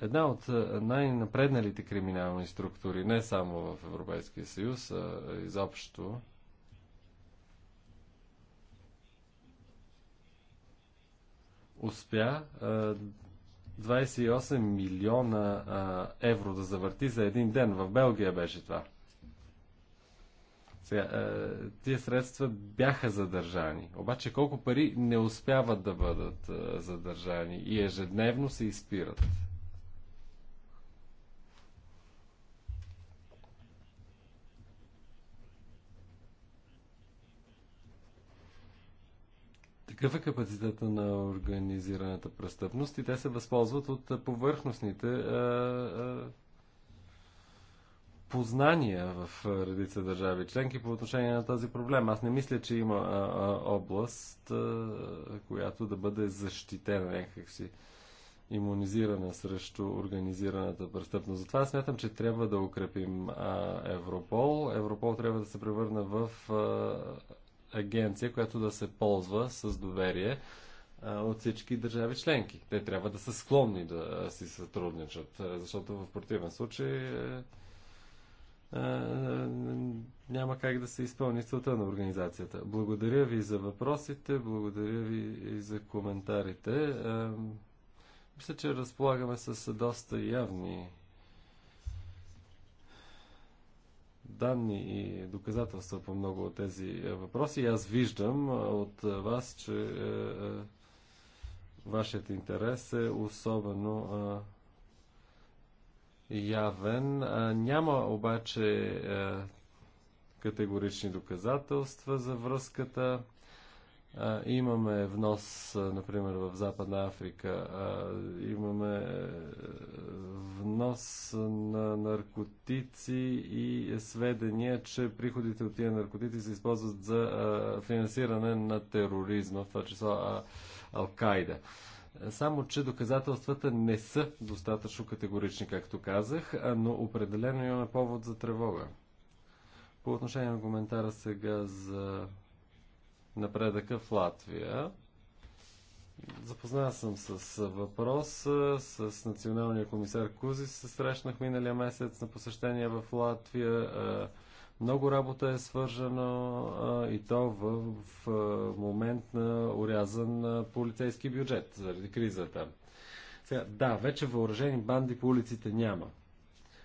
една от най-напредналите криминални структури, не само в Европейския съюз, а изобщо, успя 28 милиона евро да завърти за един ден. В Белгия беше това. Сега, е, тия средства бяха задържани, обаче колко пари не успяват да бъдат е, задържани и ежедневно се изпират. Какъв е капацитета на организираната престъпност и те се възползват от е, повърхностните познания в редица държави членки по отношение на този проблем. Аз не мисля, че има а, а, област, а, която да бъде защитена някакси иммунизирана срещу организираната престъпност. Затова смятам, че трябва да укрепим а, Европол. Европол трябва да се превърне в а, агенция, която да се ползва с доверие а, от всички държави членки. Те трябва да са склонни да си сътрудничат, защото в противен случай. А, е, няма как да се изпълни целта на организацията. Благодаря ви за въпросите, благодаря ви и за коментарите. Мисля, че разполагаме с доста явни данни и доказателства по много от тези въпроси. аз виждам от вас, че вашият интерес е особено явен. Няма обаче категорични доказателства за връзката. Имаме внос, например, в Западна Африка. Имаме внос на наркотици и сведения, че приходите от тия наркотици се използват за финансиране на тероризма, в това число Ал-Кайда. Само, че доказателствата не са достатъчно категорични, както казах, но определено имаме повод за тревога. По отношение на коментара сега за напредъка в Латвия, Запознал съм с въпроса, с националния комисар Кузи се срещнах миналия месец на посещение в Латвия. Много работа е свържена а, и то в, в момент на урязан полицейски бюджет заради кризата. Сега, да, вече въоръжени банди по улиците няма.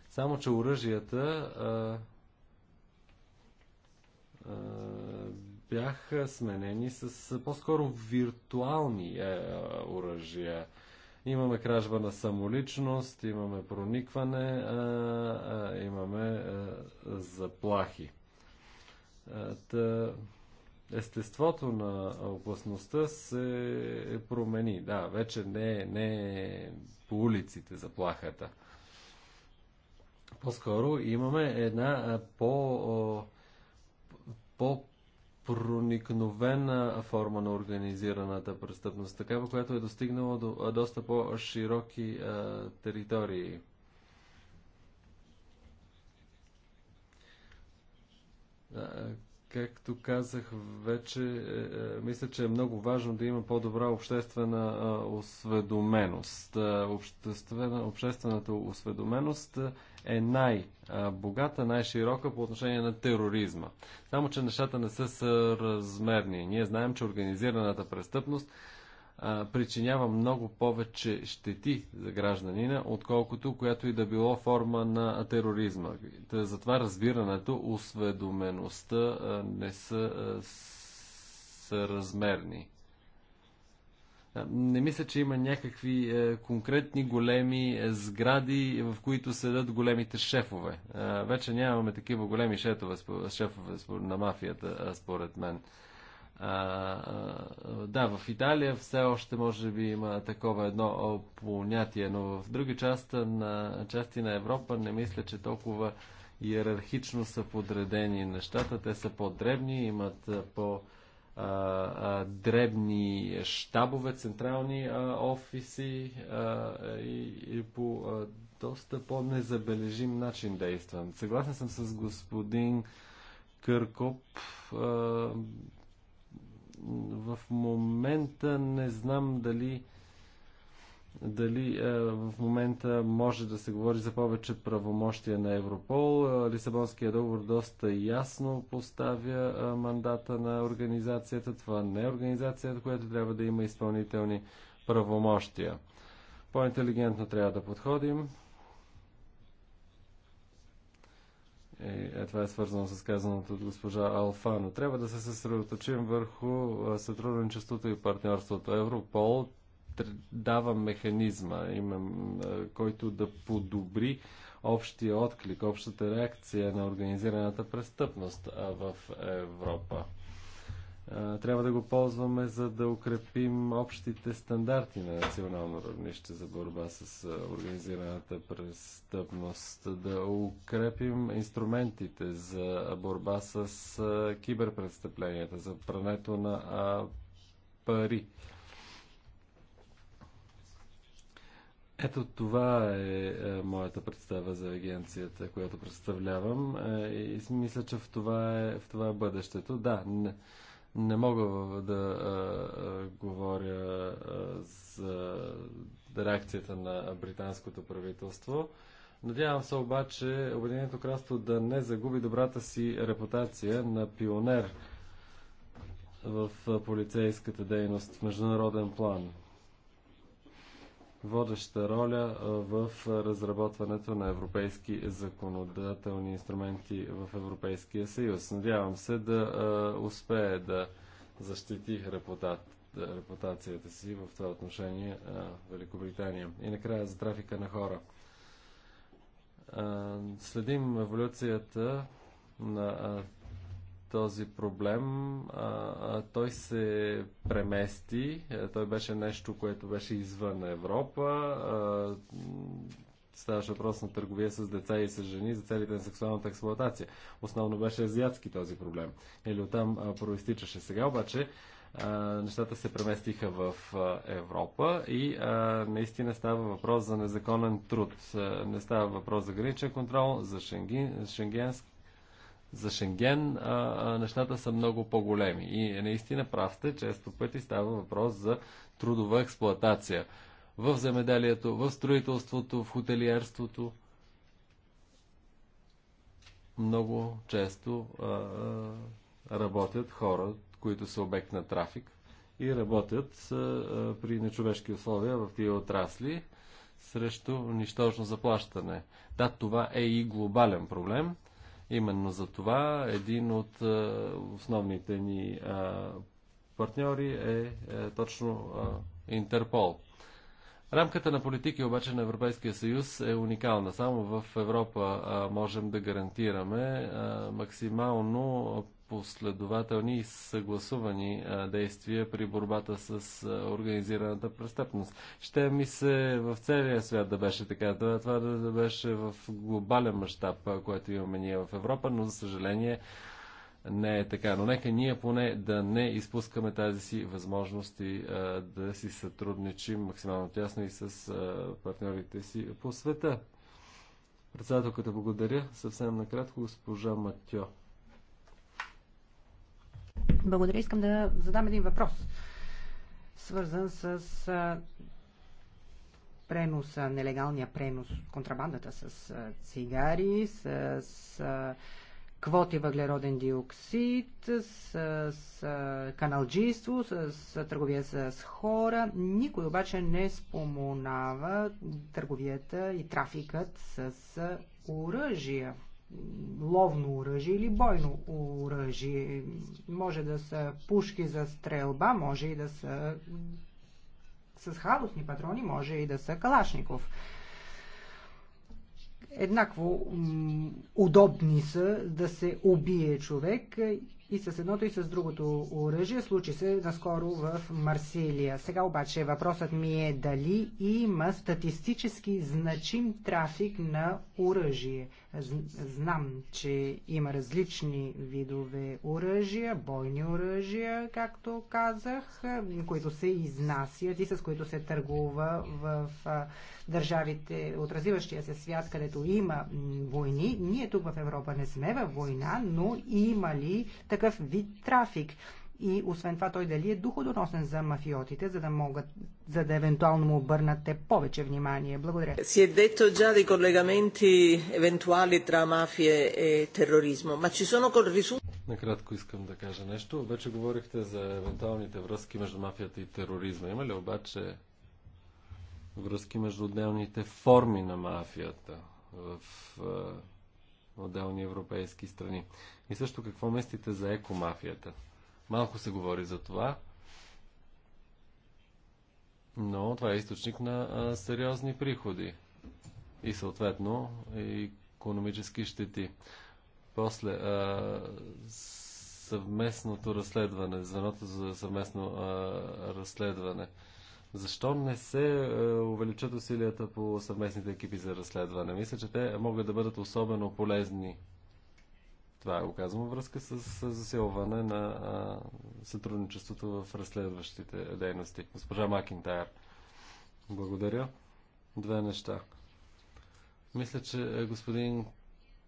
Само, че оръжията а, а, бяха сменени с по-скоро виртуални е, оръжия. Имаме кражба на самоличност, имаме проникване, а, а, имаме а, заплахи. А, та, естеството на опасността се промени. Да, вече не, не по улиците заплахата. По-скоро имаме една по- по- проникновена форма на организираната престъпност, такава, която е достигнала до доста по-широки територии. А, както казах вече, е, е, мисля, че е много важно да има по-добра обществена е, осведоменост. Обществена, обществената осведоменост е най-богата, най-широка по отношение на тероризма. Само, че нещата не са съразмерни. Ние знаем, че организираната престъпност а, причинява много повече щети за гражданина, отколкото която и да било форма на тероризма. затова разбирането, осведомеността а, не са а, съразмерни. Не мисля, че има някакви е, конкретни големи е, сгради, в които седат големите шефове. Вече нямаме такива големи шефове, шефове на мафията, според мен. А, да, в Италия все още може би има такова едно понятие, но в други части на, части на Европа не мисля, че толкова иерархично са подредени нещата. Те са по-древни, имат по- дребни щабове, централни офиси и, и по доста по-незабележим начин действам. Съгласен съм с господин Къркоп. в момента не знам дали а, дали е, в момента може да се говори за повече правомощия на Европол. Е, Лисабонския договор доста ясно поставя е, мандата на организацията. Това не е организацията, която трябва да има изпълнителни правомощия. По-интелигентно трябва да подходим. И, е, това е свързано с казаното от госпожа Алфано. Трябва да се съсредоточим върху сътрудничеството и партньорството. Европол дава механизма, имам, който да подобри общия отклик, общата реакция на организираната престъпност в Европа. Трябва да го ползваме, за да укрепим общите стандарти на национално равнище за борба с организираната престъпност, да укрепим инструментите за борба с киберпрестъпленията, за прането на пари Ето това е, е моята представа за агенцията, която представлявам е, и мисля, че в това е, в това е бъдещето. Да, не, не мога да е, е, говоря е, за реакцията на британското правителство. Надявам се обаче Обединеното кралство да не загуби добрата си репутация на пионер в полицейската дейност в международен план водеща роля в разработването на европейски законодателни инструменти в Европейския съюз. Надявам се да успее да защити репутат, репутацията си в това отношение Великобритания. И накрая за трафика на хора. Следим еволюцията на този проблем. А, той се премести. Е, той беше нещо, което беше извън Европа. Ставаше въпрос на търговия с деца и с жени за целите на сексуалната експлуатация. Основно беше азиатски този проблем. Или оттам проистичаше. Сега обаче а, нещата се преместиха в а, Европа и а, наистина става въпрос за незаконен труд. А, е, не става въпрос за граничен контрол, за шенген, шенгенск за Шенген а, а, нещата са много по-големи. И наистина прав сте, често пъти става въпрос за трудова експлоатация. В земеделието, в строителството, в хотелиерството. Много често а, работят хора, които са обект на трафик и работят а, при нечовешки условия в тия отрасли срещу нищожно заплащане. Да, това е и глобален проблем – Именно за това един от основните ни партньори е, е точно Интерпол. Рамката на политики обаче на Европейския съюз е уникална. Само в Европа можем да гарантираме максимално последователни и съгласувани действия при борбата с организираната престъпност. Ще ми се в целия свят да беше така. Това, това да беше в глобален мащаб, което имаме ние в Европа, но за съжаление не е така. Но нека ние поне да не изпускаме тази си възможност и да си сътрудничим максимално тясно и с партньорите си по света. Председателката благодаря. Съвсем накратко госпожа Матьо. Благодаря. Искам да задам един въпрос, свързан с преноса, нелегалния пренос, контрабандата с цигари, с квоти въглероден диоксид, с, с каналджийство, с, с търговия с хора. Никой обаче не споменава търговията и трафикът с оръжия ловно оръжие или бойно оръжие. Може да са пушки за стрелба, може и да са с халосни патрони, може и да са калашников. Еднакво удобни са да се убие човек и с едното и с другото оръжие. Случи се наскоро в Марсилия. Сега обаче въпросът ми е дали има статистически значим трафик на оръжие. Знам, че има различни видове оръжия, бойни оръжия, както казах, които се изнасят и с които се търгува в държавите от развиващия се свят, където има войни. Ние тук в Европа не сме във война, но има ли такива такъв вид трафик. И освен това той дали е духодоносен за мафиотите, за да могат, за да евентуално му обърнат те повече внимание. Благодаря. Si è detto già dei collegamenti eventuali tra mafie e terrorismo, ma ci sono risultati Накратко искам да кажа нещо. Вече говорихте за евентуалните връзки между мафията и тероризма. Има ли обаче връзки между отделните форми на мафията в отделни европейски страни. И също какво мислите за екомафията? Малко се говори за това, но това е източник на а, сериозни приходи и съответно и економически щети. После а, съвместното разследване, звеното за съвместно а, разследване. А, защо не се е, увеличат усилията по съвместните екипи за разследване? Мисля, че те могат да бъдат особено полезни. Това казвам във връзка с засилване на сътрудничеството в разследващите дейности. Госпожа Макинтайр, благодаря. Две неща. Мисля, че е, господин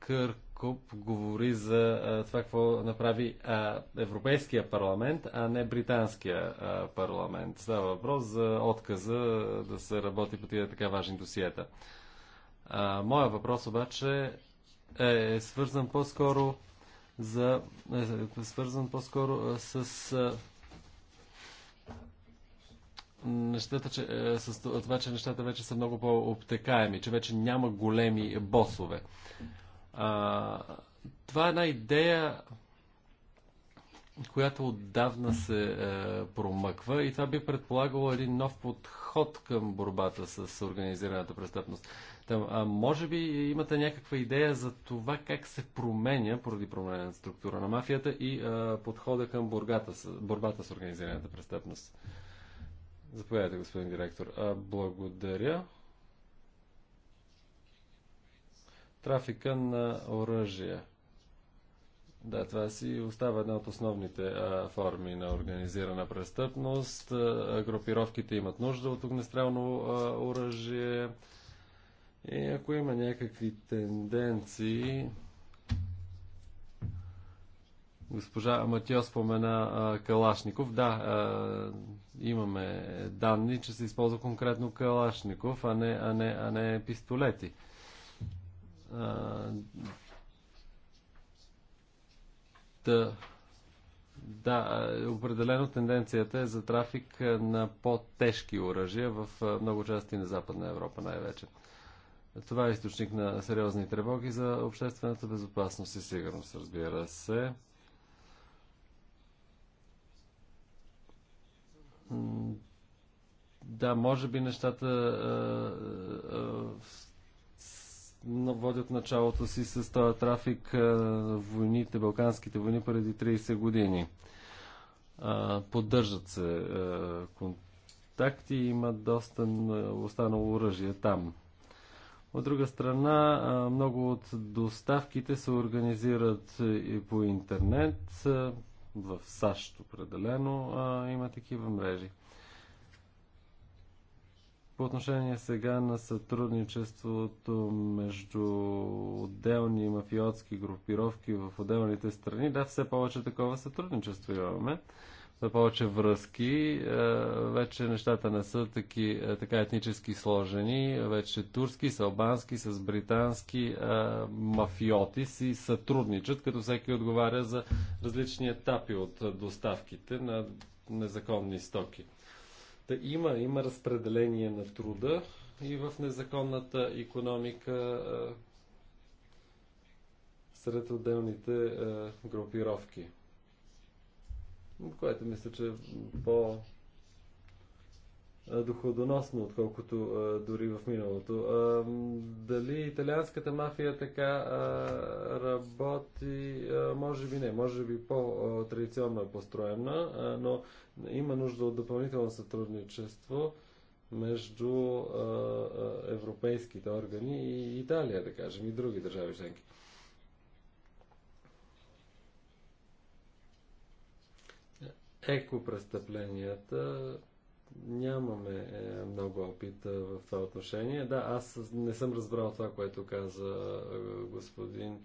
Къркоп говори за а, това какво направи а, Европейския парламент, а не Британския а, парламент. Става въпрос за отказа да се работи по тия така важни досиета. А, моя въпрос обаче е, е свързан по-скоро за, е, е свързан по-скоро с а, нещата, че, е, с това, че нещата вече са много по-обтекаеми, че вече няма големи босове. А, това е една идея, която отдавна се е, промъква и това би предполагало един нов подход към борбата с организираната престъпност. Там, а може би имате някаква идея за това как се променя поради променената структура на мафията и е, подхода към борбата с, борбата с организираната престъпност. Заповядайте, господин директор. А, благодаря. Трафика на оръжия. Да, това си остава една от основните а, форми на организирана престъпност. А, групировките имат нужда от огнестрелно а, оръжие. И ако има някакви тенденции, госпожа Матио спомена а, Калашников. Да, а, имаме данни, че се използва конкретно Калашников, а не, а не, а не пистолети да, да, определено тенденцията е за трафик на по-тежки оръжия в много части на Западна Европа най-вече. Това е източник на сериозни тревоги за обществената безопасност и сигурност, разбира се. Да, може би нещата водят началото си с този трафик войните, Балканските войни преди 30 години. Поддържат се контакти и имат доста останало оръжие там. От друга страна, много от доставките се организират и по интернет. В САЩ определено има такива мрежи. По отношение сега на сътрудничеството между отделни мафиотски групировки в отделните страни, да, все повече такова сътрудничество имаме за повече връзки. Е, вече нещата не са таки, е, така етнически сложени. Вече турски с албански, с британски е, мафиоти си сътрудничат, като всеки отговаря за различни етапи от доставките на незаконни стоки. Та има, има разпределение на труда и в незаконната економика сред отделните групировки. Което мисля, че е по доходоносно, отколкото а, дори в миналото. А, дали италианската мафия така а, работи? А, може би не, може би по-традиционно е построена, а, но има нужда от допълнително сътрудничество между а, а, европейските органи и Италия, да кажем, и други държави членки. Екопрестъпленията нямаме е, много опит в това отношение. Да, аз не съм разбрал това, което каза е, господин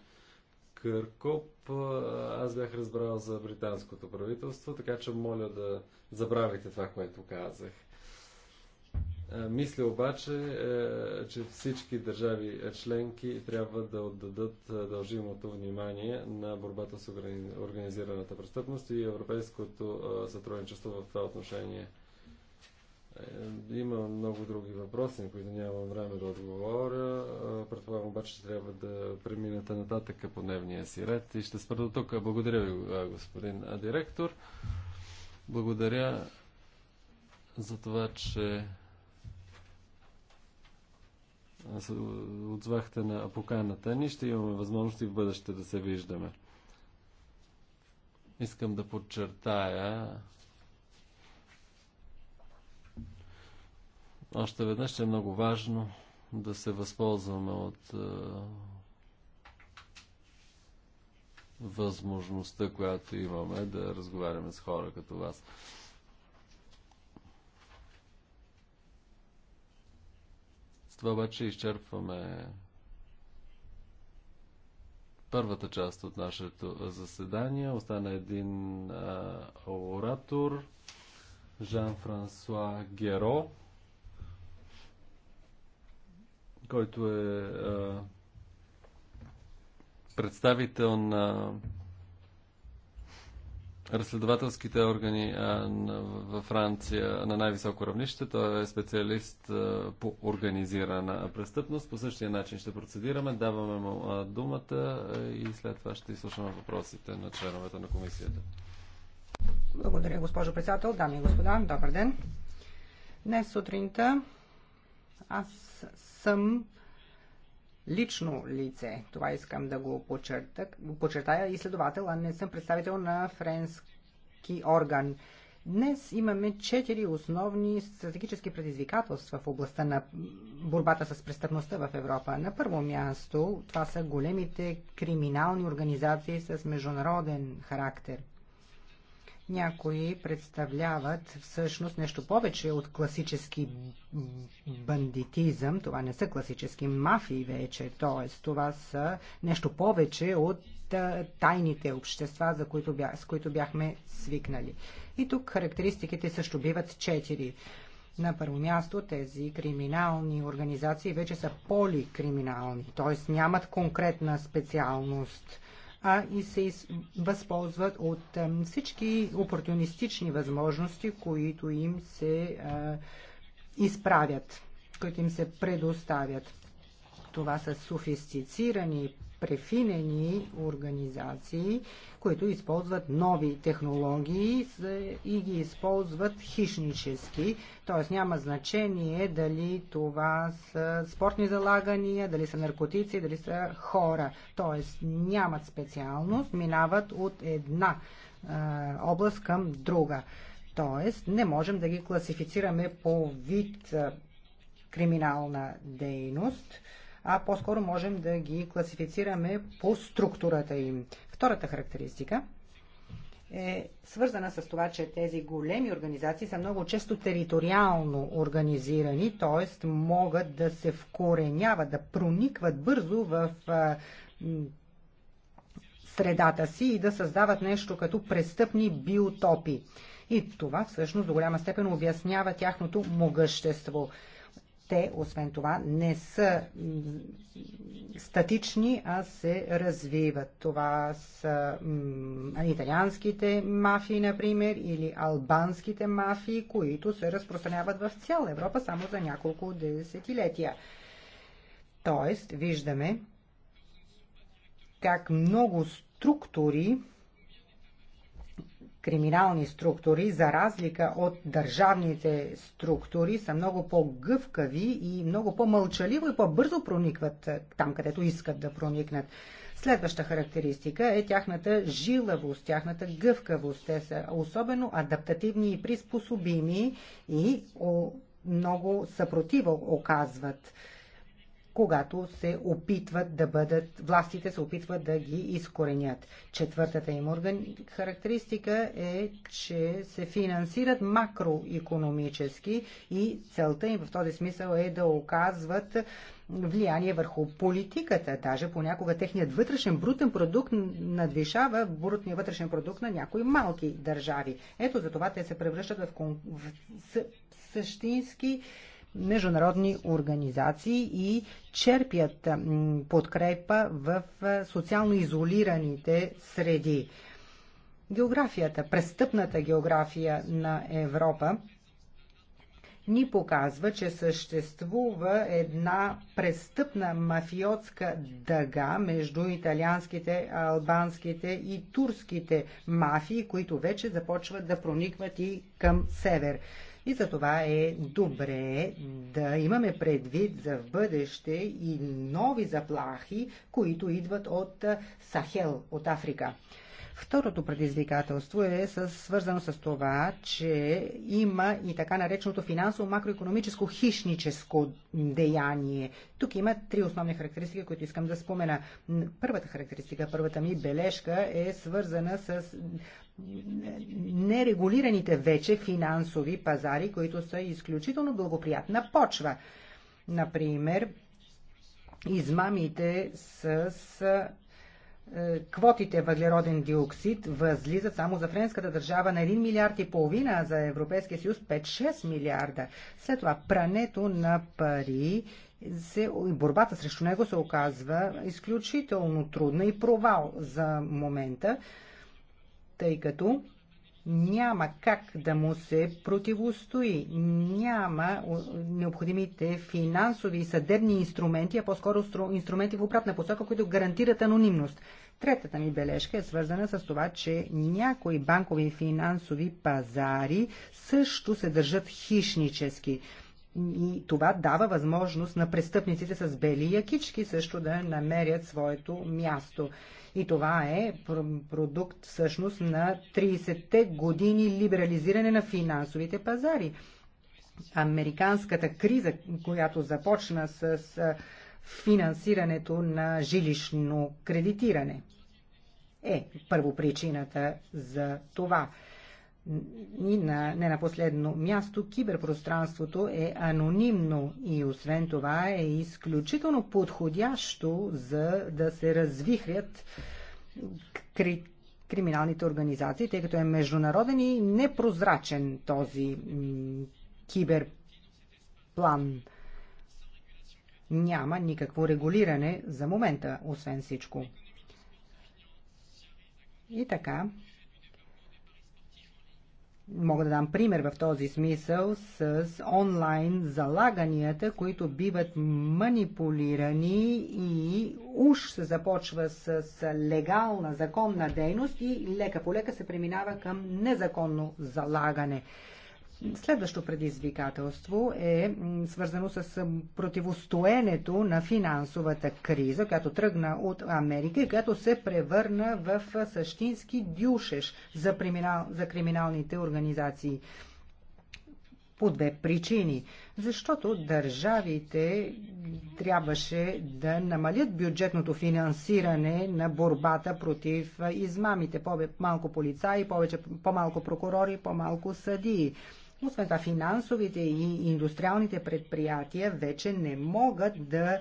Къркоп. Е, аз бях разбрал за британското правителство, така че моля да забравите това, което казах. Мисля обаче, че всички държави членки трябва да отдадат дължимото внимание на борбата с организираната престъпност и европейското сътрудничество в това отношение. Е, има много други въпроси, на които нямам време да отговоря. Е, предполагам обаче, че трябва да преминете нататък по дневния си ред и ще спра до тук. Благодаря ви, господин директор. Благодаря за това, че отзвахте на поканата ни. Ще имаме възможност и в бъдеще да се виждаме. Искам да подчертая, Още веднъж е много важно да се възползваме от е, възможността, която имаме да разговаряме с хора като вас. С това обаче изчерпваме първата част от нашето заседание. Остана един а, е, оратор, Жан-Франсуа Геро който е а, представител на разследователските органи а, на, във Франция на най-високо равнище. Той е специалист а, по организирана престъпност. По същия начин ще процедираме. Даваме му а, думата а, и след това ще изслушаме въпросите на членовете на комисията. Благодаря, госпожо председател. Дами и господа, добър ден. Днес сутринта аз съм лично лице. Това искам да го почертая. и следовател, а не съм представител на френски орган. Днес имаме четири основни стратегически предизвикателства в областта на борбата с престъпността в Европа. На първо място това са големите криминални организации с международен характер – някои представляват всъщност нещо повече от класически бандитизъм. Това не са класически мафии вече, т.е. това са нещо повече от тайните общества, за които бях, с които бяхме свикнали. И тук характеристиките също биват четири. На първо място тези криминални организации вече са поликриминални, т.е. нямат конкретна специалност а и се възползват от всички опортунистични възможности, които им се изправят, които им се предоставят. Това са софистицирани префинени организации, които използват нови технологии и ги използват хищнически. Т.е. няма значение дали това са спортни залагания, дали са наркотици, дали са хора. Т.е. нямат специалност, минават от една е, област към друга. Т.е. не можем да ги класифицираме по вид криминална дейност а по-скоро можем да ги класифицираме по структурата им. Втората характеристика е свързана с това, че тези големи организации са много често териториално организирани, т.е. могат да се вкореняват, да проникват бързо в средата си и да създават нещо като престъпни биотопи. И това всъщност до голяма степен обяснява тяхното могъщество те, освен това, не са статични, а се развиват. Това са италианските мафии, например, или албанските мафии, които се разпространяват в цяла Европа само за няколко десетилетия. Тоест, виждаме как много структури криминални структури, за разлика от държавните структури, са много по-гъвкави и много по-мълчаливо и по-бързо проникват е, там, където искат да проникнат. Следваща характеристика е тяхната жилавост, тяхната гъвкавост. Те са особено адаптативни и приспособими и много съпротива оказват когато се опитват да бъдат, властите се опитват да ги изкоренят. Четвъртата им орган... характеристика е, че се финансират макроекономически и целта им в този смисъл е да оказват влияние върху политиката. Даже понякога техният вътрешен брутен продукт надвишава брутния вътрешен продукт на някои малки държави. Ето за това те се превръщат в, кон... в... същински международни организации и черпят подкрепа в социално изолираните среди. Географията, престъпната география на Европа ни показва, че съществува една престъпна мафиотска дъга между италианските, албанските и турските мафии, които вече започват да проникват и към север. И за това е добре да имаме предвид за бъдеще и нови заплахи, които идват от Сахел, от Африка. Второто предизвикателство е свързано с това, че има и така нареченото финансово макроекономическо хищническо деяние. Тук има три основни характеристики, които искам да спомена. Първата характеристика, първата ми бележка е свързана с нерегулираните вече финансови пазари, които са изключително благоприятна почва. Например, измамите с е, квотите въглероден диоксид възлизат само за френската държава на 1 милиард и половина, а за Европейския съюз 5-6 милиарда. След това прането на пари се, борбата срещу него се оказва изключително трудна и провал за момента тъй като няма как да му се противостои. Няма необходимите финансови и съдебни инструменти, а по-скоро инструменти в обратна посока, които гарантират анонимност. Третата ми бележка е свързана с това, че някои банкови и финансови пазари също се държат хищнически. И това дава възможност на престъпниците с бели якички също да намерят своето място. И това е продукт всъщност на 30-те години либерализиране на финансовите пазари. Американската криза, която започна с финансирането на жилищно кредитиране, е първопричината за това. И на, не на последно място, киберпространството е анонимно и освен това е изключително подходящо за да се развихрят кри, криминалните организации, тъй като е международен и непрозрачен този киберплан. Няма никакво регулиране за момента, освен всичко. И така, Мога да дам пример в този смисъл с онлайн залаганията, които биват манипулирани и уж се започва с легална, законна дейност и лека по лека се преминава към незаконно залагане. Следващо предизвикателство е свързано с противостоенето на финансовата криза, която тръгна от Америка и която се превърна в същински дюшеш за, криминал, за криминалните организации. По две причини. Защото държавите трябваше да намалят бюджетното финансиране на борбата против измамите. По-малко полицаи, повече, по-малко прокурори, по-малко съдии. Освен това, финансовите и индустриалните предприятия вече не могат да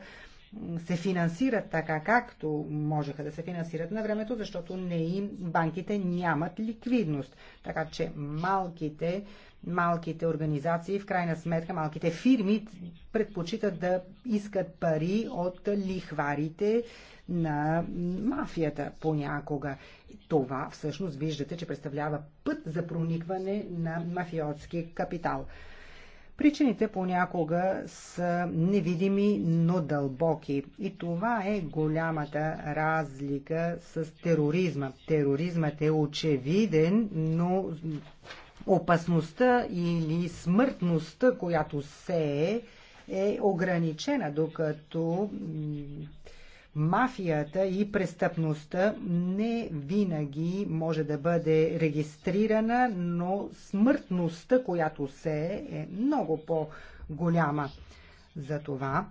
се финансират така, както можеха да се финансират на времето, защото не им, банките нямат ликвидност. Така че малките, малките организации, в крайна сметка малките фирми предпочитат да искат пари от лихварите на мафията понякога. Това всъщност виждате, че представлява път за проникване на мафиотски капитал. Причините понякога са невидими, но дълбоки. И това е голямата разлика с тероризма. Тероризмът е очевиден, но опасността или смъртността, която се е, е ограничена, докато Мафията и престъпността не винаги може да бъде регистрирана, но смъртността, която се е, е много по-голяма. Затова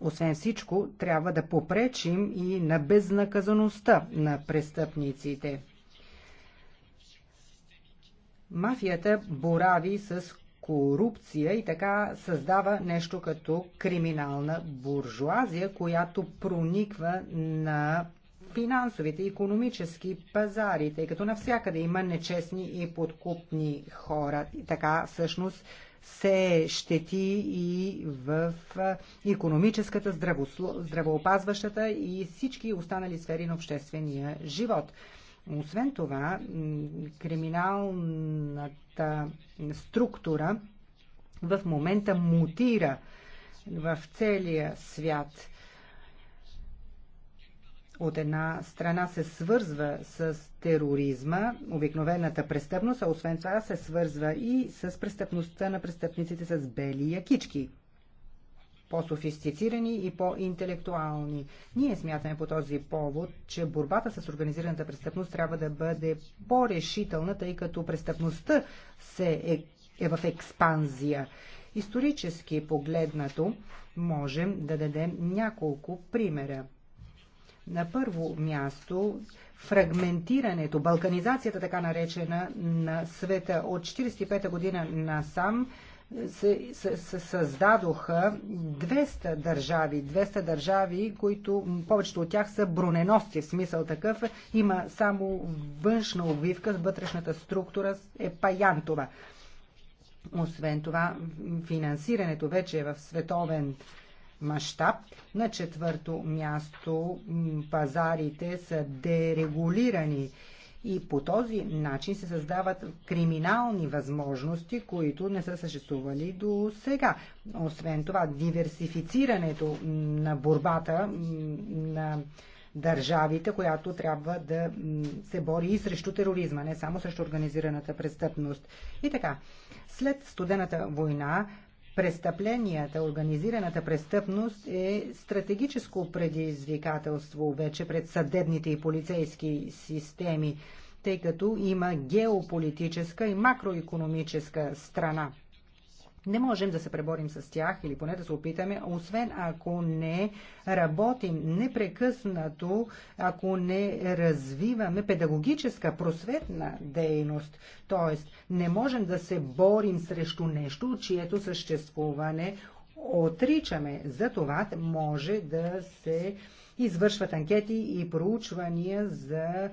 освен всичко, трябва да попречим и на безнаказаността на престъпниците. Мафията борави с корупция и така създава нещо като криминална буржуазия, която прониква на финансовите, економически пазари, тъй като навсякъде има нечестни и подкупни хора. И така всъщност се щети и в економическата, здравоопазващата и всички останали сфери на обществения живот. Освен това, криминалната структура в момента мутира в целия свят. От една страна се свързва с тероризма, обикновената престъпност, а освен това се свързва и с престъпността на престъпниците с бели якички по-софистицирани и по-интелектуални. Ние смятаме по този повод, че борбата с организираната престъпност трябва да бъде по-решителна, тъй като престъпността се е, е в експанзия. Исторически погледнато можем да дадем няколко примера. На първо място фрагментирането, балканизацията така наречена на света от 1945 година насам се, се, се създадоха 200 държави, 200 държави, които повечето от тях са броненосци, в смисъл такъв има само външна обвивка, вътрешната структура е паянтова. Освен това, финансирането вече е в световен мащаб. На четвърто място пазарите са дерегулирани и по този начин се създават криминални възможности, които не са съществували до сега. Освен това, диверсифицирането на борбата на държавите, която трябва да се бори и срещу тероризма, не само срещу организираната престъпност. И така, след студената война престъпленията, организираната престъпност е стратегическо предизвикателство вече пред съдебните и полицейски системи, тъй като има геополитическа и макроекономическа страна не можем да се преборим с тях или поне да се опитаме, освен ако не работим непрекъснато, ако не развиваме педагогическа просветна дейност. Тоест, не можем да се борим срещу нещо, чието съществуване отричаме. За това може да се извършват анкети и проучвания за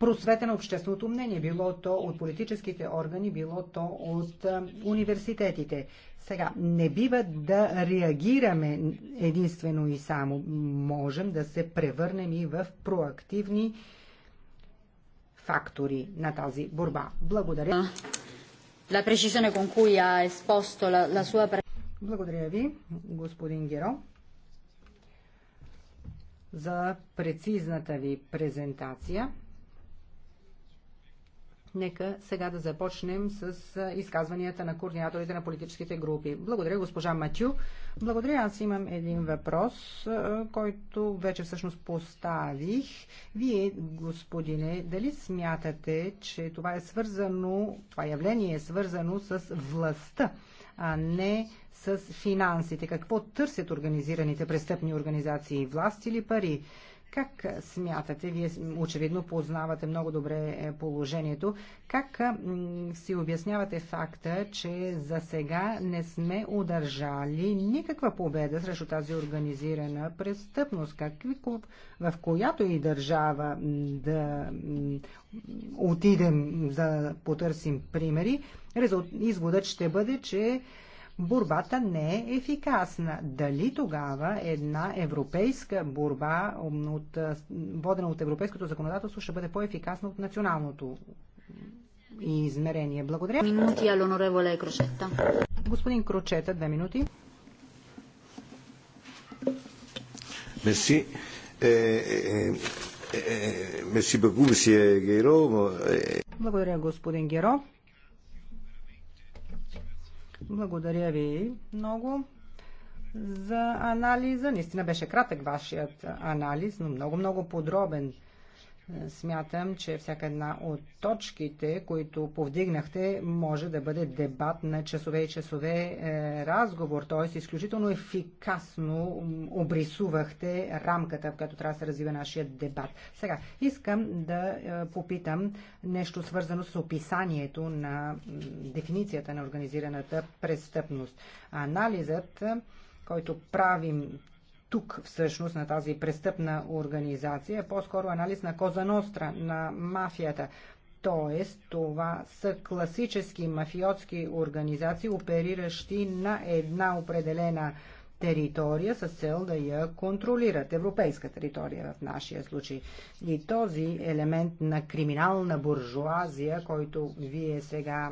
просвета на общественото мнение, било то от политическите органи, било то от университетите. Сега, не бива да реагираме единствено и само. Можем да се превърнем и в проактивни фактори на тази борба. Благодаря. La precisione con cui ha esposto la, la sua... Благодаря ви, господин Геро, за прецизната ви презентация. Нека сега да започнем с изказванията на координаторите на политическите групи. Благодаря, госпожа Матю. Благодаря, аз имам един въпрос, който вече всъщност поставих. Вие, господине, дали смятате, че това е свързано, това явление е свързано с властта, а не с финансите? Какво търсят организираните престъпни организации? Власт или пари? Как смятате, вие очевидно познавате много добре е, положението, как си обяснявате факта, че за сега не сме удържали никаква победа срещу тази организирана престъпност, какви, в която и държава да отидем да потърсим примери, изводът ще бъде, че борбата не е ефикасна. Дали тогава една европейска борба, от, водена от европейското законодателство, ще бъде по-ефикасна от националното измерение? Благодаря. Минути, алонореволе Крочета. Господин Крочета, две минути. Мерси. Благодаря, господин Геро. Благодаря ви много за анализа. Наистина беше кратък вашият анализ, но много-много подробен смятам, че всяка една от точките, които повдигнахте, може да бъде дебат на часове и часове е, разговор. Т.е. изключително ефикасно обрисувахте рамката, в която трябва да се развива нашия дебат. Сега, искам да е, попитам нещо свързано с описанието на дефиницията на организираната престъпност. Анализът който правим тук всъщност на тази престъпна организация, по-скоро анализ на Коза Ностра, на мафията. Тоест, това са класически мафиотски организации, опериращи на една определена територия с цел да я контролират, европейска територия в нашия случай. И този елемент на криминална буржуазия, който вие сега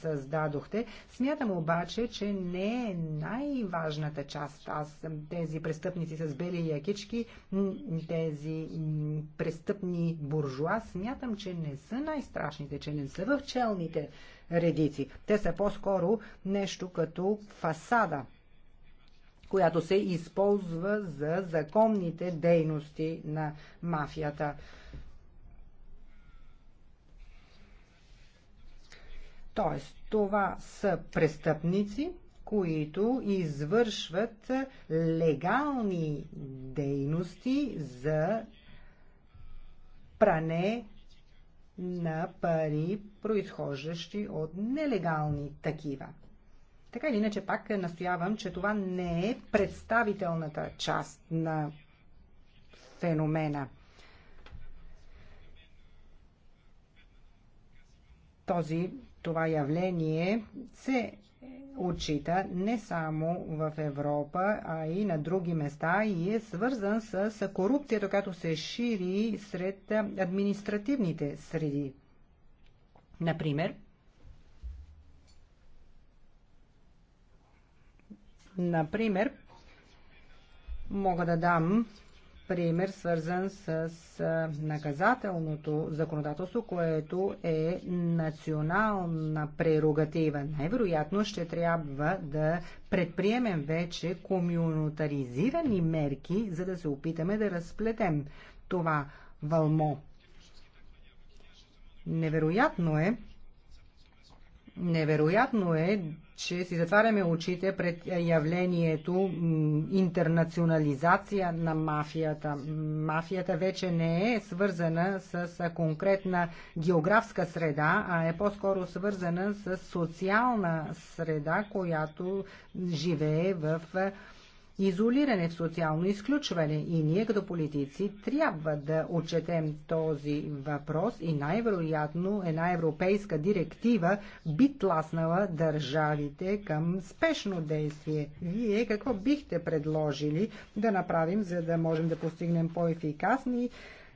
създадохте, смятам обаче, че не е най-важната част. Аз тези престъпници с бели якички, тези престъпни буржуа, смятам, че не са най-страшните, че не са в челните редици. Те са по-скоро нещо като фасада която се използва за законните дейности на мафията. Тоест, това са престъпници, които извършват легални дейности за пране на пари, произхождащи от нелегални такива. Така или иначе пак настоявам, че това не е представителната част на феномена. Този, това явление се отчита не само в Европа, а и на други места и е свързан с корупцията, която се шири сред административните среди. Например, Например, мога да дам пример, свързан с наказателното законодателство, което е национална прерогатива. Най-вероятно ще трябва да предприемем вече комюнитаризирани мерки, за да се опитаме да разплетем това вълмо. Невероятно е, Невероятно е, че си затваряме очите пред явлението интернационализация на мафията. Мафията вече не е свързана с конкретна географска среда, а е по-скоро свързана с социална среда, която живее в изолиране, в социално изключване. И ние като политици трябва да отчетем този въпрос и най-вероятно една европейска директива би тласнала държавите към спешно действие. Вие какво бихте предложили да направим, за да можем да постигнем по-ефикасни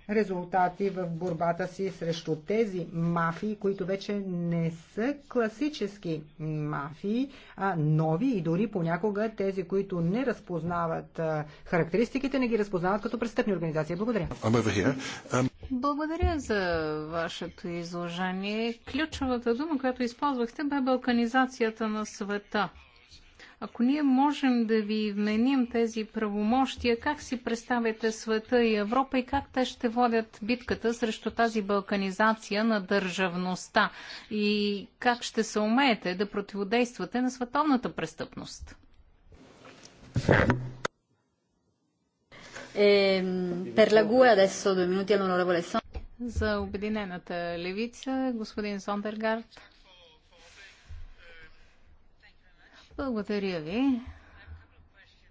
резултати в борбата си срещу тези мафии, които вече не са класически мафии, а нови и дори понякога тези, които не разпознават характеристиките, не ги разпознават като престъпни организации. Благодаря. Um, Благодаря за вашето изложение. Ключовата дума, която използвахте, бе балканизацията на света. Ако ние можем да ви вменим тези правомощия, как си представяте света и Европа и как те ще водят битката срещу тази балканизация на държавността? И как ще се умеете да противодействате на световната престъпност? За Обединената левица, господин Сондергард. Благодаря ви.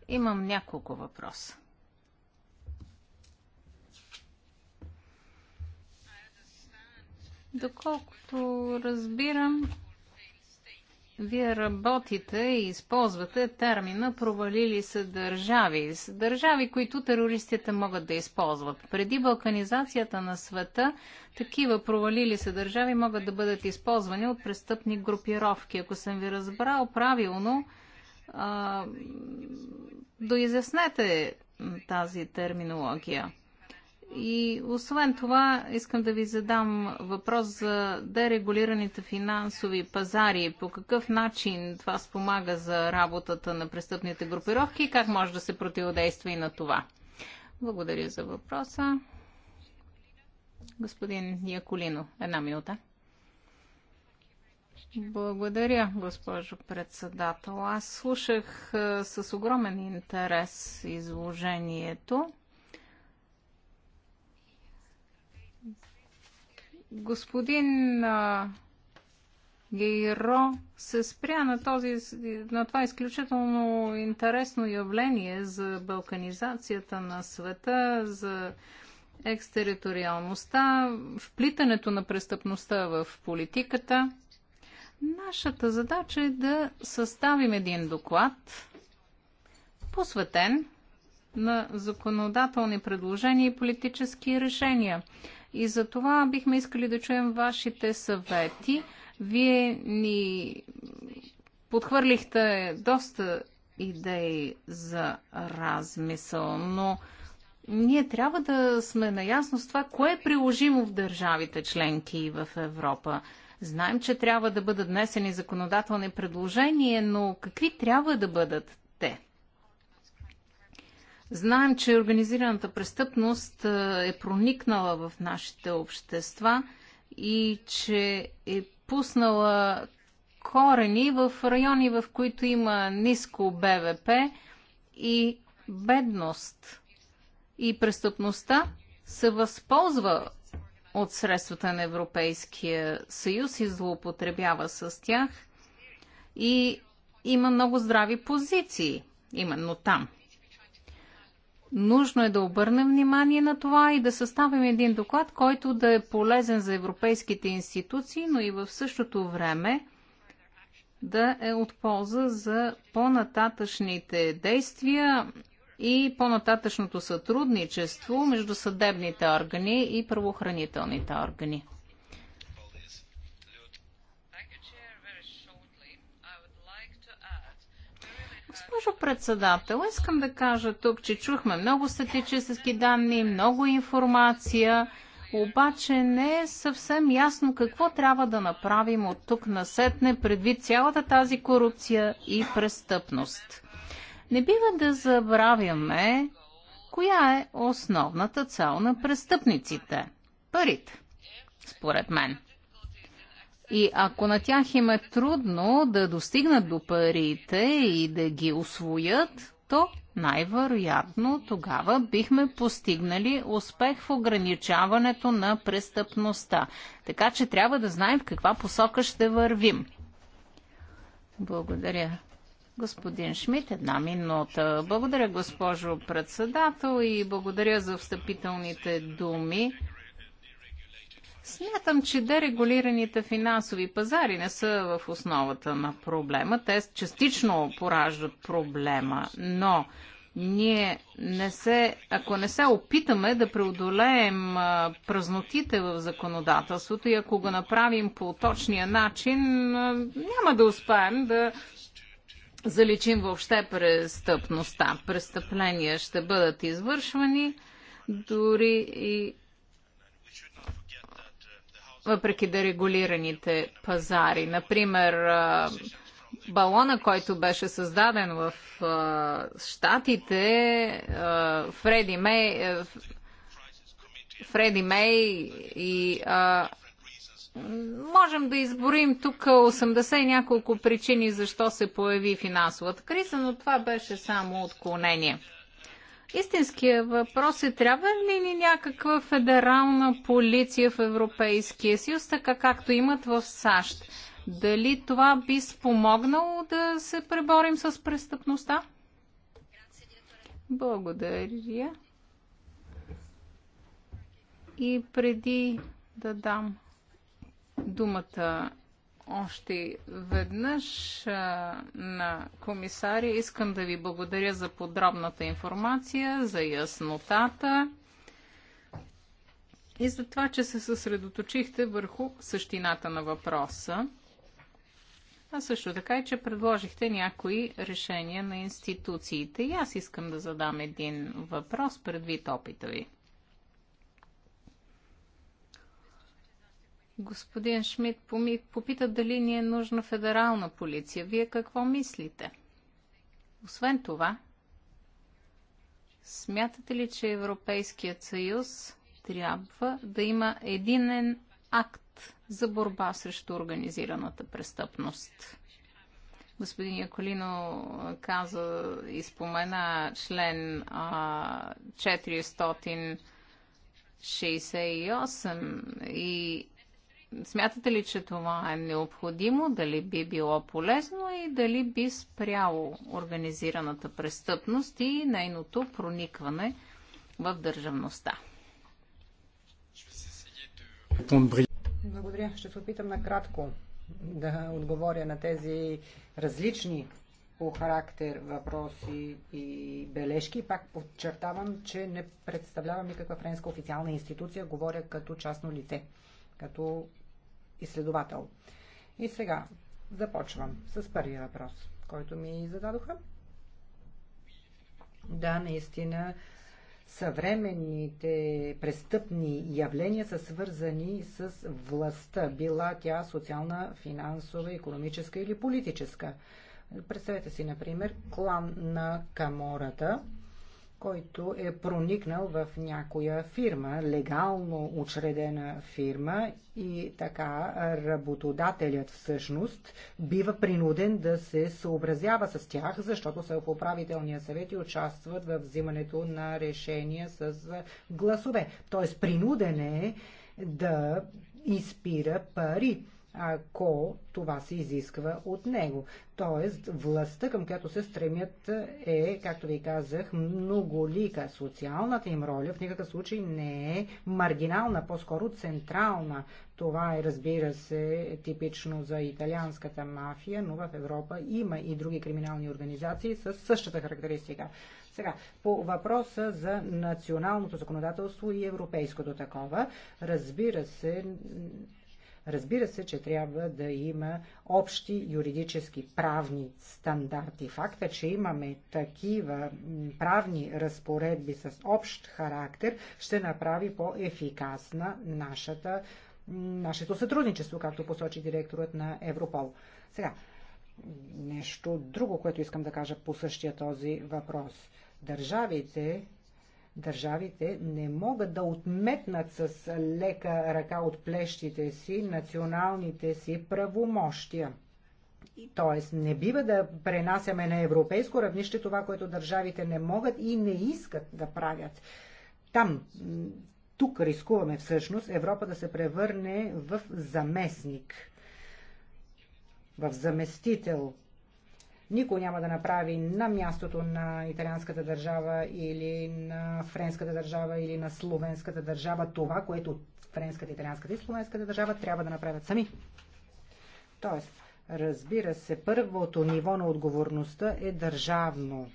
Имам няколко въпроса. Доколкото разбирам, вие работите и използвате термина провалили се държави. Държави, които терористите могат да използват. Преди балканизацията на света, такива провалили се държави могат да бъдат използвани от престъпни групировки. Ако съм ви разбрал правилно, а, доизяснете тази терминология. И освен това, искам да ви задам въпрос за дерегулираните финансови пазари. По какъв начин това спомага за работата на престъпните групировки и как може да се противодейства и на това? Благодаря за въпроса. Господин Яколино, една минута. Благодаря, госпожо председател. Аз слушах с огромен интерес изложението. Господин Гейро се спря на, този, на това изключително интересно явление за балканизацията на света, за екстериториалността, вплитането на престъпността в политиката. Нашата задача е да съставим един доклад, посветен на законодателни предложения и политически решения. И за това бихме искали да чуем вашите съвети. Вие ни подхвърлихте доста идеи за размисъл, но ние трябва да сме наясно с това, кое е приложимо в държавите членки и в Европа. Знаем, че трябва да бъдат внесени законодателни предложения, но какви трябва да бъдат те? Знаем, че организираната престъпност е, е проникнала в нашите общества и че е пуснала корени в райони, в които има ниско БВП и бедност. И престъпността се възползва от средствата на Европейския съюз и злоупотребява с тях. И има много здрави позиции именно там. Нужно е да обърнем внимание на това и да съставим един доклад, който да е полезен за европейските институции, но и в същото време да е от полза за по-нататъчните действия и по-нататъчното сътрудничество между съдебните органи и правоохранителните органи. Госпожо председател, искам да кажа тук, че чухме много статически данни, много информация, обаче не е съвсем ясно какво трябва да направим от тук насетне предвид цялата тази корупция и престъпност. Не бива да забравяме коя е основната цел на престъпниците – парите, според мен. И ако на тях им е трудно да достигнат до парите и да ги освоят, то най-вероятно тогава бихме постигнали успех в ограничаването на престъпността. Така че трябва да знаем в каква посока ще вървим. Благодаря. Господин Шмидт, една минута. Благодаря, госпожо председател, и благодаря за встъпителните думи. Смятам, че дерегулираните финансови пазари не са в основата на проблема. Те частично пораждат проблема, но ние не се, ако не се опитаме да преодолеем празнотите в законодателството и ако го направим по точния начин, няма да успеем да заличим въобще престъпността. Престъпления ще бъдат извършвани дори и въпреки да регулираните пазари. Например, балона, който беше създаден в Штатите, Фреди Мей, Фреди Мей и а, можем да изборим тук 80 няколко причини защо се появи финансовата криза, но това беше само отклонение. Истинския въпрос е трябва ли ни някаква федерална полиция в Европейския съюз, така както имат в САЩ? Дали това би спомогнало да се преборим с престъпността? Благодаря. И преди да дам думата още веднъж на комисаря. Искам да ви благодаря за подробната информация, за яснотата и за това, че се съсредоточихте върху същината на въпроса, а също така и, че предложихте някои решения на институциите. И аз искам да задам един въпрос предвид опита ви. Господин Шмидт попита дали ни е нужна федерална полиция. Вие какво мислите? Освен това, смятате ли, че Европейският съюз трябва да има единен акт за борба срещу организираната престъпност? Господин Яколино каза и спомена член 468 и Смятате ли, че това е необходимо, дали би било полезно и дали би спряло организираната престъпност и нейното проникване в държавността? Благодаря. Ще се опитам накратко да отговоря на тези различни по характер въпроси и бележки. Пак подчертавам, че не представлявам никаква френска официална институция, говоря като частно лице, като изследовател. И сега започвам с първия въпрос, който ми зададоха. Да, наистина, съвременните престъпни явления са свързани с властта, била тя социална, финансова, економическа или политическа. Представете си, например, клан на Камората – който е проникнал в някоя фирма, легално учредена фирма и така работодателят всъщност бива принуден да се съобразява с тях, защото са в управителния съвет и участват в взимането на решения с гласове. Тоест принуден е да изпира пари ако това се изисква от него. Тоест, властта, към която се стремят е, както ви казах, многолика. Социалната им роля в никакъв случай не е маргинална, по-скоро централна. Това е, разбира се, типично за италианската мафия, но в Европа има и други криминални организации с същата характеристика. Сега, по въпроса за националното законодателство и европейското такова, разбира се, Разбира се, че трябва да има общи юридически правни стандарти. Факта, че имаме такива правни разпоредби с общ характер, ще направи по-ефикасна нашата, нашето сътрудничество, както посочи директорът на Европол. Сега, нещо друго, което искам да кажа по същия този въпрос. Държавите Държавите не могат да отметнат с лека ръка от плещите си националните си правомощия. Тоест, не бива да пренасяме на европейско равнище това, което държавите не могат и не искат да правят. Там, тук рискуваме всъщност Европа да се превърне в заместник, в заместител никой няма да направи на мястото на италианската държава или на френската държава или на словенската държава това, което френската, италианската и словенската държава трябва да направят сами. Тоест, разбира се, първото ниво на отговорността е държавно.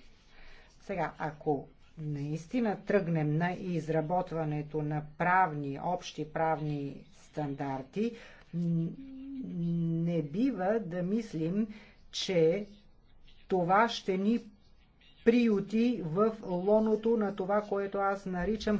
Сега, ако наистина тръгнем на изработването на правни, общи правни стандарти, не бива да мислим, че това ще ни приюти в лоното на това, което аз наричам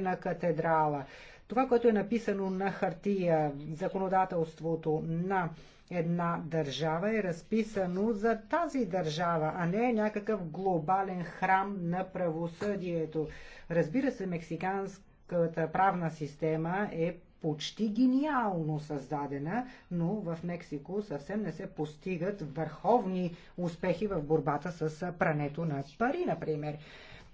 на катедрала. Това, което е написано на хартия, законодателството на една държава е разписано за тази държава, а не е някакъв глобален храм на правосъдието. Разбира се, мексиканската правна система е почти гениално създадена, но в Мексико съвсем не се постигат върховни успехи в борбата с прането на пари, например.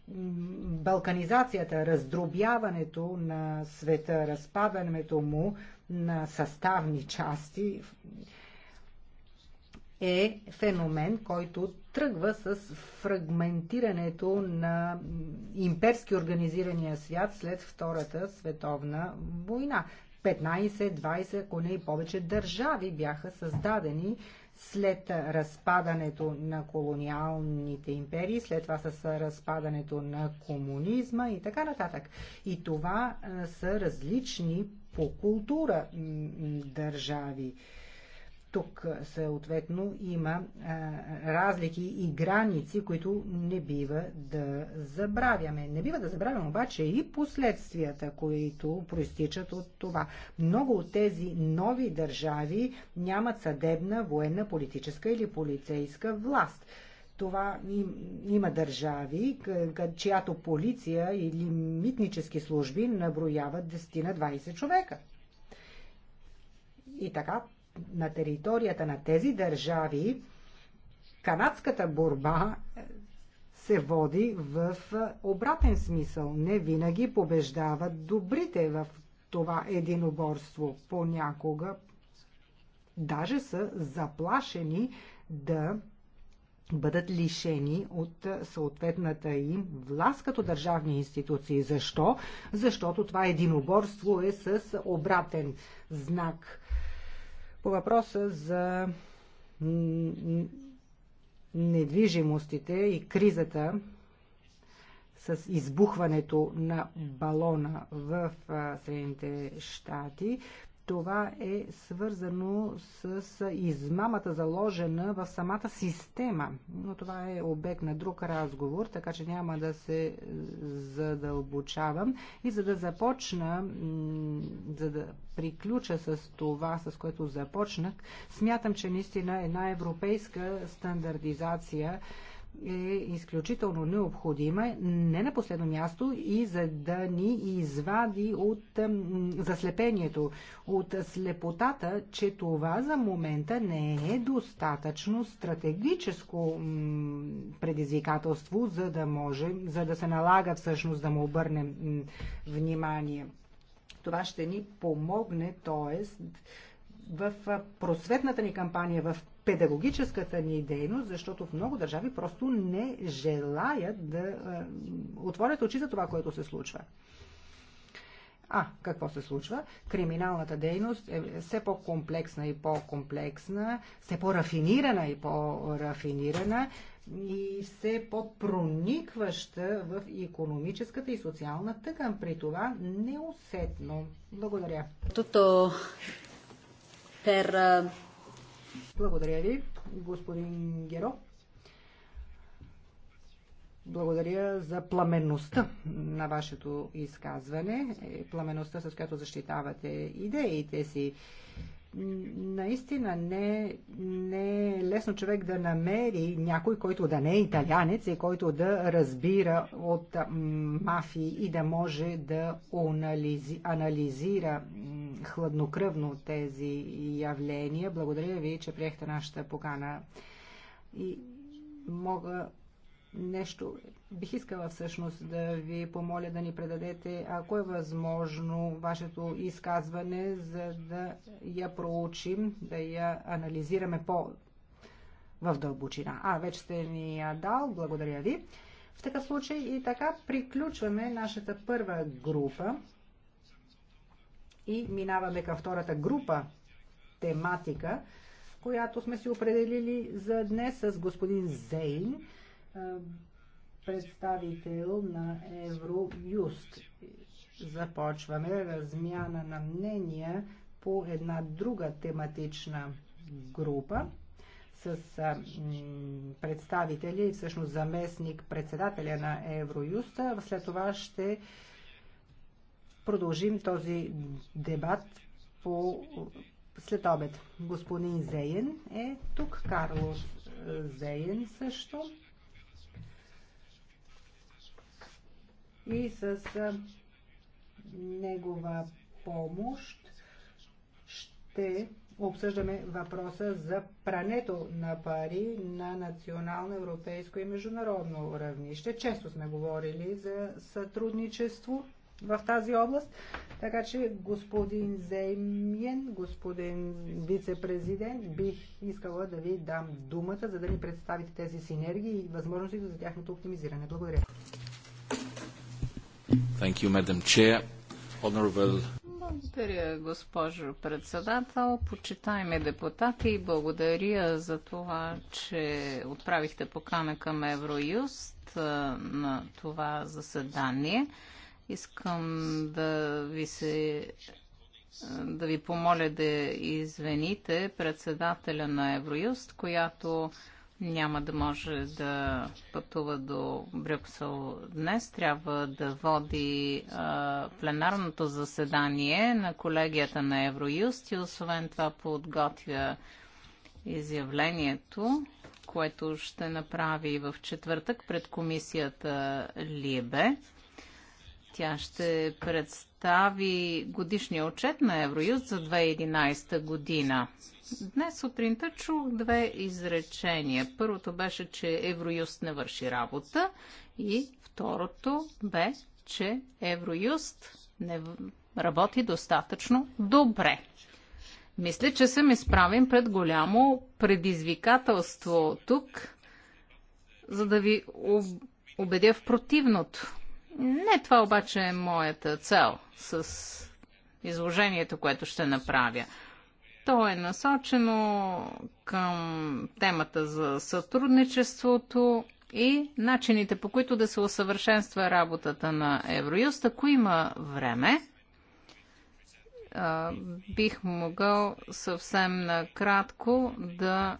Балканизацията, раздробяването на света, разпадането му на съставни части е феномен, който тръгва с фрагментирането на имперски организирания свят след Втората световна война. 15, 20, ако не и повече държави бяха създадени след разпадането на колониалните империи, след това с разпадането на комунизма и така нататък. И това са различни по култура държави. Тук съответно има а, разлики и граници, които не бива да забравяме. Не бива да забравяме обаче и последствията, които проистичат от това. Много от тези нови държави нямат съдебна, военна, политическа или полицейска власт това им, има държави, чиято полиция или митнически служби наброяват 10 на 20 човека. И така, на територията на тези държави канадската борба е, се води в е, обратен смисъл. Не винаги побеждават добрите в това единоборство. Понякога даже са заплашени да бъдат лишени от е, съответната им власт като държавни институции. Защо? Защото това единоборство е с обратен знак – по въпроса за недвижимостите и кризата с избухването на балона в Съединените щати, това е свързано с измамата заложена в самата система. Но това е обект на друг разговор, така че няма да се е, задълбочавам. И за да започна, за да приключа с това, с което започнах, смятам, че наистина една европейска стандартизация е изключително необходима, не на последно място и за да ни извади от заслепението, от слепотата, че това за момента не е достатъчно стратегическо предизвикателство, за да може, за да се налага всъщност да му обърнем внимание. Това ще ни помогне, т.е. в просветната ни кампания, в педагогическата ни дейност, защото в много държави просто не желаят да отворят очи за това, което се случва. А, какво се случва? Криминалната дейност е все по-комплексна и по-комплексна, все по-рафинирана и по-рафинирана и все по-проникваща в економическата и социална тъкан, при това неусетно. Благодаря. Тото пер благодаря ви, господин Геро. Благодаря за пламенността на вашето изказване, е, пламенността с която защитавате идеите си наистина не, не е лесно човек да намери някой, който да не е италянец и който да разбира от мафии и да може да анализи, анализира хладнокръвно тези явления. Благодаря ви, че приехте нашата покана и мога нещо бих искала всъщност да ви помоля да ни предадете, ако е възможно, вашето изказване, за да я проучим, да я анализираме по в дълбочина. А, вече сте ни я дал, благодаря ви. В такъв случай и така приключваме нашата първа група и минаваме към втората група тематика, която сме си определили за днес с господин Зейн е, представител на Евроюст. Започваме размяна на мнения по една друга тематична група с е, представители, всъщност заместник председателя на Евроюст. След това ще продължим този дебат по след обед. Господин Зейен е тук, Карлос е, Зейен също. и с негова помощ ще обсъждаме въпроса за прането на пари на национално, европейско и международно равнище. Често сме говорили за сътрудничество в тази област, така че господин Зеймиен, господин вице-президент, бих искала да ви дам думата, за да ни представите тези синергии и възможности за тяхното оптимизиране. Благодаря. Thank you, Madam Chair. Honorable благодаря, госпожо председател. Почитаеми депутати, благодаря за това, че отправихте покана към Евроюст на това заседание. Искам да ви се да ви помоля да извините председателя на Евроюст, която няма да може да пътува до Брюксел днес. Трябва да води а, пленарното заседание на колегията на Евроюст и освен това подготвя изявлението, което ще направи в четвъртък пред комисията Либе. Тя ще представи годишния отчет на Евроюст за 2011 година. Днес сутринта чух две изречения. Първото беше, че Евроюст не върши работа и второто бе, че Евроюст не работи достатъчно добре. Мисля, че съм справим пред голямо предизвикателство тук, за да ви убедя в противното. Не това обаче е моята цел с изложението, което ще направя. То е насочено към темата за сътрудничеството и начините по които да се усъвършенства работата на Евроюст. Ако има време, бих могъл съвсем накратко да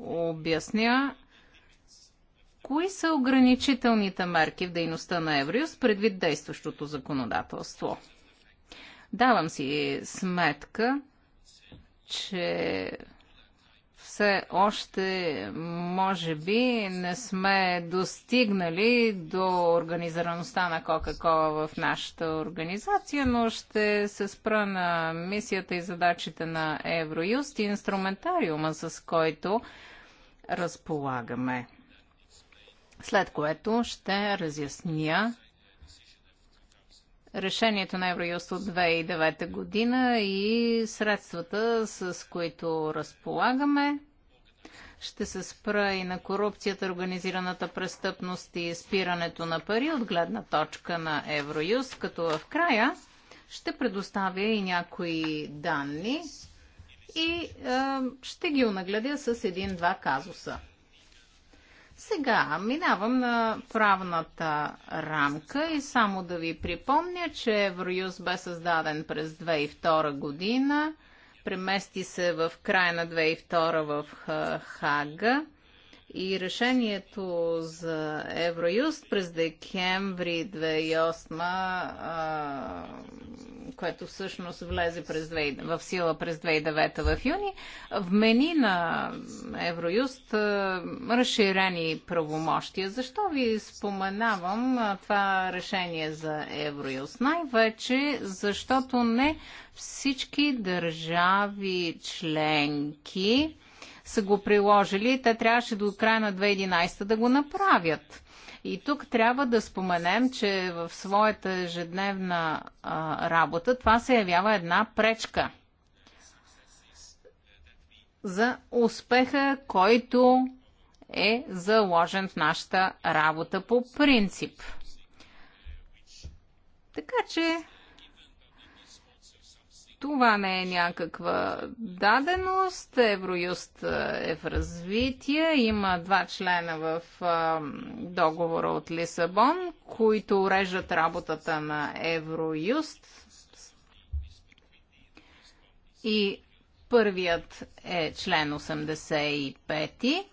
обясня Кои са ограничителните мерки в дейността на Евриус предвид действащото законодателство? Давам си сметка, че все още, може би, не сме достигнали до организираността на Кока-Кола в нашата организация, но ще се спра на мисията и задачите на Евроюст и инструментариума, с който разполагаме след което ще разясня решението на Евроюст от 2009 година и средствата, с които разполагаме. Ще се спра и на корупцията, организираната престъпност и спирането на пари от гледна точка на Евроюст, като в края ще предоставя и някои данни и е, ще ги онагледя с един-два казуса. Сега минавам на правната рамка и само да ви припомня, че Евроюз бе създаден през 2002 година, премести се в края на 2002 в Хага и решението за Евроюст през декември 2008 а, което всъщност влезе през 2, в сила през 2009 в юни, вмени на Евроюст разширени правомощия. Защо ви споменавам това решение за Евроюст? Най-вече защото не всички държави членки са го приложили. Те трябваше до края на 2011 да го направят. И тук трябва да споменем, че в своята ежедневна а, работа това се явява една пречка за успеха, който е заложен в нашата работа по принцип. Така че това не е някаква даденост. Евроюст е, е в развитие. Има два члена в е, договора от Лисабон, които уреждат работата на Евроюст. И първият е член 85,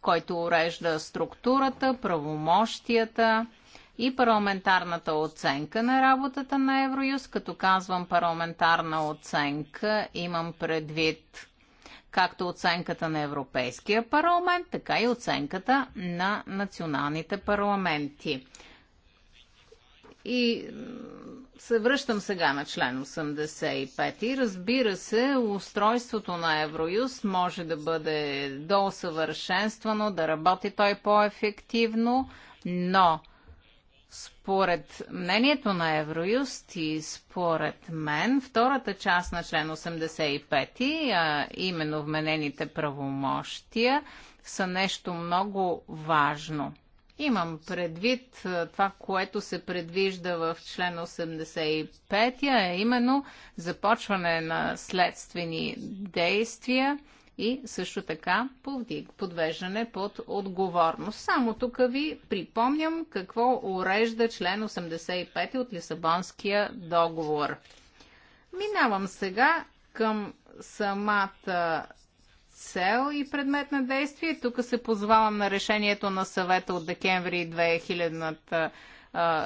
който урежда структурата, правомощията, и парламентарната оценка на работата на Евроюз. Като казвам парламентарна оценка, имам предвид както оценката на Европейския парламент, така и оценката на националните парламенти. И се връщам сега на член 85. И разбира се, устройството на Евроюз може да бъде доусъвършенствано, да работи той по-ефективно, но според мнението на Евроюст и според мен, втората част на член 85, а именно вменените правомощия, са нещо много важно. Имам предвид това, което се предвижда в член 85, а именно започване на следствени действия – и също така подвеждане под отговорност. Само тук ви припомням какво урежда член 85 от Лисабонския договор. Минавам сега към самата цел и предмет на действие. Тук се позвавам на решението на съвета от декември 2000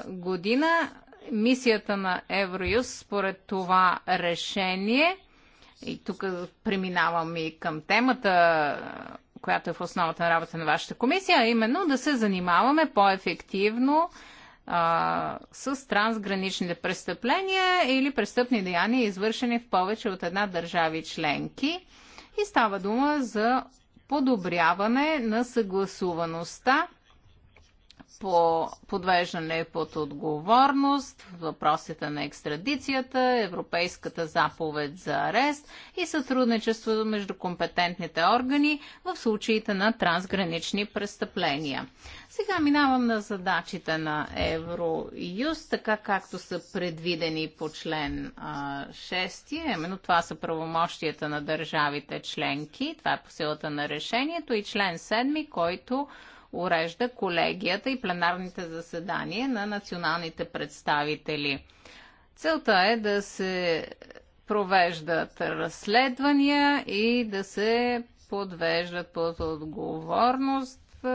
година. Мисията на Евроюз според това решение – и тук преминавам и към темата, която е в основата на работа на вашата комисия, а именно да се занимаваме по-ефективно а, с трансграничните престъпления или престъпни деяния, извършени в повече от една държави членки. И става дума за подобряване на съгласуваността по подвеждане под отговорност, въпросите на екстрадицията, Европейската заповед за арест и сътрудничеството между компетентните органи в случаите на трансгранични престъпления. Сега минавам на задачите на Евроюз, така както са предвидени по член 6. Именно това са правомощията на държавите членки. Това е по силата на решението и член 7, който урежда колегията и пленарните заседания на националните представители. Целта е да се провеждат разследвания и да се подвеждат под отговорност е,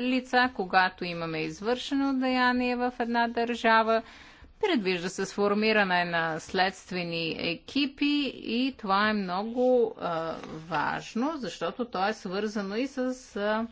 лица, когато имаме извършено деяние в една държава. Предвижда се сформиране на следствени екипи и това е много а, е, важно, защото то е свързано и с а, е,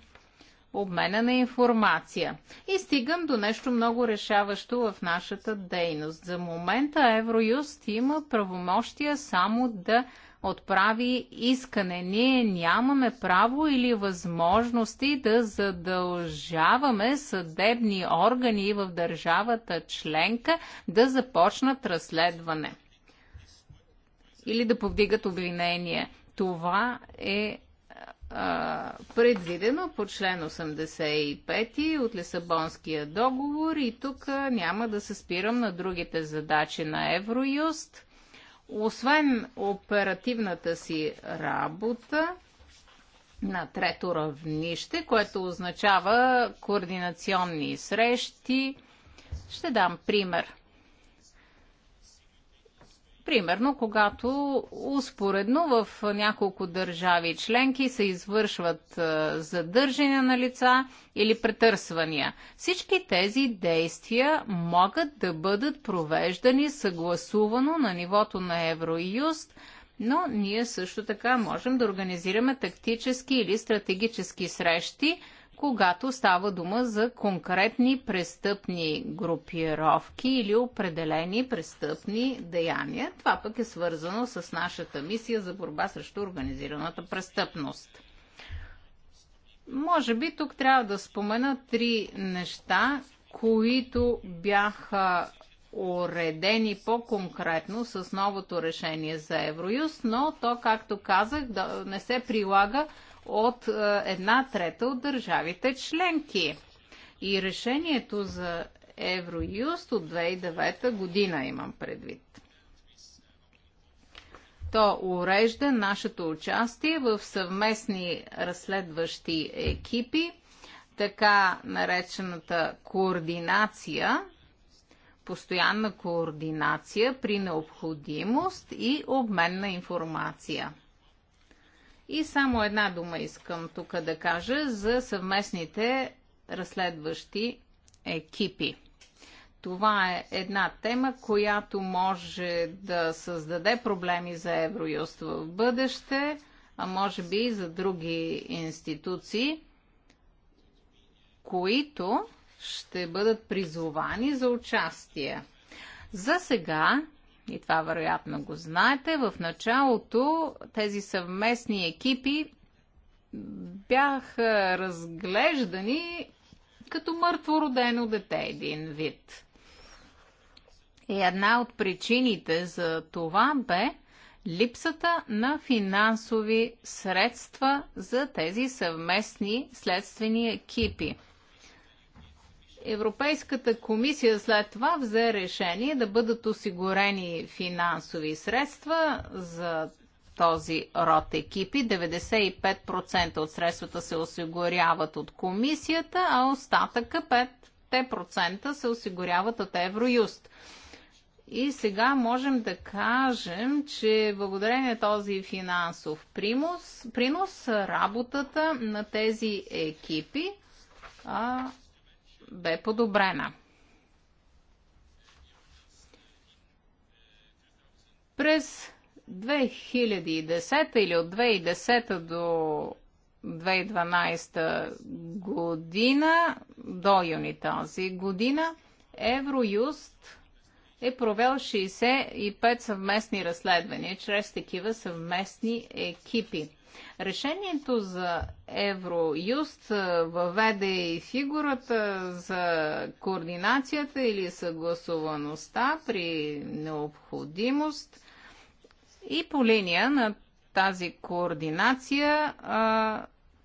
обмена на информация. И стигам до нещо много решаващо в нашата дейност. За момента Евроюст има правомощия само да отправи искане. Ние нямаме право или възможности да задължаваме съдебни органи в държавата членка да започнат разследване или да повдигат обвинение. Това е предвидено по член 85 от Лисабонския договор и тук няма да се спирам на другите задачи на Евроюст. Освен оперативната си работа, на трето равнище, което означава координационни срещи. Ще дам пример. Примерно, когато успоредно в няколко държави членки се извършват задържания на лица или претърсвания. Всички тези действия могат да бъдат провеждани съгласувано на нивото на Евроюст, но ние също така можем да организираме тактически или стратегически срещи когато става дума за конкретни престъпни групировки или определени престъпни деяния. Това пък е свързано с нашата мисия за борба срещу организираната престъпност. Може би тук трябва да спомена три неща, които бяха уредени по-конкретно с новото решение за Евроюз, но то, както казах, да не се прилага от е, една трета от държавите членки. И решението за Евроюст от 2009 година имам предвид. То урежда нашето участие в съвместни разследващи екипи, така наречената координация, постоянна координация при необходимост и обмен на информация. И само една дума искам тук да кажа за съвместните разследващи екипи. Това е една тема, която може да създаде проблеми за Евроюст в бъдеще, а може би и за други институции, които ще бъдат призовани за участие. За сега и това вероятно го знаете, в началото тези съвместни екипи бяха разглеждани като мъртво родено дете един вид. И една от причините за това бе липсата на финансови средства за тези съвместни следствени екипи – Европейската комисия след това взе решение да бъдат осигурени финансови средства за този род екипи. 95% от средствата се осигуряват от комисията, а остатъка 5% се осигуряват от Евроюст. И сега можем да кажем, че благодарение този финансов принос, работата на тези екипи а, бе подобрена. През 2010 или от 2010 до 2012 година, до юни тази година, Евроюст е провел 65 съвместни разследвания чрез такива съвместни екипи. Решението за Евроюст въведе и фигурата за координацията или съгласуваността при необходимост и по линия на тази координация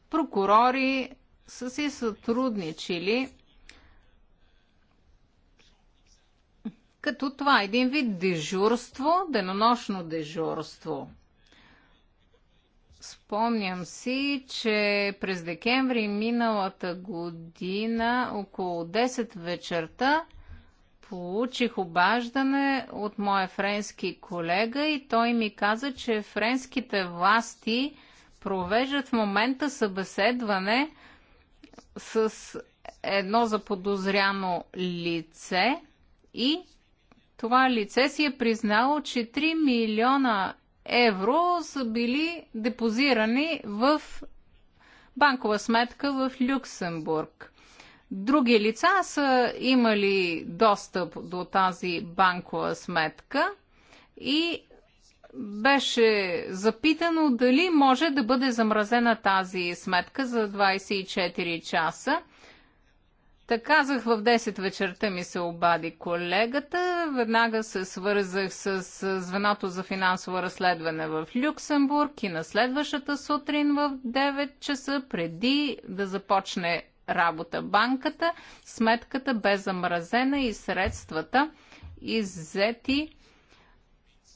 прокурори са се сътрудничили като това е един вид дежурство, денонощно дежурство Спомням си, че през декември миналата година около 10 вечерта получих обаждане от моя френски колега и той ми каза, че френските власти провеждат в момента събеседване с едно заподозряно лице и това лице си е признало, че 3 милиона евро са били депозирани в банкова сметка в Люксембург. Други лица са имали достъп до тази банкова сметка и беше запитано дали може да бъде замразена тази сметка за 24 часа. Та казах в 10 вечерта ми се обади колегата. Веднага се свързах с звеното за финансово разследване в Люксембург и на следващата сутрин в 9 часа, преди да започне работа банката, сметката бе замразена и средствата иззети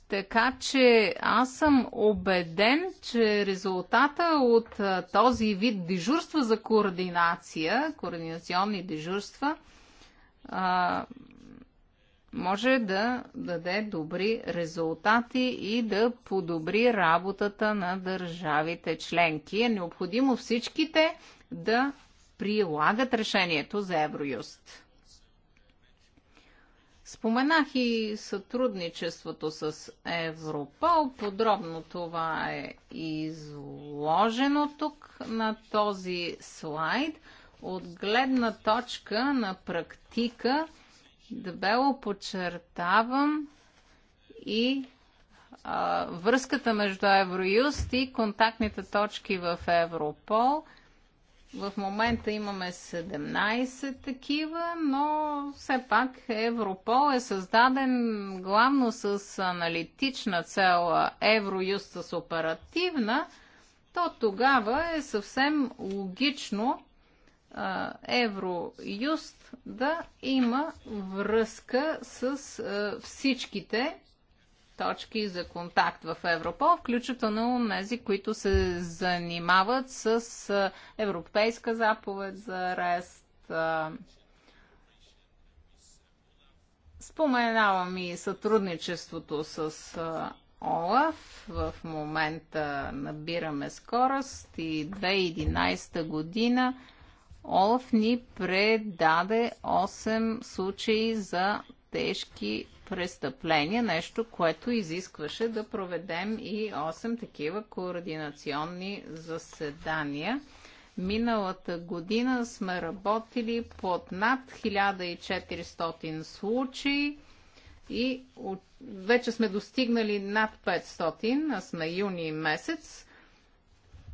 така че аз съм убеден, че резултата от а, този вид дежурства за координация, координационни дежурства, а, може да даде добри резултати и да подобри работата на държавите членки. Е необходимо всичките да прилагат решението за Евроюст. Споменах и сътрудничеството с Европол. Подробно това е изложено тук на този слайд. От гледна точка на практика, дебело подчертавам и а, връзката между Евроюст и контактните точки в Европол – в момента имаме 17 такива, но все пак Европол е създаден главно с аналитична цел, Евроюст с оперативна, то тогава е съвсем логично Евроюст да има връзка с всичките точки за контакт в Европол, включително тези, които се занимават с европейска заповед за арест. Споменавам и сътрудничеството с ОЛАФ. В момента набираме скорост и 2011 година ОЛАФ ни предаде 8 случаи за тежки престъпления, нещо, което изискваше да проведем и 8 такива координационни заседания. Миналата година сме работили под над 1400 случаи и вече сме достигнали над 500, а сме юни месец.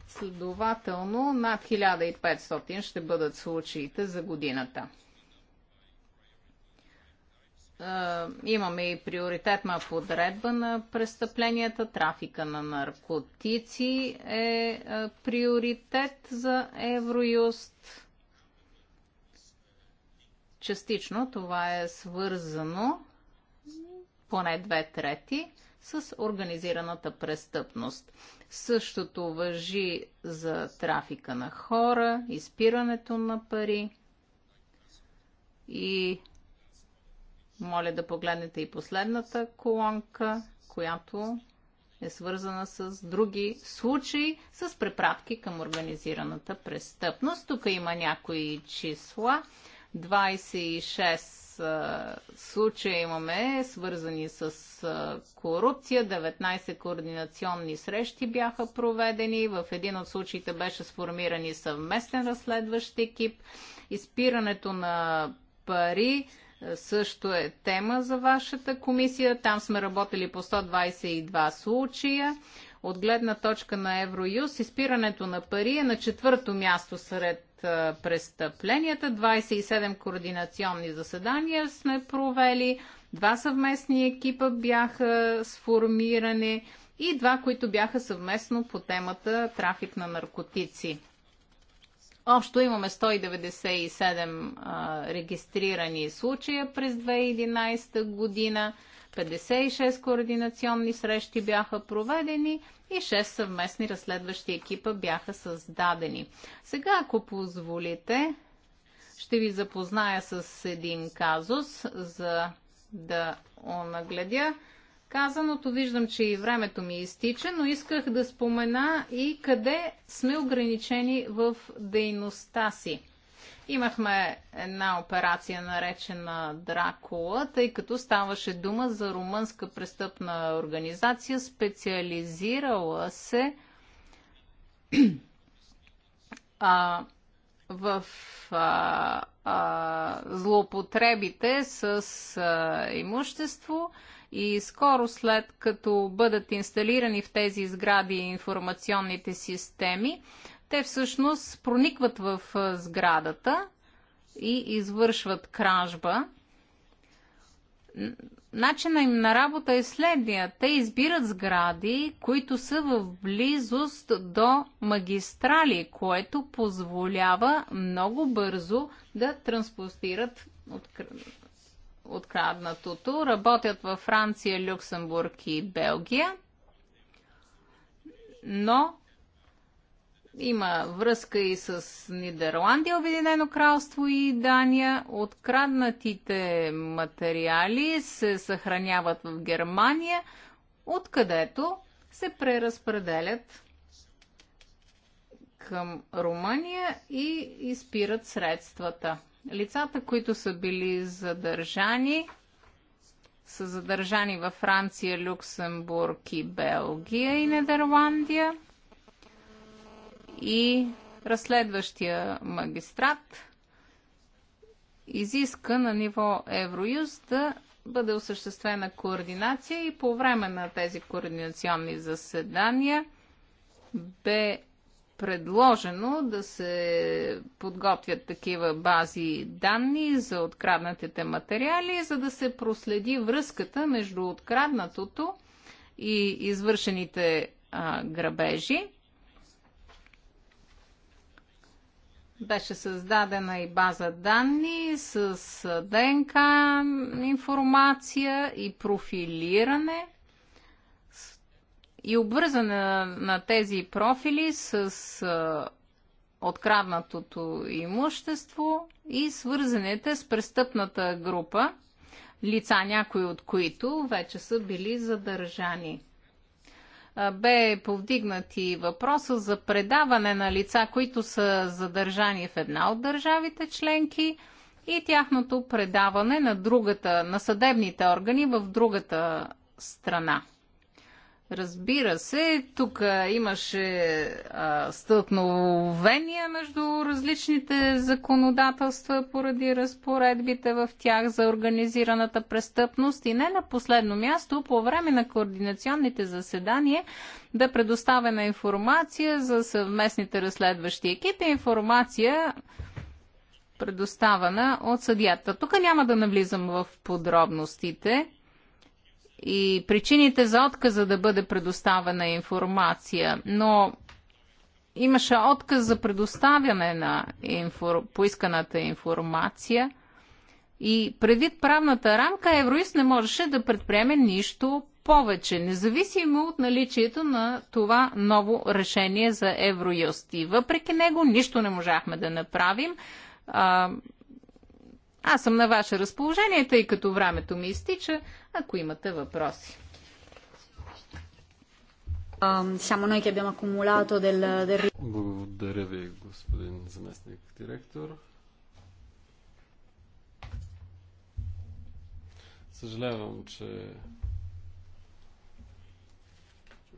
Следователно, над 1500 ще бъдат случаите за годината имаме и приоритетна подредба на престъпленията. Трафика на наркотици е приоритет за Евроюст. Частично това е свързано поне две трети с организираната престъпност. Същото въжи за трафика на хора, изпирането на пари и моля да погледнете и последната колонка, която е свързана с други случаи с препратки към организираната престъпност. Тук има някои числа. 26 случая имаме, свързани с корупция. 19 координационни срещи бяха проведени. В един от случаите беше сформирани съвместен разследващ екип. Изпирането на пари също е тема за вашата комисия. Там сме работили по 122 случая. От гледна точка на Евроюз, изпирането на пари е на четвърто място сред престъпленията. 27 координационни заседания сме провели, два съвместни екипа бяха сформирани и два, които бяха съвместно по темата трафик на наркотици. Общо имаме 197 а, регистрирани случая през 2011 година. 56 координационни срещи бяха проведени и 6 съвместни разследващи екипа бяха създадени. Сега, ако позволите, ще ви запозная с един казус, за да онагледя казаното. Виждам, че и времето ми изтича, но исках да спомена и къде сме ограничени в дейността си. Имахме една операция наречена Дракула, тъй като ставаше дума за румънска престъпна организация, специализирала се а, в а, а, злоупотребите с а, имущество и скоро след като бъдат инсталирани в тези сгради информационните системи, те всъщност проникват в сградата и извършват кражба. Начина им на работа е следния. Те избират сгради, които са в близост до магистрали, което позволява много бързо да транспостират от откраднатото, работят във Франция, Люксембург и Белгия, но има връзка и с Нидерландия, Обединено кралство и Дания. Откраднатите материали се съхраняват в Германия, откъдето се преразпределят към Румъния и изпират средствата лицата, които са били задържани, са задържани във Франция, Люксембург и Белгия и Нидерландия. И разследващия магистрат изиска на ниво Евроюз да бъде осъществена координация и по време на тези координационни заседания бе предложено да се подготвят такива бази данни за откраднатите материали, за да се проследи връзката между откраднатото и извършените а, грабежи. Беше създадена и база данни с ДНК информация и профилиране – и обвързане на тези профили с откраднатото имущество и свързаните с престъпната група лица, някои от които вече са били задържани. Бе повдигнат и въпроса за предаване на лица, които са задържани в една от държавите членки и тяхното предаване на другата, на съдебните органи в другата страна. Разбира се, тук имаше стълкновения между различните законодателства поради разпоредбите в тях за организираната престъпност и не на последно място, по време на координационните заседания да предоставена информация за съвместните разследващи екипи, информация предоставена от съдията. Тук няма да навлизам в подробностите и причините за отказа да бъде предоставена информация, но имаше отказ за предоставяне на инфор... поисканата информация и предвид правната рамка Евроист не можеше да предприеме нищо повече, независимо от наличието на това ново решение за Евроюст. И въпреки него нищо не можахме да направим. А, аз съм на ваше разположение, тъй като времето ми изтича, ако имате въпроси. Благодаря ви, господин заместник директор. Съжалявам, че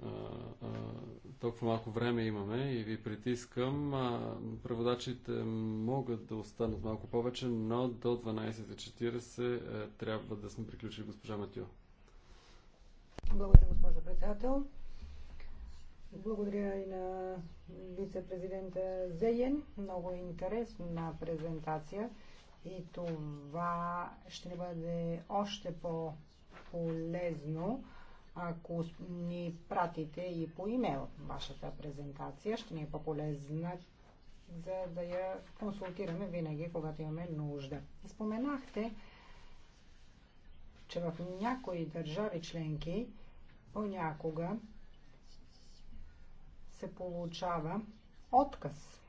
а, а, толкова малко време имаме и ви притискам. Преводачите могат да останат малко повече, но до 12.40 е, трябва да сме приключили госпожа Матио. Благодаря, госпожо председател. Благодаря и на вице-президента Зеен. Много интересна презентация и това ще ни бъде още по-полезно ако ни пратите и по имейл вашата презентация, ще ни е по-полезна, за да я консултираме винаги, когато имаме нужда. Споменахте, че в някои държави членки понякога се получава отказ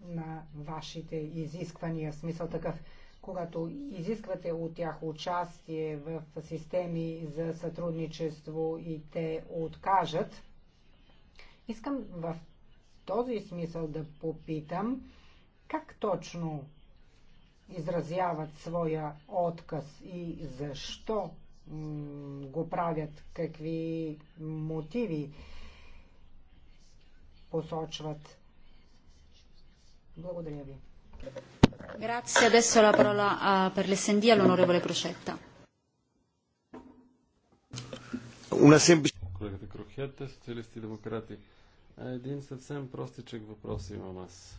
на вашите изисквания, в смисъл такъв когато изисквате от тях участие в системи за сътрудничество и те откажат. Искам в този смисъл да попитам как точно изразяват своя отказ и защо го правят, какви мотиви посочват. Благодаря ви. Grazie, adesso la parola ah, per l'SND all'onorevole Crocetta. Una semplice... Колегата Крохета, социалисти и демократи. Един съвсем простичък въпрос имам аз.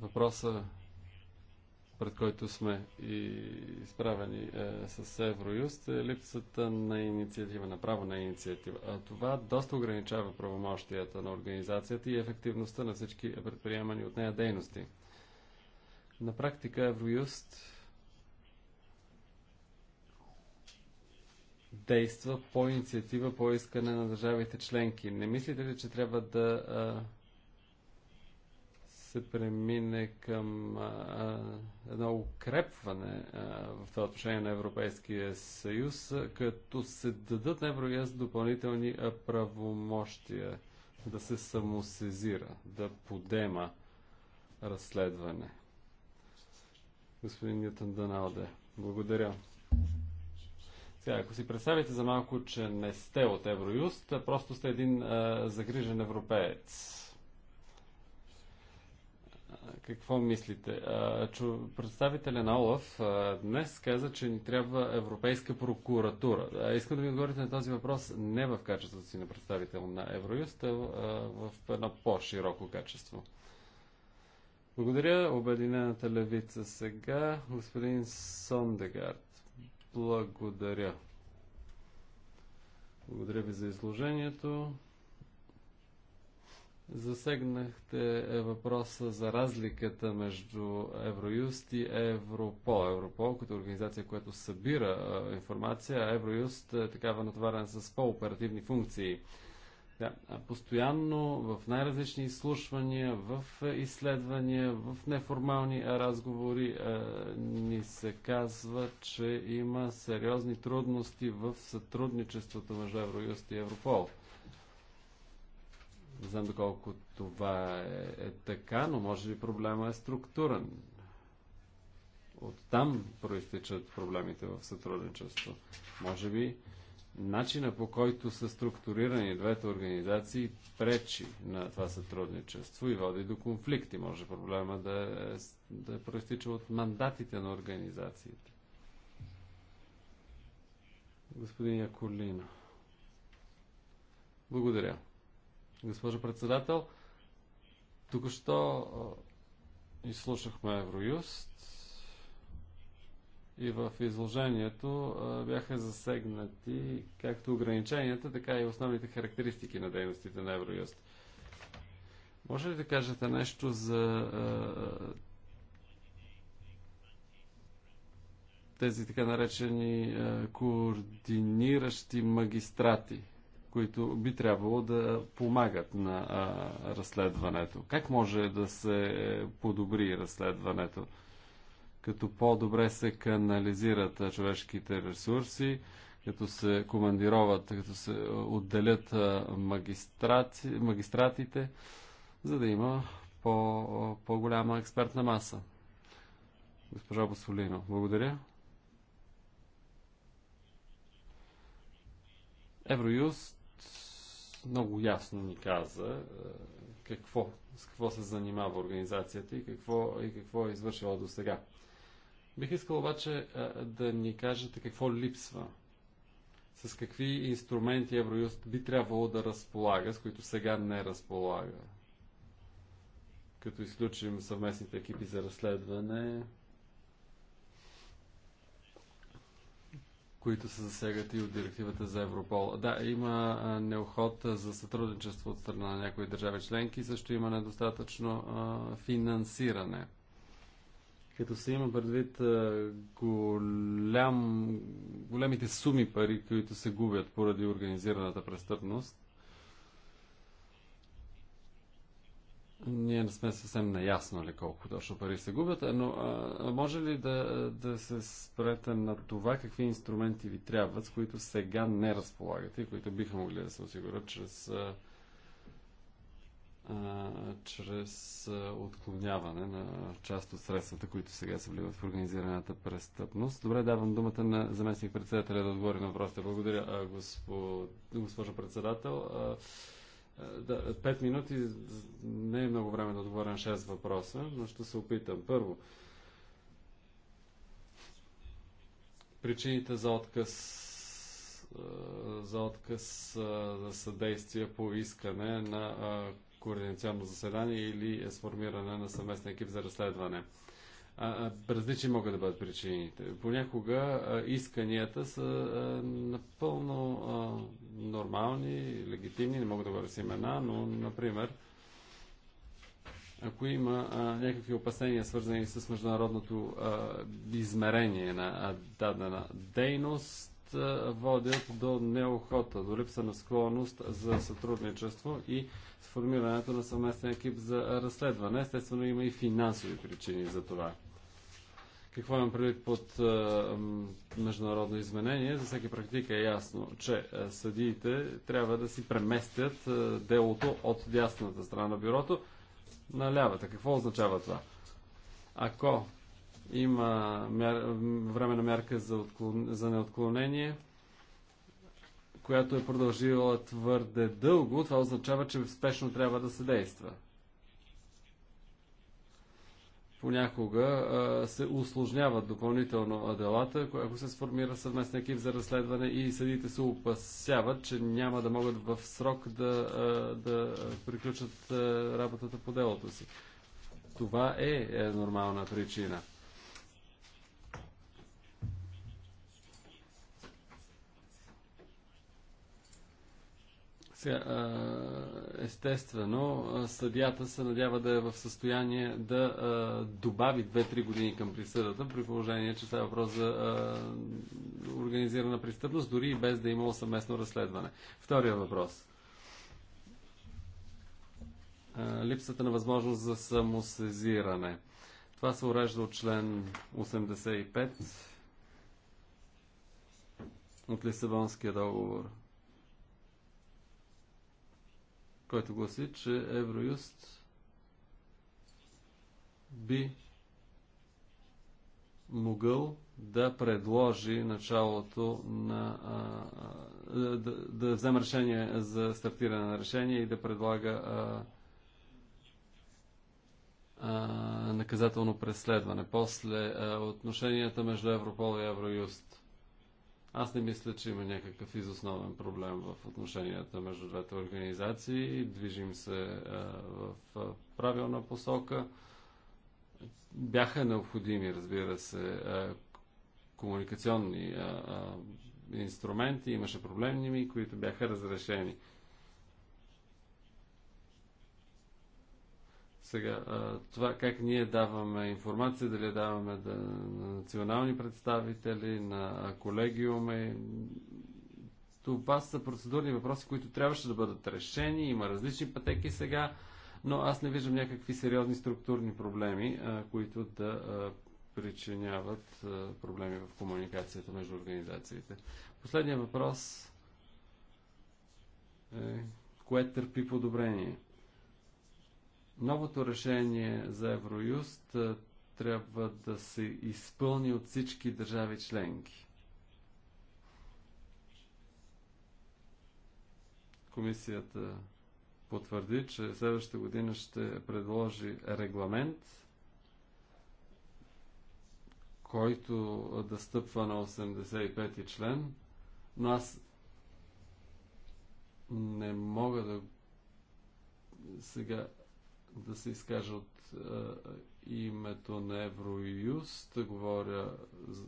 Въпросът пред който сме и изправени е, с Евроюст, е липсата на инициатива, на право на инициатива. А това доста ограничава правомощията на организацията и ефективността на всички предприемани от нея дейности. На практика Евроюст действа по инициатива, по искане на държавите членки. Не мислите ли, че трябва да е, се премине към а, едно укрепване а, в това отношение на Европейския съюз, като се дадат Еврояз допълнителни правомощия да се самосезира, да подема разследване. Господин Нютон Даналде, благодаря. Сега, ако си представите за малко, че не сте от Евроюст, просто сте един а, загрижен европеец какво мислите? Представителя на Олаф днес каза, че ни трябва Европейска прокуратура. Искам да ми отговорите на този въпрос не в качеството си на представител на Евроюст, а в едно по-широко качество. Благодаря. Обединената левица сега. Господин Сондегард. Благодаря. Благодаря ви за изложението. Засегнахте е, въпроса за разликата между Евроюст и Европол. Европол като организация, която събира е, информация, а Евроюст е такава натоварена с по-оперативни функции. Да, постоянно в най-различни изслушвания, в е, изследвания, в неформални разговори ни се казва, че има сериозни трудности в сътрудничеството между Евроюст и Европол не знам доколко това е, е така, но може би проблема е структурен. Оттам проистичат проблемите в сътрудничество. Може би начина по който са структурирани двете организации пречи на това сътрудничество и води до конфликти. Може проблема да, е, да е проистича от мандатите на организациите. Господин Яколина. Благодаря госпожо председател. тук що изслушахме Евроюст и в изложението бяха засегнати както ограниченията, така и основните характеристики на дейностите на Евроюст. Може ли да кажете нещо за тези така наречени координиращи магистрати? които би трябвало да помагат на а, разследването. Как може да се подобри разследването? Като по-добре се канализират човешките ресурси, като се командироват, като се отделят магистрати, магистратите, за да има по, по-голяма експертна маса. Госпожа Басолино, благодаря. Евроюст много ясно ни каза е, какво, с какво се занимава организацията и какво, и какво е извършила до сега. Бих искал обаче е, да ни кажете какво липсва. С какви инструменти Евроюст би трябвало да разполага, с които сега не разполага? Като изключим съвместните екипи за разследване, които се засягат и от директивата за Европол. Да, има неохот за сътрудничество от страна на някои държави членки, също има недостатъчно финансиране. Като се има предвид голям, големите суми пари, които се губят поради организираната престъпност, Ние не сме съвсем наясно ли нали, колко точно пари се губят, е, но а, може ли да, да се спрете на това какви инструменти ви трябват, с които сега не разполагате и които биха могли да се осигурят чрез, а, а, чрез а, отклоняване на част от средствата, които сега се вливат в организираната престъпност? Добре, давам думата на заместник председателя да отговори на въпросите. Благодаря, а, госпо, госпожо председател. А, да, пет минути не е много време да отговоря на 6 въпроса, но ще се опитам. Първо, причините за отказ за отказ за съдействие по искане на координационно заседание или е сформиране на съвместен екип за разследване различни могат да бъдат причините. Понякога а, исканията са а, напълно а, нормални, легитимни, не мога да говоря с имена, но, например, ако има а, някакви опасения, свързани с международното а, измерение на дадена дейност, а, водят до неохота, до липса на склонност за сътрудничество и сформирането на съвместен екип за разследване. Естествено, има и финансови причини за това. Какво имам предвид под а, международно изменение? За всеки практика е ясно, че а, съдиите трябва да си преместят а, делото от дясната страна на бюрото на лявата. Какво означава това? Ако има мяр... времена мярка за, отклон... за неотклонение, която е продължила твърде дълго, това означава, че спешно трябва да се действа понякога а, се усложняват допълнително делата, ако се сформира съвместен екип за разследване и съдите се опасяват, че няма да могат в срок да, а, да приключат а, работата по делото си. Това е, е нормална причина. Сега, а, естествено, съдията се надява да е в състояние да добави 2-3 години към присъдата, при положение, че става въпрос за организирана престъпност, дори и без да има имало съвместно разследване. Втория въпрос. Липсата на възможност за самосезиране. Това се урежда от член 85 от Лисабонския договор който гласи, че Евроюст би могъл да предложи началото на. да, да вземе решение за стартиране на решение и да предлага а, а, наказателно преследване. После а, отношенията между Европол и Евроюст. Аз не мисля, че има някакъв изосновен проблем в отношенията между двете организации. Движим се е, в е, правилна посока. Бяха необходими, разбира се, е, комуникационни инструменти, имаше проблемни ми, които бяха разрешени. Сега, това как ние даваме информация, дали даваме да, на национални представители, на колегиуми, това са процедурни въпроси, които трябваше да бъдат решени. Има различни пътеки сега, но аз не виждам някакви сериозни структурни проблеми, които да причиняват проблеми в комуникацията между организациите. Последният въпрос е кое търпи подобрение? Новото решение за Евроюст трябва да се изпълни от всички държави членки. Комисията потвърди, че следващата година ще предложи регламент, който да стъпва на 85-ти член, но аз не мога да сега да се изкажа от е, е, името на Евроюст, да говоря за,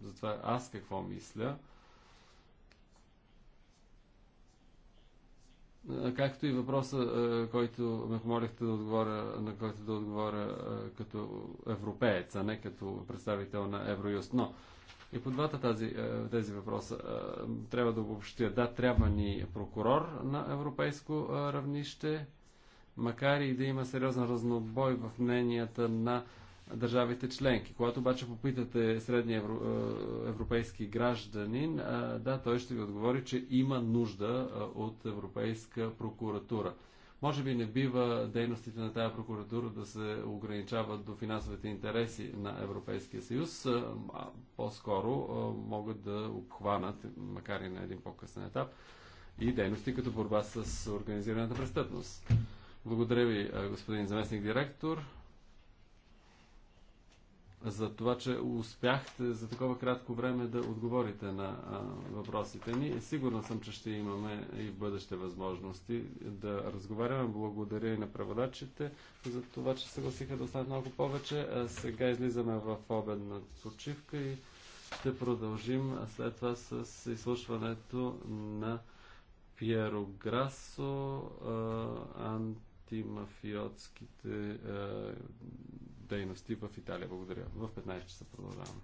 за това аз какво мисля. Е, както и въпроса, който ме помолихте да отговоря, на който да отговоря като европеец, а не като представител на Евроюст. Но и по двата тази, тези въпроса трябва да обобщя. Да, трябва ни прокурор на европейско равнище макар и да има сериозен разнобой в мненията на държавите членки. Когато обаче попитате средния евро, е, европейски гражданин, е, да, той ще ви отговори, че има нужда е, от Европейска прокуратура. Може би не бива дейностите на тази прокуратура да се ограничават до финансовите интереси на Европейския съюз, а по-скоро могат да обхванат, макар и на един по-късен етап, и дейности като борба с организираната престъпност. Благодаря ви, господин заместник директор, за това, че успяхте за такова кратко време да отговорите на въпросите ни. Сигурно съм, че ще имаме и в бъдеще възможности да разговаряме. Благодаря и на преводачите за това, че съгласиха да останат малко повече. Сега излизаме в обедна почивка и ще продължим след това с изслушването на Пиеро Грасо, Антон антимафиотските е, дейности в Италия. Благодаря. В 15 часа продължаваме.